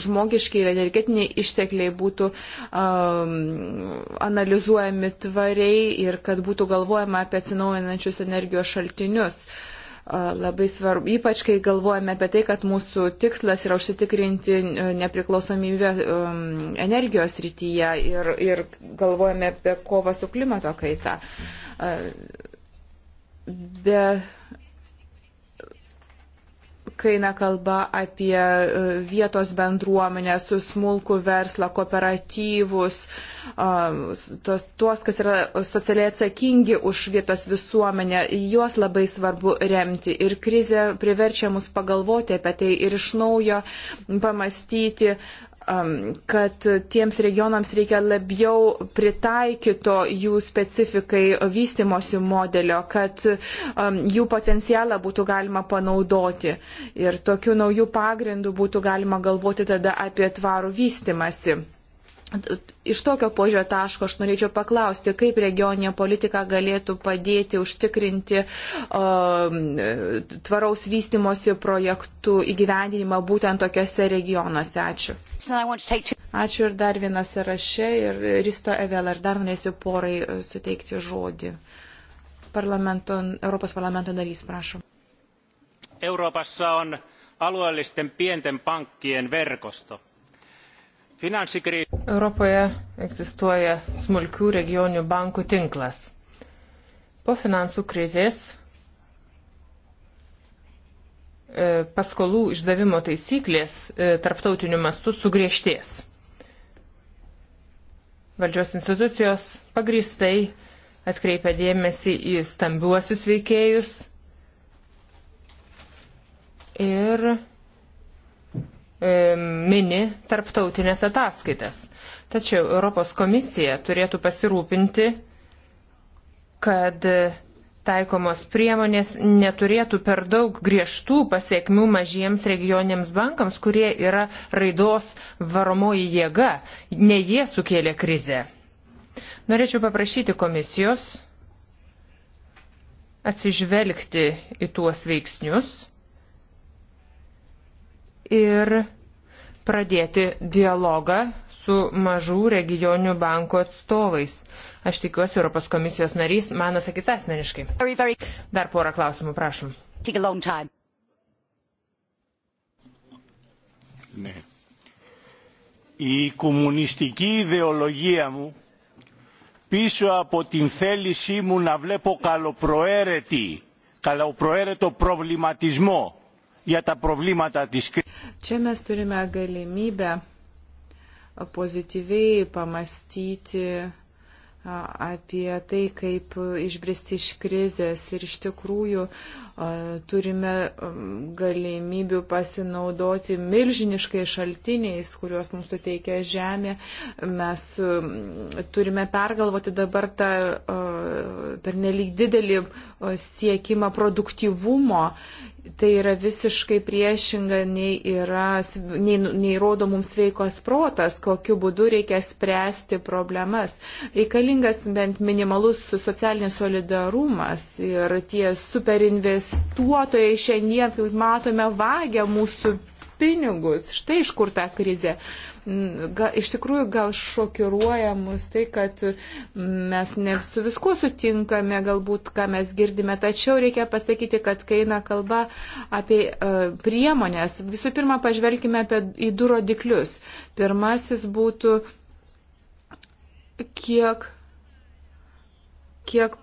žmogiški ir energetiniai ištekliai būtų um, analizuojami tvariai ir kad būtų galvojama apie atsinaujinančius energijos šaltinius. Uh, labai svarbu, ypač kai galvojame apie tai, kad mūsų tikslas yra užsitikrinti e, nepriklausomybę energijos rytyje ir, ir galvojame apie kovą su klimato kaita be kai eina kalba apie e, vietos bendruomenę, su smulkų verslą, kooperatyvus, tos, tuos, kas yra socialiai atsakingi už vietos visuomenę, juos labai svarbu remti. Ir krizė priverčia mus pagalvoti apie tai ir iš naujo pamastyti, Um, kad tiems regionams reikia labiau pritaikyto jų specifikai vystimosi modelio, kad um, jų potencialą būtų galima panaudoti. Ir tokiu naujų pagrindų būtų galima galvoti tada apie tvarų vystimasi. Iš tokio požiūrio taško aš norėčiau paklausti, kaip regioninė politika galėtų padėti užtikrinti uh, tvaraus vystimosi projektų įgyvendinimą būtent tokiuose regionuose. Ačiū. Ačiū ir dar vienas rašė ir Risto Evel, ar dar norėsiu porai e, suteikti žodį. Parlamento, Europos parlamento narys, prašom. Euroopassa on alueellisten pienten pankkien verkosto Europoje egzistuoja smulkių regioninių bankų tinklas. Po finansų krizės e, paskolų išdavimo taisyklės e, tarptautiniu mastu sugriežtės. Valdžios institucijos pagristai atkreipia dėmesį į stambiuosius veikėjus ir E, mini tarptautinės ataskaitas. Tačiau Europos komisija turėtų pasirūpinti, kad taikomos priemonės neturėtų per daug griežtų pasiekmių mažiems regioniniams bankams, kurie yra raidos varomoji jėga, ne jie sukėlė krizę. Norėčiau paprašyti komisijos atsižvelgti į tuos veiksnius ir pradėti dialogą su mažų regioninių bankų atstovais. Aš tikiuosi, Europos komisijos narys man atsakys asmeniškai. Dar porą klausimų, prašom. Ναι. Η κομμουνιστική ιδεολογία μου πίσω από την θέλησή μου να βλέπω καλοπροαίρετη, καλοπροαίρετο προβληματισμό για τα προβλήματα της κρίσης Čia mes turime galimybę pozityviai pamastyti apie tai, kaip išbristi iš krizės ir iš tikrųjų turime galimybių pasinaudoti milžiniškai šaltiniais, kuriuos mums suteikia žemė. Mes turime pergalvoti dabar tą pernelyg didelį siekimą produktyvumo Tai yra visiškai priešinga nei, yra, nei, nei rodo mums sveikos protas, kokiu būdu reikia spręsti problemas. Reikalingas bent minimalus socialinis solidarumas ir tie superinvestuotojai šiandien, kaip matome, vagia mūsų pinigus. Štai iš kur ta krizė. Uh, ga, iš tikrųjų gal šokiruoja mus tai, kad mes ne su viskuo sutinkame, galbūt, ką mes girdime, tačiau reikia pasakyti, kad kai eina kalba apie uh, priemonės, visų pirma, pažvelkime apie, į du rodiklius. Pirmasis būtų, kiek, kiek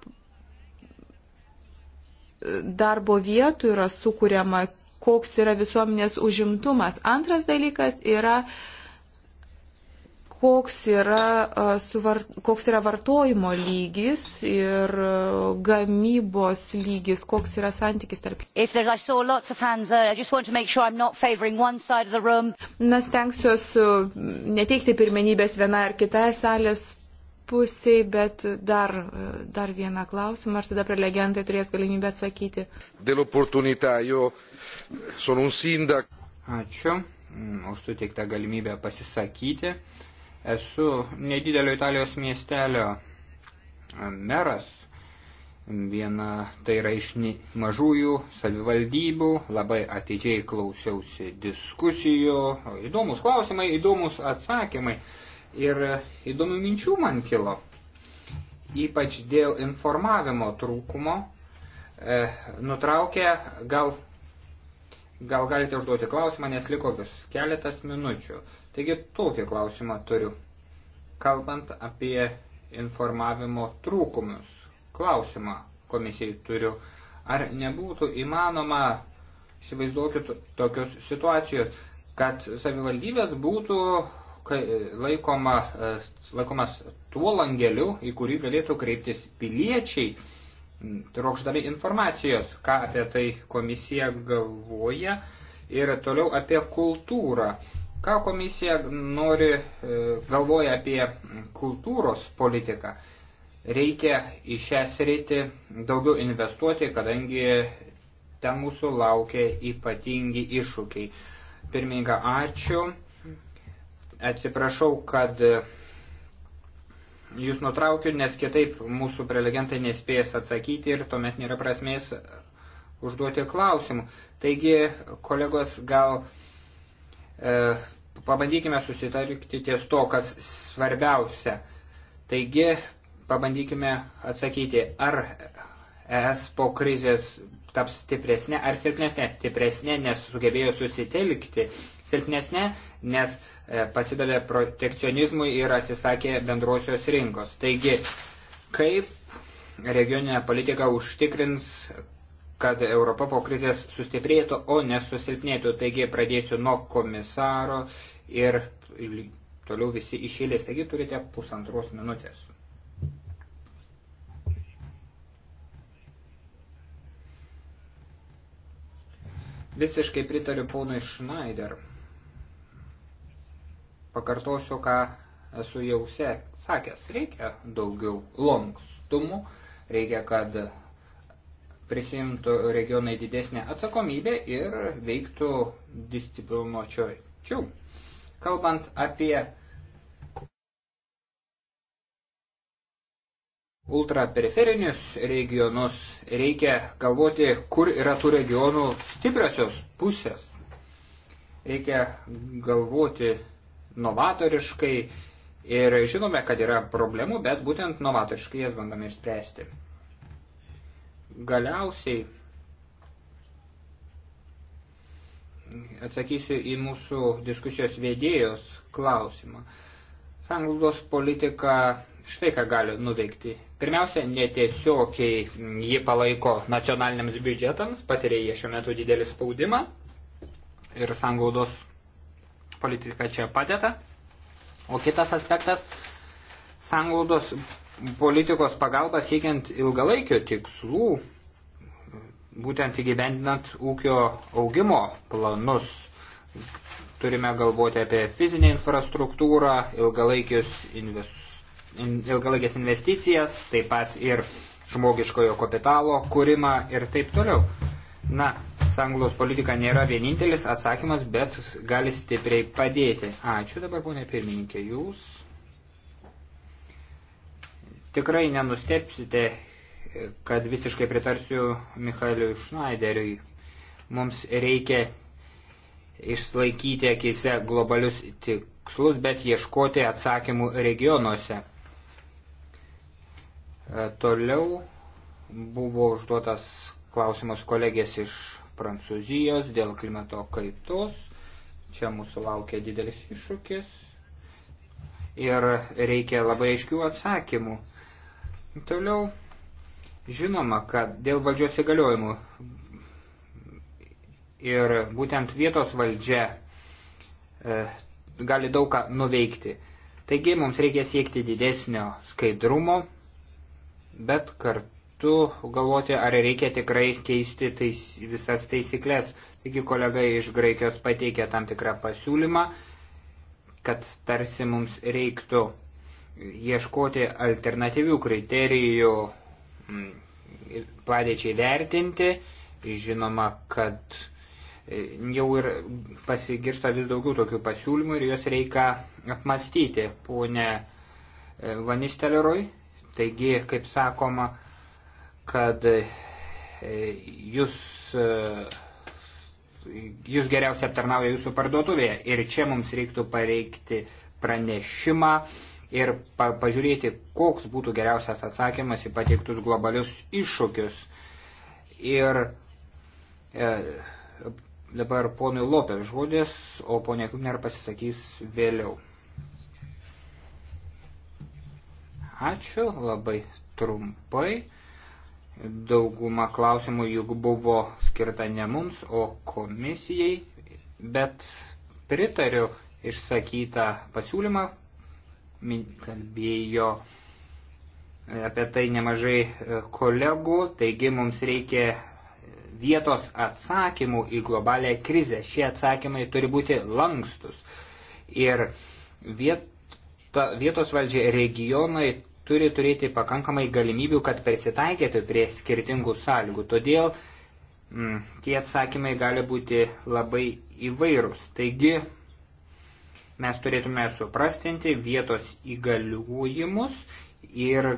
darbo vietų yra sukūriama, koks yra visuomenės užimtumas. Antras dalykas yra uh, koks yra, suvar, koks yra vartojimo lygis ir gamybos lygis, koks yra santykis tarp. Uh, Na, stengsiuosi neteikti pirmenybės viena ar kitai salės pusiai, bet dar, dar vieną klausimą, ar tada prelegentai turės galimybę atsakyti. Ačiū mm, už suteiktą galimybę pasisakyti. Esu nedidelio Italijos miestelio meras. Viena tai yra iš mažųjų savivaldybių, labai atidžiai klausiausi diskusijų, įdomus klausimai, įdomus atsakymai ir įdomių minčių man kilo, ypač dėl informavimo trūkumo. E, nutraukė, gal, gal galite užduoti klausimą, nes liko vis keletas minučių. E, Taigi tokį klausimą turiu. Kalbant apie informavimo trūkumus, klausimą komisijai turiu, ar nebūtų įmanoma, įsivaizduokit tokios situacijos, kad savivaldybės būtų laikoma, e, laikomas tuo langeliu, į kurį galėtų kreiptis piliečiai, trokšdami informacijos, ką apie tai komisija galvoja ir toliau apie kultūrą. Ką komisija nori, e, galvoja apie kultūros politiką? Reikia į šią sritį daugiau investuoti, kadangi ten mūsų laukia ypatingi iššūkiai. Pirmininką, ačiū. Atsiprašau, kad jūs nutraukiu, nes kitaip mūsų prelegentai nespės atsakyti ir tuomet nėra prasmės užduoti klausimų. Taigi, kolegos, gal E, pabandykime susitarkti ties to, kas svarbiausia. Taigi, pabandykime atsakyti, ar ES po krizės taps stipresnė ar silpnesnė. Stipresnė, nes sugebėjo susitelkti. Silpnesnė, nes e, pasidavė protekcionizmui ir atsisakė bendrosios rinkos. Taigi, kaip regioninė politika užtikrins, kad Europa po krizės sustiprėtų, o nesusilpnėtų. Taigi pradėsiu nuo komisaro ir toliau visi išėlės. Taigi turite pusantros minutės. Visiškai pritariu ponui Schneider. Pakartosiu, ką esu jau sakęs. Reikia daugiau lankstumo, reikia, kad prisimtų regionai didesnę atsakomybę ir veiktų disciplinuočiočiau. Kalbant apie ultraperiferinius regionus, reikia galvoti, kur yra tų regionų stipriosios pusės. Reikia galvoti novatoriškai ir žinome, kad yra problemų, bet būtent novatoriškai jas bandome išspręsti. Galiausiai atsakysiu į mūsų diskusijos vėdėjos klausimą. Sanglaudos politika štai ką gali nuveikti. Pirmiausia, netiesiogiai ji palaiko nacionaliniams biudžetams, patiria jie šiuo metu didelį spaudimą ir sanglaudos politika čia padeda. O kitas aspektas, sanglaudos politikos pagalba siekiant ilgalaikio tikslų, būtent įgyvendinant ūkio augimo planus. Turime galvoti apie fizinę infrastruktūrą, inves, in, ilgalaikės investicijas, taip pat ir žmogiškojo kapitalo kūrimą ir taip toliau. Na, sanglos politika nėra vienintelis atsakymas, bet gali stipriai padėti. Ačiū dabar, ponė pirmininkė, jūs. Tikrai nenustepsite, kad visiškai pritarsiu Michaeliui Schneideriui. Mums reikia išlaikyti akise globalius tikslus, bet ieškoti atsakymų regionuose. E, toliau buvo užduotas klausimas kolegės iš Prancūzijos dėl klimato kaitos. Čia mūsų laukia didelis iššūkis ir reikia labai aiškių atsakymų. Toliau žinoma, kad dėl valdžios įgaliojimų ir būtent vietos valdžia e, gali daug ką nuveikti. Taigi mums reikia siekti didesnio skaidrumo, bet kartu galvoti, ar reikia tikrai keisti tais, visas taisyklės. Taigi kolega iš Graikijos pateikė tam tikrą pasiūlymą, kad tarsi mums reiktų ieškoti alternatyvių kriterijų mm, padėčiai vertinti. Žinoma, kad e, jau ir pasigirsta vis daugiau tokių pasiūlymų ir juos reikia apmastyti, ponė e, Vanisteleroj. Taigi, kaip sakoma, kad e, jūs, jūs geriausiai aptarnauja jūsų parduotuvėje ir čia mums reiktų pareikti pranešimą, ir pa pažiūrėti, koks būtų geriausias atsakymas į pateiktus globalius iššūkius. Ir e, dabar ponui Lopės žodis, o ponė Kumner pasisakys vėliau. Ačiū, labai trumpai. Dauguma klausimų juk buvo skirta ne mums, o komisijai, bet pritariu išsakytą pasiūlymą, kalbėjo e, apie tai nemažai e, kolegų, taigi mums reikia vietos atsakymų į globalę krizę. Šie atsakymai turi būti lankstus. Ir vieta, vietos valdžia regionai turi turėti pakankamai galimybių, kad prisitaikytų prie skirtingų sąlygų. Todėl m, mm, tie atsakymai gali būti labai įvairūs. Taigi Mes turėtume suprastinti vietos įgaliuojimus ir e,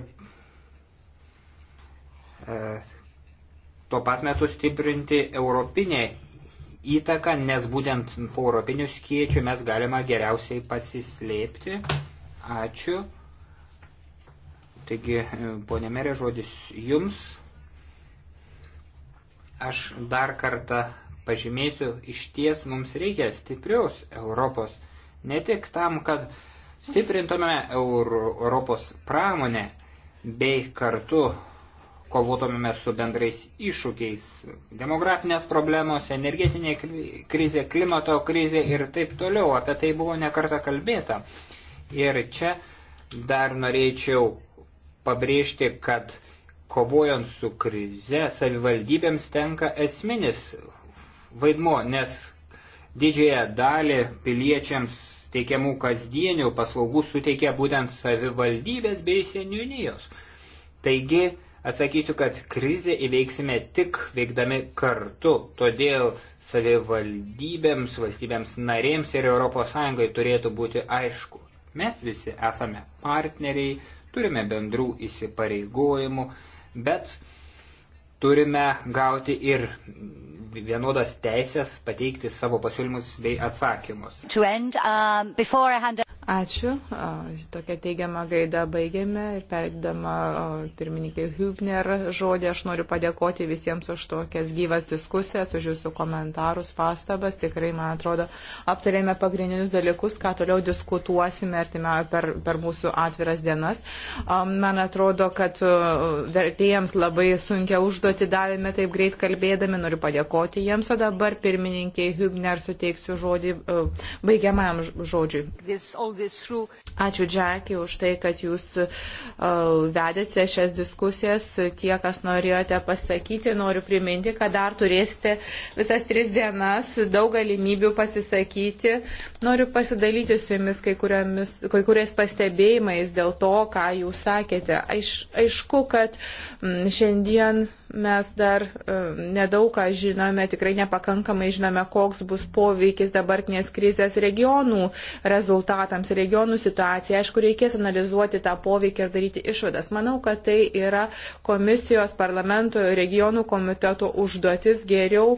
tuo pat metu stiprinti europinę įtaką, nes būtent po europinių skiečių mes galima geriausiai pasislėpti. Ačiū. Taigi, e, ponė merė, žodis jums. Aš dar kartą pažymėsiu, iš ties mums reikia stiprios Europos ne tik tam, kad stiprintume Euro, Europos pramonę bei kartu kovotumėme su bendrais iššūkiais - demografinės problemos, energetinė krizė, klimato krizė ir taip toliau. Apie tai buvo nekarta kalbėta. Ir čia dar norėčiau pabrėžti, kad kovojant su krize savivaldybėms tenka esminis vaidmo, nes didžiąją dalį piliečiams teikiamų kasdienių paslaugų suteikia būtent savivaldybės bei seniūnijos. Taigi, atsakysiu, kad krizę įveiksime tik veikdami kartu. Todėl savivaldybėms, valstybėms narėms ir ES turėtų būti aišku. Mes visi esame partneriai, turime bendrų įsipareigojimų, bet turime gauti ir vienodas teisės pateikti savo pasiūlymus bei atsakymus. To end, um, Ačiū. Tokią teigiamą gaidą baigėme ir perėdama pirmininkai Hübner žodį, aš noriu padėkoti visiems už tokias gyvas diskusijas, už jūsų komentarus, pastabas. Tikrai, man atrodo, aptarėme pagrindinius dalykus, ką toliau diskutuosime artimiau per, per mūsų atviras dienas. Man atrodo, kad vertėjams labai sunkia užduoti davėme taip greit kalbėdami. Noriu padėkoti jiems, o dabar pirmininkai Hübner suteiksiu žodį baigiamajam žodžiui. Ačiū, Džekį, už tai, kad jūs uh, vedėte šias diskusijas. Tie, kas norėjote pasakyti, noriu priminti, kad dar turėsite visas tris dienas daug galimybių pasisakyti. Noriu pasidalyti su jumis kai, kuriomis, kai kuriais pastebėjimais dėl to, ką jūs sakėte. Aiš, aišku, kad mm, šiandien mes dar e, nedaug ką žinome, tikrai nepakankamai žinome, koks bus poveikis dabartinės krizės regionų rezultatams, regionų situacijai. Aišku, reikės analizuoti tą poveikį ir daryti išvadas. Manau, kad tai yra komisijos, parlamento, regionų komiteto užduotis geriau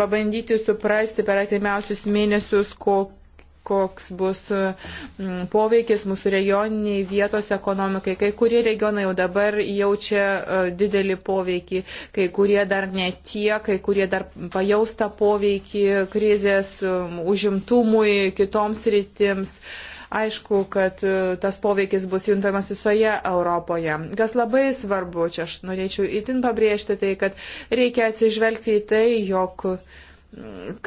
pabandyti suprasti per atimiausius mėnesius, kokiu koks bus mm, poveikis mūsų regioniniai vietos ekonomikai. Kai kurie regionai jau dabar jaučia e, didelį poveikį, kai kurie dar ne tie, kai kurie dar pajausta poveikį krizės e, užimtumui kitoms rytims. Aišku, kad e, tas poveikis bus juntamas visoje Europoje. Kas labai svarbu, čia aš norėčiau itin pabrėžti, tai kad reikia atsižvelgti į tai, jog uh,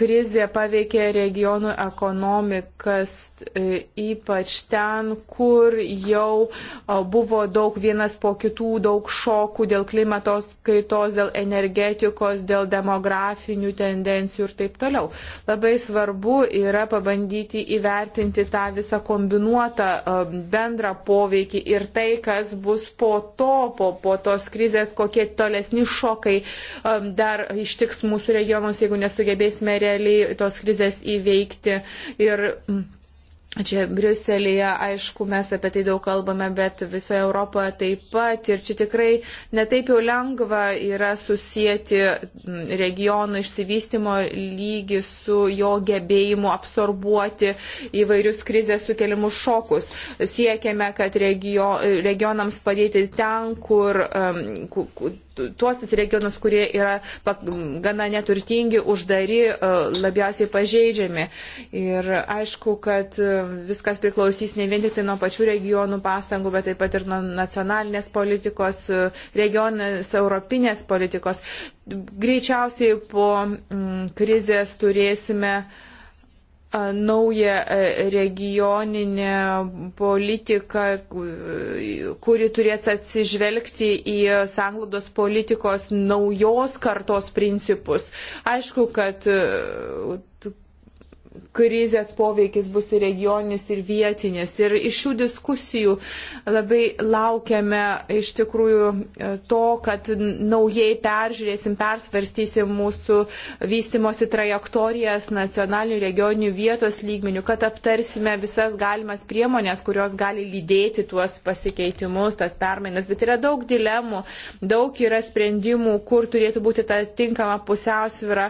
krizė paveikė regionų ekonomikas E, ypač ten, kur jau e, buvo daug vienas po kitų, daug šokų dėl klimatos kaitos, dėl energetikos, dėl demografinių tendencijų ir taip toliau. Labai svarbu yra pabandyti įvertinti tą visą kombinuotą e, bendrą poveikį ir tai, kas bus po to, po, po tos krizės, kokie tolesni šokai dar ištiks mūsų regionus, jeigu nesugebėsime realiai tos krizės įveikti. Ir, mm, Čia Briuselėje, aišku, mes apie tai daug kalbame, bet visoje Europoje taip pat. Ir čia tikrai netaip jau lengva yra susijęti regionų išsivystimo lygį su jo gebėjimu absorbuoti įvairius krizės sukeliamus šokus. Siekiame, kad regio, regionams padėti ten, kur. Um, tuos tai regionus, kurie yra gana neturtingi, uždari, e, labiausiai pažeidžiami. Ir aišku, kad e, viskas priklausys ne vien tik tai nuo pačių regionų pastangų, bet taip pat ir nuo nacionalinės politikos, e, regioninės, europinės politikos. Greičiausiai po mm, krizės turėsime uh, naują regioninę politiką, kuri turės atsižvelgti į sanglaudos politikos naujos kartos principus. Aišku, kad krizės poveikis bus ir regioninis, ir vietinis. Ir iš šių diskusijų labai laukiame iš tikrųjų e, to, kad naujai peržiūrėsim, persvarstysim mūsų vystimosi trajektorijas nacionalinių, regioninių, vietos lygmenių, kad aptarsime visas galimas priemonės, kurios gali lydėti tuos pasikeitimus, tas permainas. Bet yra daug dilemų, daug yra sprendimų, kur turėtų būti ta tinkama pusiausvyra,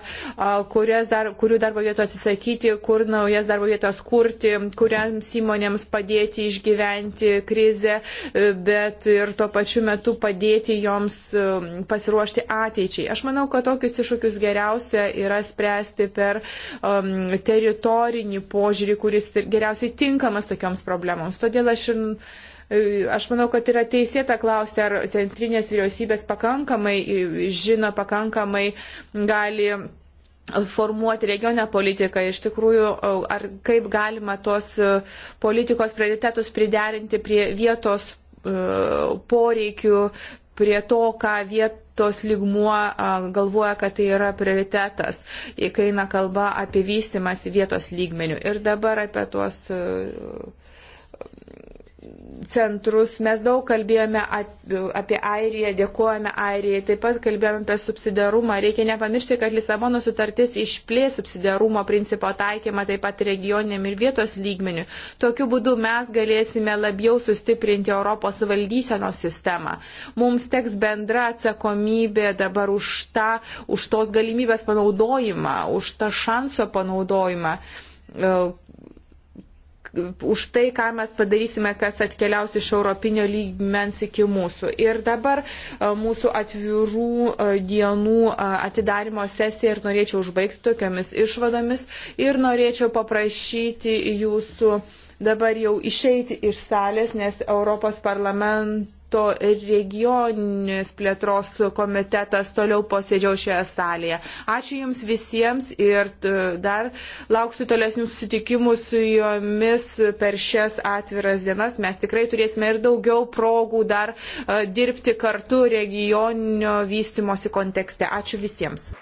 dar, kurių darbo vietų atsisakyti galvoti, kur naujas darbo vietas kurti, kuriams įmonėms padėti išgyventi krizę, bet ir tuo pačiu metu padėti joms um, pasiruošti ateičiai. Aš manau, kad tokius iššūkius geriausia yra spręsti per um, teritorinį požiūrį, kuris geriausiai tinkamas tokioms problemams. Todėl aš ir e, Aš manau, kad yra teisėta klausti, ar centrinės vyriausybės pakankamai e, žino, pakankamai gali formuoti regionę politiką, iš tikrųjų, ar kaip galima tos e, politikos prioritetus priderinti prie vietos e, poreikių, prie to, ką vietos lygmuo galvoja, kad tai yra prioritetas, kai eina kalba apie vystimąsi vietos lygmenių. Ir dabar apie tuos uh, centrus, mes daug kalbėjome apie Airiją, dėkojame Airijai, taip pat kalbėjome apie subsidiarumą. Reikia nepamiršti, kad Lisabono sutartis išplės subsidiarumo principo taikymą taip pat regioniniam ir vietos lygmeniu. Tokiu būdu mes galėsime labiau sustiprinti Europos valdysenos sistemą. Mums teks bendra atsakomybė dabar už, tą, už tos galimybės panaudojimą, už tą šanso panaudojimą už tai, ką mes padarysime, kas atkeliaus iš europinio lygmens iki mūsų. Ir dabar e, mūsų atvirų e, dienų e, atidarimo sesiją ir norėčiau užbaigti tokiamis išvadomis ir norėčiau paprašyti jūsų dabar jau išeiti iš salės, nes Europos parlamento to regioninės plėtros komitetas toliau posėdžiau šioje salėje. Ačiū Jums visiems ir dar lauksiu tolesnių susitikimų su Jomis per šias atviras dienas. Mes tikrai turėsime ir daugiau progų dar e, dirbti kartu regioninio vystimosi kontekste. Ačiū visiems.